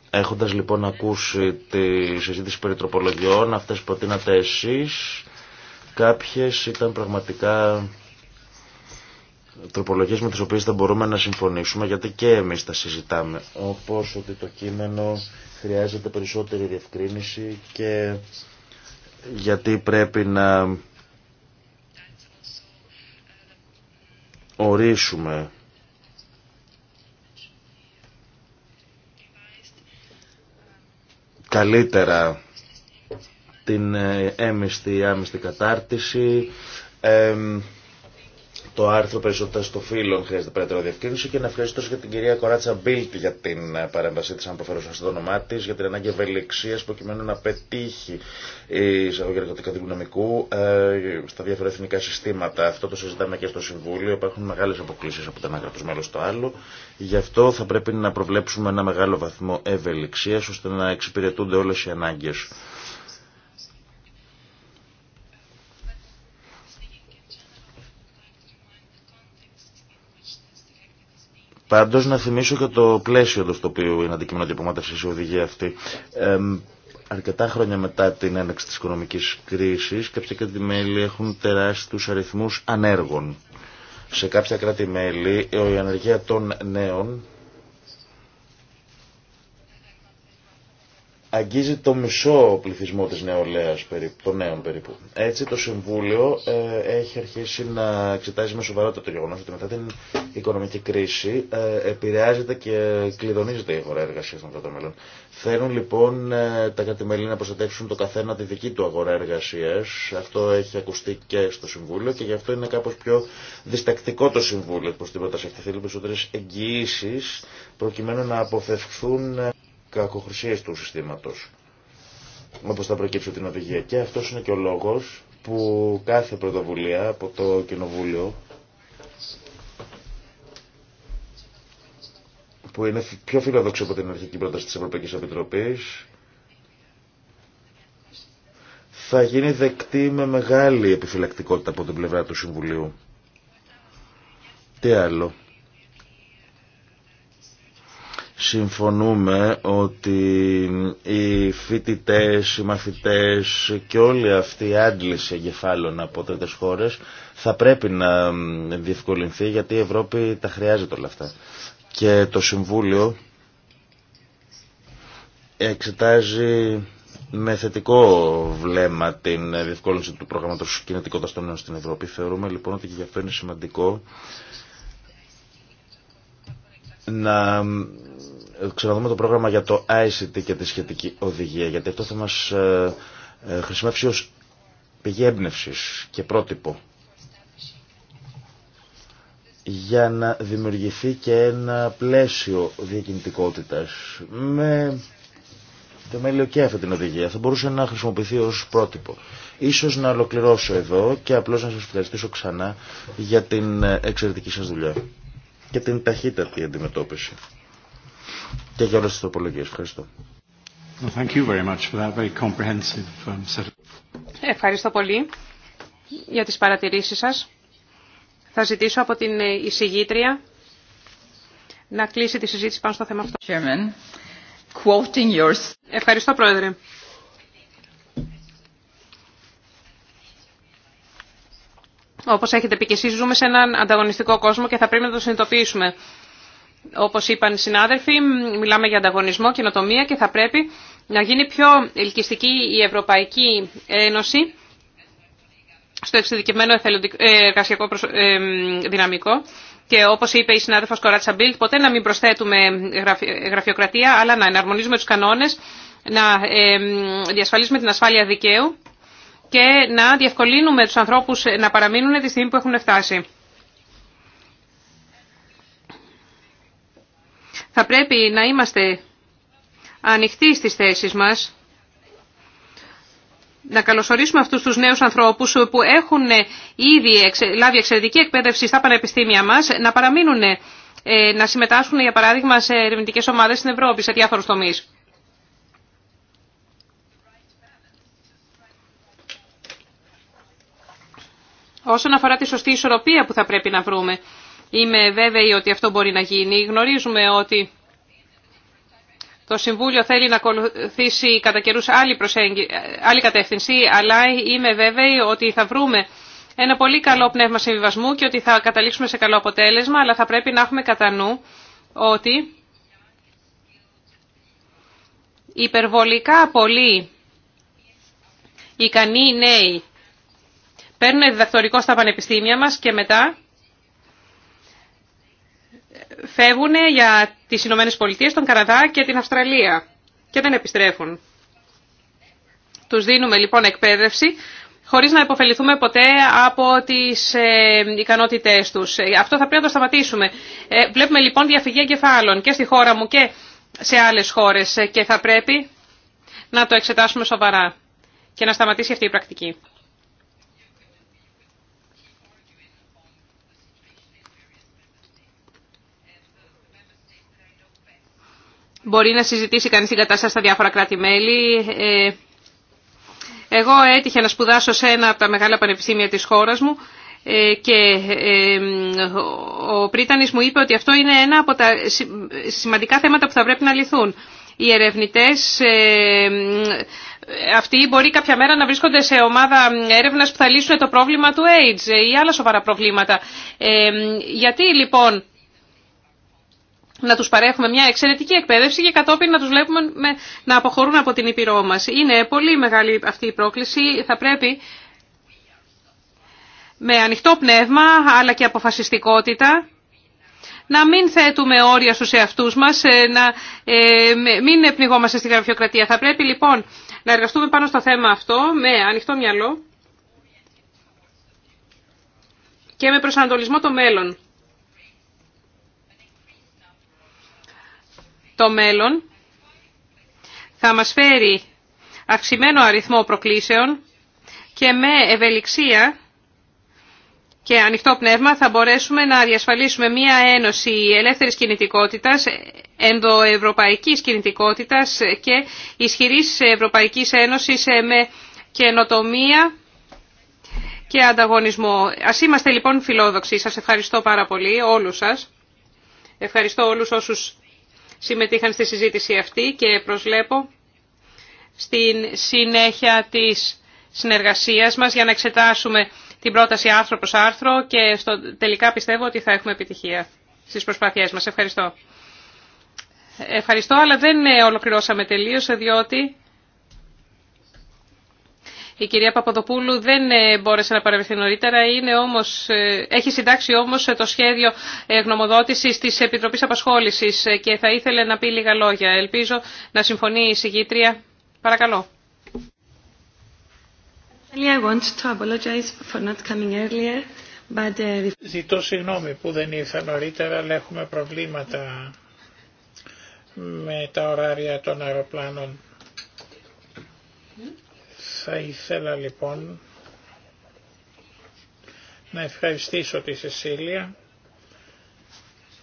Έχοντας λοιπόν ακούσει τη συζήτηση περί τροπολογιών, αυτές που προτείνατε εσείς, κάποιες ήταν πραγματικά τροπολογίες με τις οποίες θα μπορούμε να συμφωνήσουμε, γιατί και εμείς τα συζητάμε, όπως ότι το κείμενο χρειάζεται περισσότερη διευκρίνηση και γιατί πρέπει να ορίσουμε καλύτερα την ε, έμιστη ή άμιστη κατάρτιση, το άρθρο περισσότερα στο φίλων χρειάζεται περαιτέρω διευκρίνηση και να ευχαριστώ και την κυρία Κοράτσα Μπίλτ για την ε, παρέμβασή τη, αν προφέρω σωστά το όνομά τη, για την ανάγκη ευελιξία προκειμένου να πετύχει η εισαγωγή εργατικού ε, στα διάφορα εθνικά συστήματα. Αυτό το συζητάμε και στο Συμβούλιο. Υπάρχουν μεγάλε αποκλήσει από το ένα κράτο μέλο στο άλλο. Γι' αυτό θα πρέπει να προβλέψουμε ένα μεγάλο βαθμό ευελιξία ώστε να εξυπηρετούνται όλε οι ανάγκε Πάντω να θυμίσω και το πλαίσιο του στο οποίο είναι αντικείμενο διαπομάτευση η οδηγία αυτή. αρκετά χρόνια μετά την έναξη της οικονομικής κρίσης, κάποια κράτη-μέλη έχουν τεράστιους αριθμούς ανέργων. Σε κάποια κράτη-μέλη η ανεργία των νέων αγγίζει το μισό πληθυσμό της νεολαίας, των νέων περίπου. Έτσι το Συμβούλιο ε, έχει αρχίσει να εξετάζει με σοβαρότητα το γεγονός ότι μετά την οικονομική κρίση ε, επηρεάζεται και κλειδονίζεται η αγορά εργασίας των κατεμελών. Θέλουν λοιπόν ε, τα κατεμελή να προστατεύσουν το καθένα τη δική του αγορά εργασίας. Αυτό έχει ακουστεί και στο Συμβούλιο και γι' αυτό είναι κάπως πιο διστακτικό το Συμβούλιο προς την πρόταση αυτή. Θέλει περισσότερες εγγυήσεις προκειμένου να αποφευχθούν κακοχρησίες του συστήματος, όπως θα προκύψει την οδηγία. Και αυτός είναι και ο λόγος που κάθε πρωτοβουλία από το Κοινοβούλιο που είναι πιο φιλοδόξη από την αρχική πρόταση της Ευρωπαϊκής Επιτροπής θα γίνει δεκτή με μεγάλη επιφυλακτικότητα από την πλευρά του Συμβουλίου. Τι άλλο συμφωνούμε ότι οι φοιτητέ, οι μαθητές και όλη αυτή η άντληση εγκεφάλων από τρίτες χώρες θα πρέπει να διευκολυνθεί γιατί η Ευρώπη τα χρειάζεται όλα αυτά. Και το Συμβούλιο εξετάζει με θετικό βλέμμα την διευκόλυνση του προγράμματος κινητικότητας των νέων στην Ευρώπη. Θεωρούμε λοιπόν ότι και αυτό είναι σημαντικό να ξαναδούμε το πρόγραμμα για το ICT και τη σχετική οδηγία, γιατί αυτό θα μας ε, ε, χρησιμεύσει ως πηγή έμπνευση και πρότυπο για να δημιουργηθεί και ένα πλαίσιο διακινητικότητας με το μέλιο και αυτή την οδηγία. Θα μπορούσε να χρησιμοποιηθεί ως πρότυπο. Ίσως να ολοκληρώσω εδώ και απλώς να σας ευχαριστήσω ξανά για την εξαιρετική σας δουλειά και την ταχύτατη αντιμετώπιση και για Ευχαριστώ. Ευχαριστώ πολύ για τις παρατηρήσεις σας. Θα ζητήσω από την ε, εισηγήτρια να κλείσει τη συζήτηση πάνω στο θέμα αυτό. Chairman, quoting yours. Ευχαριστώ, Πρόεδρε. Όπως έχετε πει και εσείς, ζούμε σε έναν ανταγωνιστικό κόσμο και θα πρέπει να το συνειδητοποιήσουμε όπως είπαν οι συνάδελφοι, μιλάμε για ανταγωνισμό, καινοτομία και θα πρέπει να γίνει πιο ελκυστική η Ευρωπαϊκή Ένωση στο εξειδικευμένο ε, εργασιακό ε, δυναμικό. Και όπως είπε η συνάδελφος Κοράτσα Μπίλτ, ποτέ να μην προσθέτουμε γραφειοκρατία, αλλά να εναρμονίζουμε τους κανόνες, να ε, διασφαλίσουμε την ασφάλεια δικαίου και να διευκολύνουμε τους ανθρώπους να παραμείνουν τη στιγμή που έχουν φτάσει. Θα πρέπει να είμαστε ανοιχτοί στις θέσεις μας, να καλωσορίσουμε αυτούς τους νέους ανθρώπους που έχουν ήδη λάβει εξαιρετική εκπαίδευση στα πανεπιστήμια μας, να παραμείνουν, ε, να συμμετάσχουν για παράδειγμα σε ερευνητικέ ομάδες στην Ευρώπη, σε διάφορους τομείς. Όσον αφορά τη σωστή ισορροπία που θα πρέπει να βρούμε Είμαι βέβαιη ότι αυτό μπορεί να γίνει. Γνωρίζουμε ότι το Συμβούλιο θέλει να ακολουθήσει κατά καιρούς άλλη, προσέγγι... άλλη κατεύθυνση, αλλά είμαι βέβαιη ότι θα βρούμε ένα πολύ καλό πνεύμα συμβιβασμού και ότι θα καταλήξουμε σε καλό αποτέλεσμα, αλλά θα πρέπει να έχουμε κατά νου ότι υπερβολικά πολλοί ικανοί νέοι παίρνουν διδακτορικό στα πανεπιστήμια μας και μετά φεύγουν για τις Ηνωμένε Πολιτείε, τον Καναδά και την Αυστραλία και δεν επιστρέφουν. Τους δίνουμε λοιπόν εκπαίδευση χωρίς να υποφεληθούμε ποτέ από τις ε, ικανότητές τους. Ε, αυτό θα πρέπει να το σταματήσουμε. Ε, βλέπουμε λοιπόν διαφυγή εγκεφάλων και στη χώρα μου και σε άλλες χώρες ε, και θα πρέπει να το εξετάσουμε σοβαρά και να σταματήσει αυτή η πρακτική. Μπορεί να συζητήσει κανείς την κατάσταση στα διάφορα κράτη-μέλη. Ε, εγώ έτυχε να σπουδάσω σε ένα από τα μεγάλα πανεπιστήμια της χώρας μου ε, και ο Πρίτανης μου είπε ότι αυτό είναι ένα από τα σημαντικά θέματα που θα πρέπει να λυθούν. Οι ερευνητές ε, αυτοί μπορεί κάποια μέρα να βρίσκονται σε ομάδα έρευνας που θα λύσουν το πρόβλημα του AIDS ή άλλα σοβαρά προβλήματα. Γιατί λοιπόν να τους παρέχουμε μια εξαιρετική εκπαίδευση και κατόπιν να τους βλέπουμε να αποχωρούν από την Ήπειρό μας. Είναι πολύ μεγάλη αυτή η πρόκληση. Θα πρέπει με ανοιχτό πνεύμα αλλά και αποφασιστικότητα να μην θέτουμε όρια στους εαυτούς μας, ε, να ε, μην πνιγόμαστε στη γραφειοκρατία. Θα πρέπει λοιπόν να εργαστούμε πάνω στο θέμα αυτό με ανοιχτό μυαλό και με προσανατολισμό το μέλλον. το μέλλον θα μας φέρει αυξημένο αριθμό προκλήσεων και με ευελιξία και ανοιχτό πνεύμα θα μπορέσουμε να διασφαλίσουμε μία ένωση ελεύθερης κινητικότητας, ενδοευρωπαϊκής κινητικότητας και ισχυρής Ευρωπαϊκής Ένωσης με καινοτομία και ανταγωνισμό. Ας είμαστε λοιπόν φιλόδοξοι. Σας ευχαριστώ πάρα πολύ όλους σας. Ευχαριστώ όλους όσους συμμετείχαν στη συζήτηση αυτή και προσλέπω στην συνέχεια της συνεργασίας μας για να εξετάσουμε την πρόταση άρθρο προς άρθρο και στο, τελικά πιστεύω ότι θα έχουμε επιτυχία στις προσπάθειές μας. Ευχαριστώ. Ευχαριστώ, αλλά δεν ε, ολοκληρώσαμε τελείως, διότι η κυρία Παπαδοπούλου δεν ε, μπόρεσε να παρευρεθεί νωρίτερα, είναι όμως, ε, έχει συντάξει όμως ε, το σχέδιο γνωμοδότηση τη επιτροπή απασχόληση και θα ήθελε να πει λίγα λόγια. Ελπίζω να συμφωνεί η συγκήτρια. Παρακαλώ. Uh, Ζητώ συγγνώμη που δεν ήρθα νωρίτερα, αλλά έχουμε προβλήματα με τα ωράρια των αεροπλάνων. Θα ήθελα λοιπόν να ευχαριστήσω τη Σεσίλια.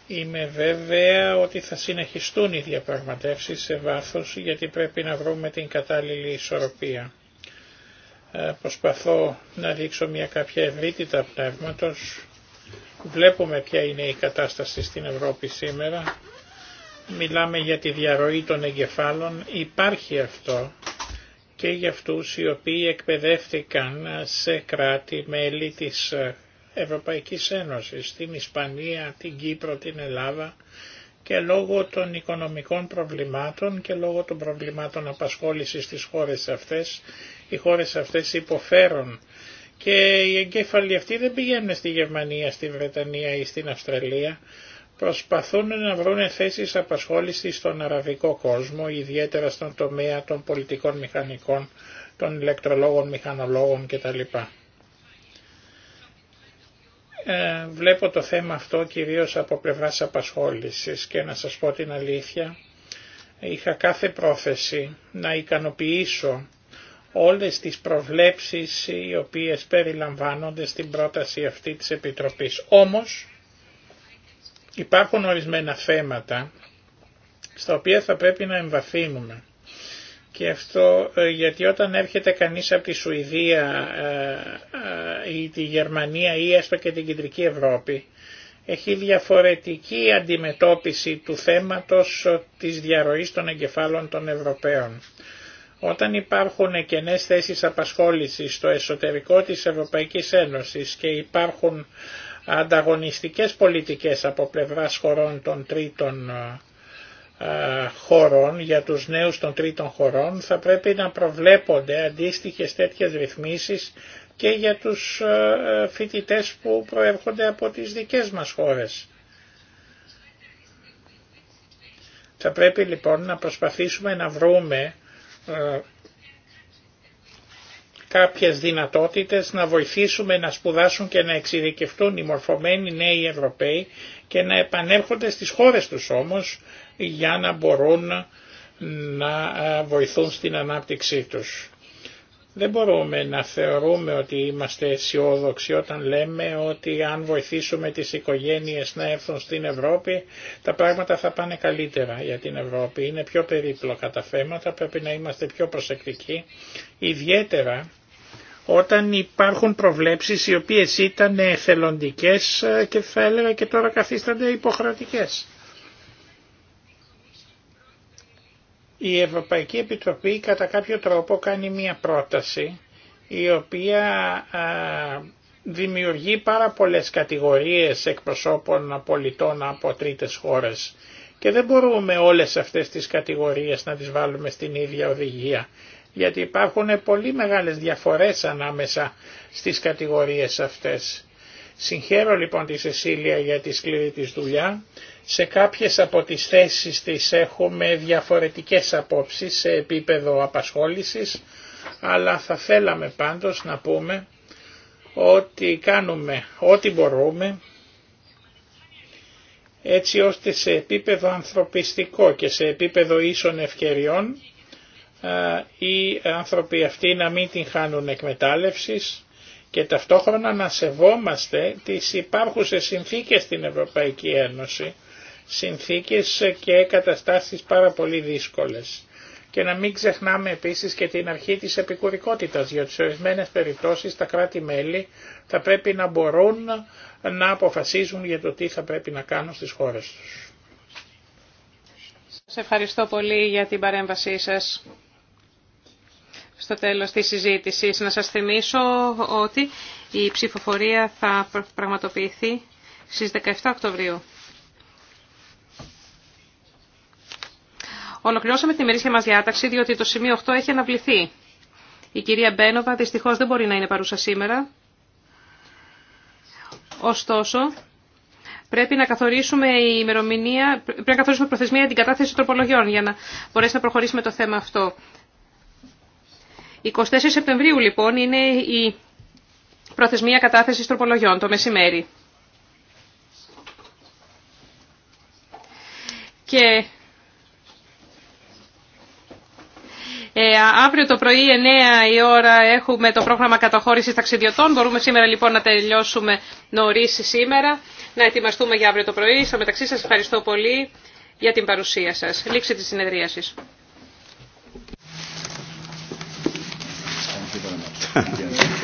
Είμαι βέβαια ότι θα συνεχιστούν οι διαπραγματεύσεις σε βάθος γιατί πρέπει να βρούμε την κατάλληλη ισορροπία. Ε, προσπαθώ να δείξω μια κάποια ευρύτητα πνεύματος. Βλέπουμε ποια είναι η κατάσταση στην Ευρώπη σήμερα. Μιλάμε για τη διαρροή των εγκεφάλων. Υπάρχει αυτό και για αυτούς οι οποίοι εκπαιδεύτηκαν σε κράτη-μέλη της Ευρωπαϊκής Ένωσης, την Ισπανία, την Κύπρο, την Ελλάδα και λόγω των οικονομικών προβλημάτων και λόγω των προβλημάτων απασχόλησης στις χώρες αυτές, οι χώρες αυτές υποφέρουν. Και οι εγκέφαλοι αυτοί δεν πηγαίνουν στη Γερμανία, στη Βρετανία ή στην Αυστραλία, προσπαθούν να βρουν θέσεις απασχόλησης στον αραβικό κόσμο, ιδιαίτερα στον τομέα των πολιτικών μηχανικών, των ηλεκτρολόγων, μηχανολόγων κτλ. Ε, βλέπω το θέμα αυτό κυρίως από πλευράς απασχόλησης και να σας πω την αλήθεια, είχα κάθε πρόθεση να ικανοποιήσω όλες τις προβλέψεις οι οποίες περιλαμβάνονται στην πρόταση αυτή της Επιτροπής. Όμως, Υπάρχουν ορισμένα θέματα στα οποία θα πρέπει να εμβαθύνουμε. Και αυτό ε, γιατί όταν έρχεται κανείς από τη Σουηδία ε, ε, ή τη Γερμανία ή έστω και την Κεντρική Ευρώπη έχει διαφορετική αντιμετώπιση του θέματος της διαρροής των εγκεφάλων των Ευρωπαίων. Όταν υπάρχουν κενές θέσεις απασχόλησης στο εσωτερικό της Ευρωπαϊκής Ένωσης και υπάρχουν ανταγωνιστικές πολιτικές από πλευράς χωρών των τρίτων ε, χωρών, για τους νέους των τρίτων χωρών, θα πρέπει να προβλέπονται αντίστοιχες τέτοιες ρυθμίσεις και για τους ε, φοιτητές που προέρχονται από τις δικές μας χώρες. Θα πρέπει λοιπόν να προσπαθήσουμε να βρούμε ε, κάποιες δυνατότητες να βοηθήσουμε να σπουδάσουν και να εξειδικευτούν οι μορφωμένοι νέοι Ευρωπαίοι και να επανέρχονται στις χώρες τους όμως για να μπορούν να ε, βοηθούν στην ανάπτυξή τους. Δεν μπορούμε να θεωρούμε ότι είμαστε αισιόδοξοι όταν λέμε ότι αν βοηθήσουμε τις οικογένειες να έρθουν στην Ευρώπη τα πράγματα θα πάνε καλύτερα για την Ευρώπη. Είναι πιο περίπλοκα τα θέματα, πρέπει να είμαστε πιο προσεκτικοί, ιδιαίτερα όταν υπάρχουν προβλέψεις οι οποίες ήταν εθελοντικές ε, και θα έλεγα και τώρα καθίστανται υποχρεωτικές. Η Ευρωπαϊκή Επιτροπή κατά κάποιο τρόπο κάνει μία πρόταση η οποία δημιουργεί πάρα πολλές κατηγορίες εκπροσώπων πολιτών από τρίτες χώρες και δεν μπορούμε όλες αυτές τις κατηγορίες να τις βάλουμε στην ίδια οδηγία γιατί υπάρχουν πολύ μεγάλες διαφορές ανάμεσα στις κατηγορίες αυτές. Συγχαίρω λοιπόν τη Σεσίλια για τη σκληρή της δουλειά. Σε κάποιες από τις θέσεις της έχουμε διαφορετικές απόψεις σε επίπεδο απασχόλησης, αλλά θα θέλαμε πάντως να πούμε ότι κάνουμε ό,τι μπορούμε έτσι ώστε σε επίπεδο ανθρωπιστικό και σε επίπεδο ίσων ευκαιριών ε, οι άνθρωποι αυτοί να μην την χάνουν εκμετάλλευσης και ταυτόχρονα να σεβόμαστε τις υπάρχουσες συνθήκες στην Ευρωπαϊκή Ένωση, συνθήκες και καταστάσεις πάρα πολύ δύσκολες. Και να μην ξεχνάμε επίσης και την αρχή της επικουρικότητας, γιατί σε ορισμένε περιπτώσεις τα κράτη-μέλη θα πρέπει να μπορούν να αποφασίζουν για το τι θα πρέπει να κάνουν στις χώρες τους. Σας ευχαριστώ πολύ για την παρέμβασή σας στο τέλος της συζήτησης. Να σας θυμίσω ότι η ψηφοφορία θα πραγματοποιηθεί στις 17 Οκτωβρίου. Ολοκληρώσαμε τη μερίσια μας διάταξη διότι το σημείο 8 έχει αναβληθεί. Η κυρία Μπένοβα δυστυχώς δεν μπορεί να είναι παρούσα σήμερα. Ωστόσο, πρέπει να καθορίσουμε η ημερομηνία, πρέπει να καθορίσουμε προθεσμία την κατάθεση τροπολογιών για να μπορέσει να προχωρήσουμε το θέμα αυτό. 24 Σεπτεμβρίου λοιπόν είναι η προθεσμία κατάθεσης τροπολογιών το μεσημέρι. Και ε, αύριο το πρωί 9 η ώρα έχουμε το πρόγραμμα καταχώρησης ταξιδιωτών. Μπορούμε σήμερα λοιπόν να τελειώσουμε νωρίς σήμερα, να ετοιμαστούμε για αύριο το πρωί. Στο μεταξύ σας ευχαριστώ πολύ για την παρουσία σας. Λήξη της συνεδρίασης. Ευχαριστώ.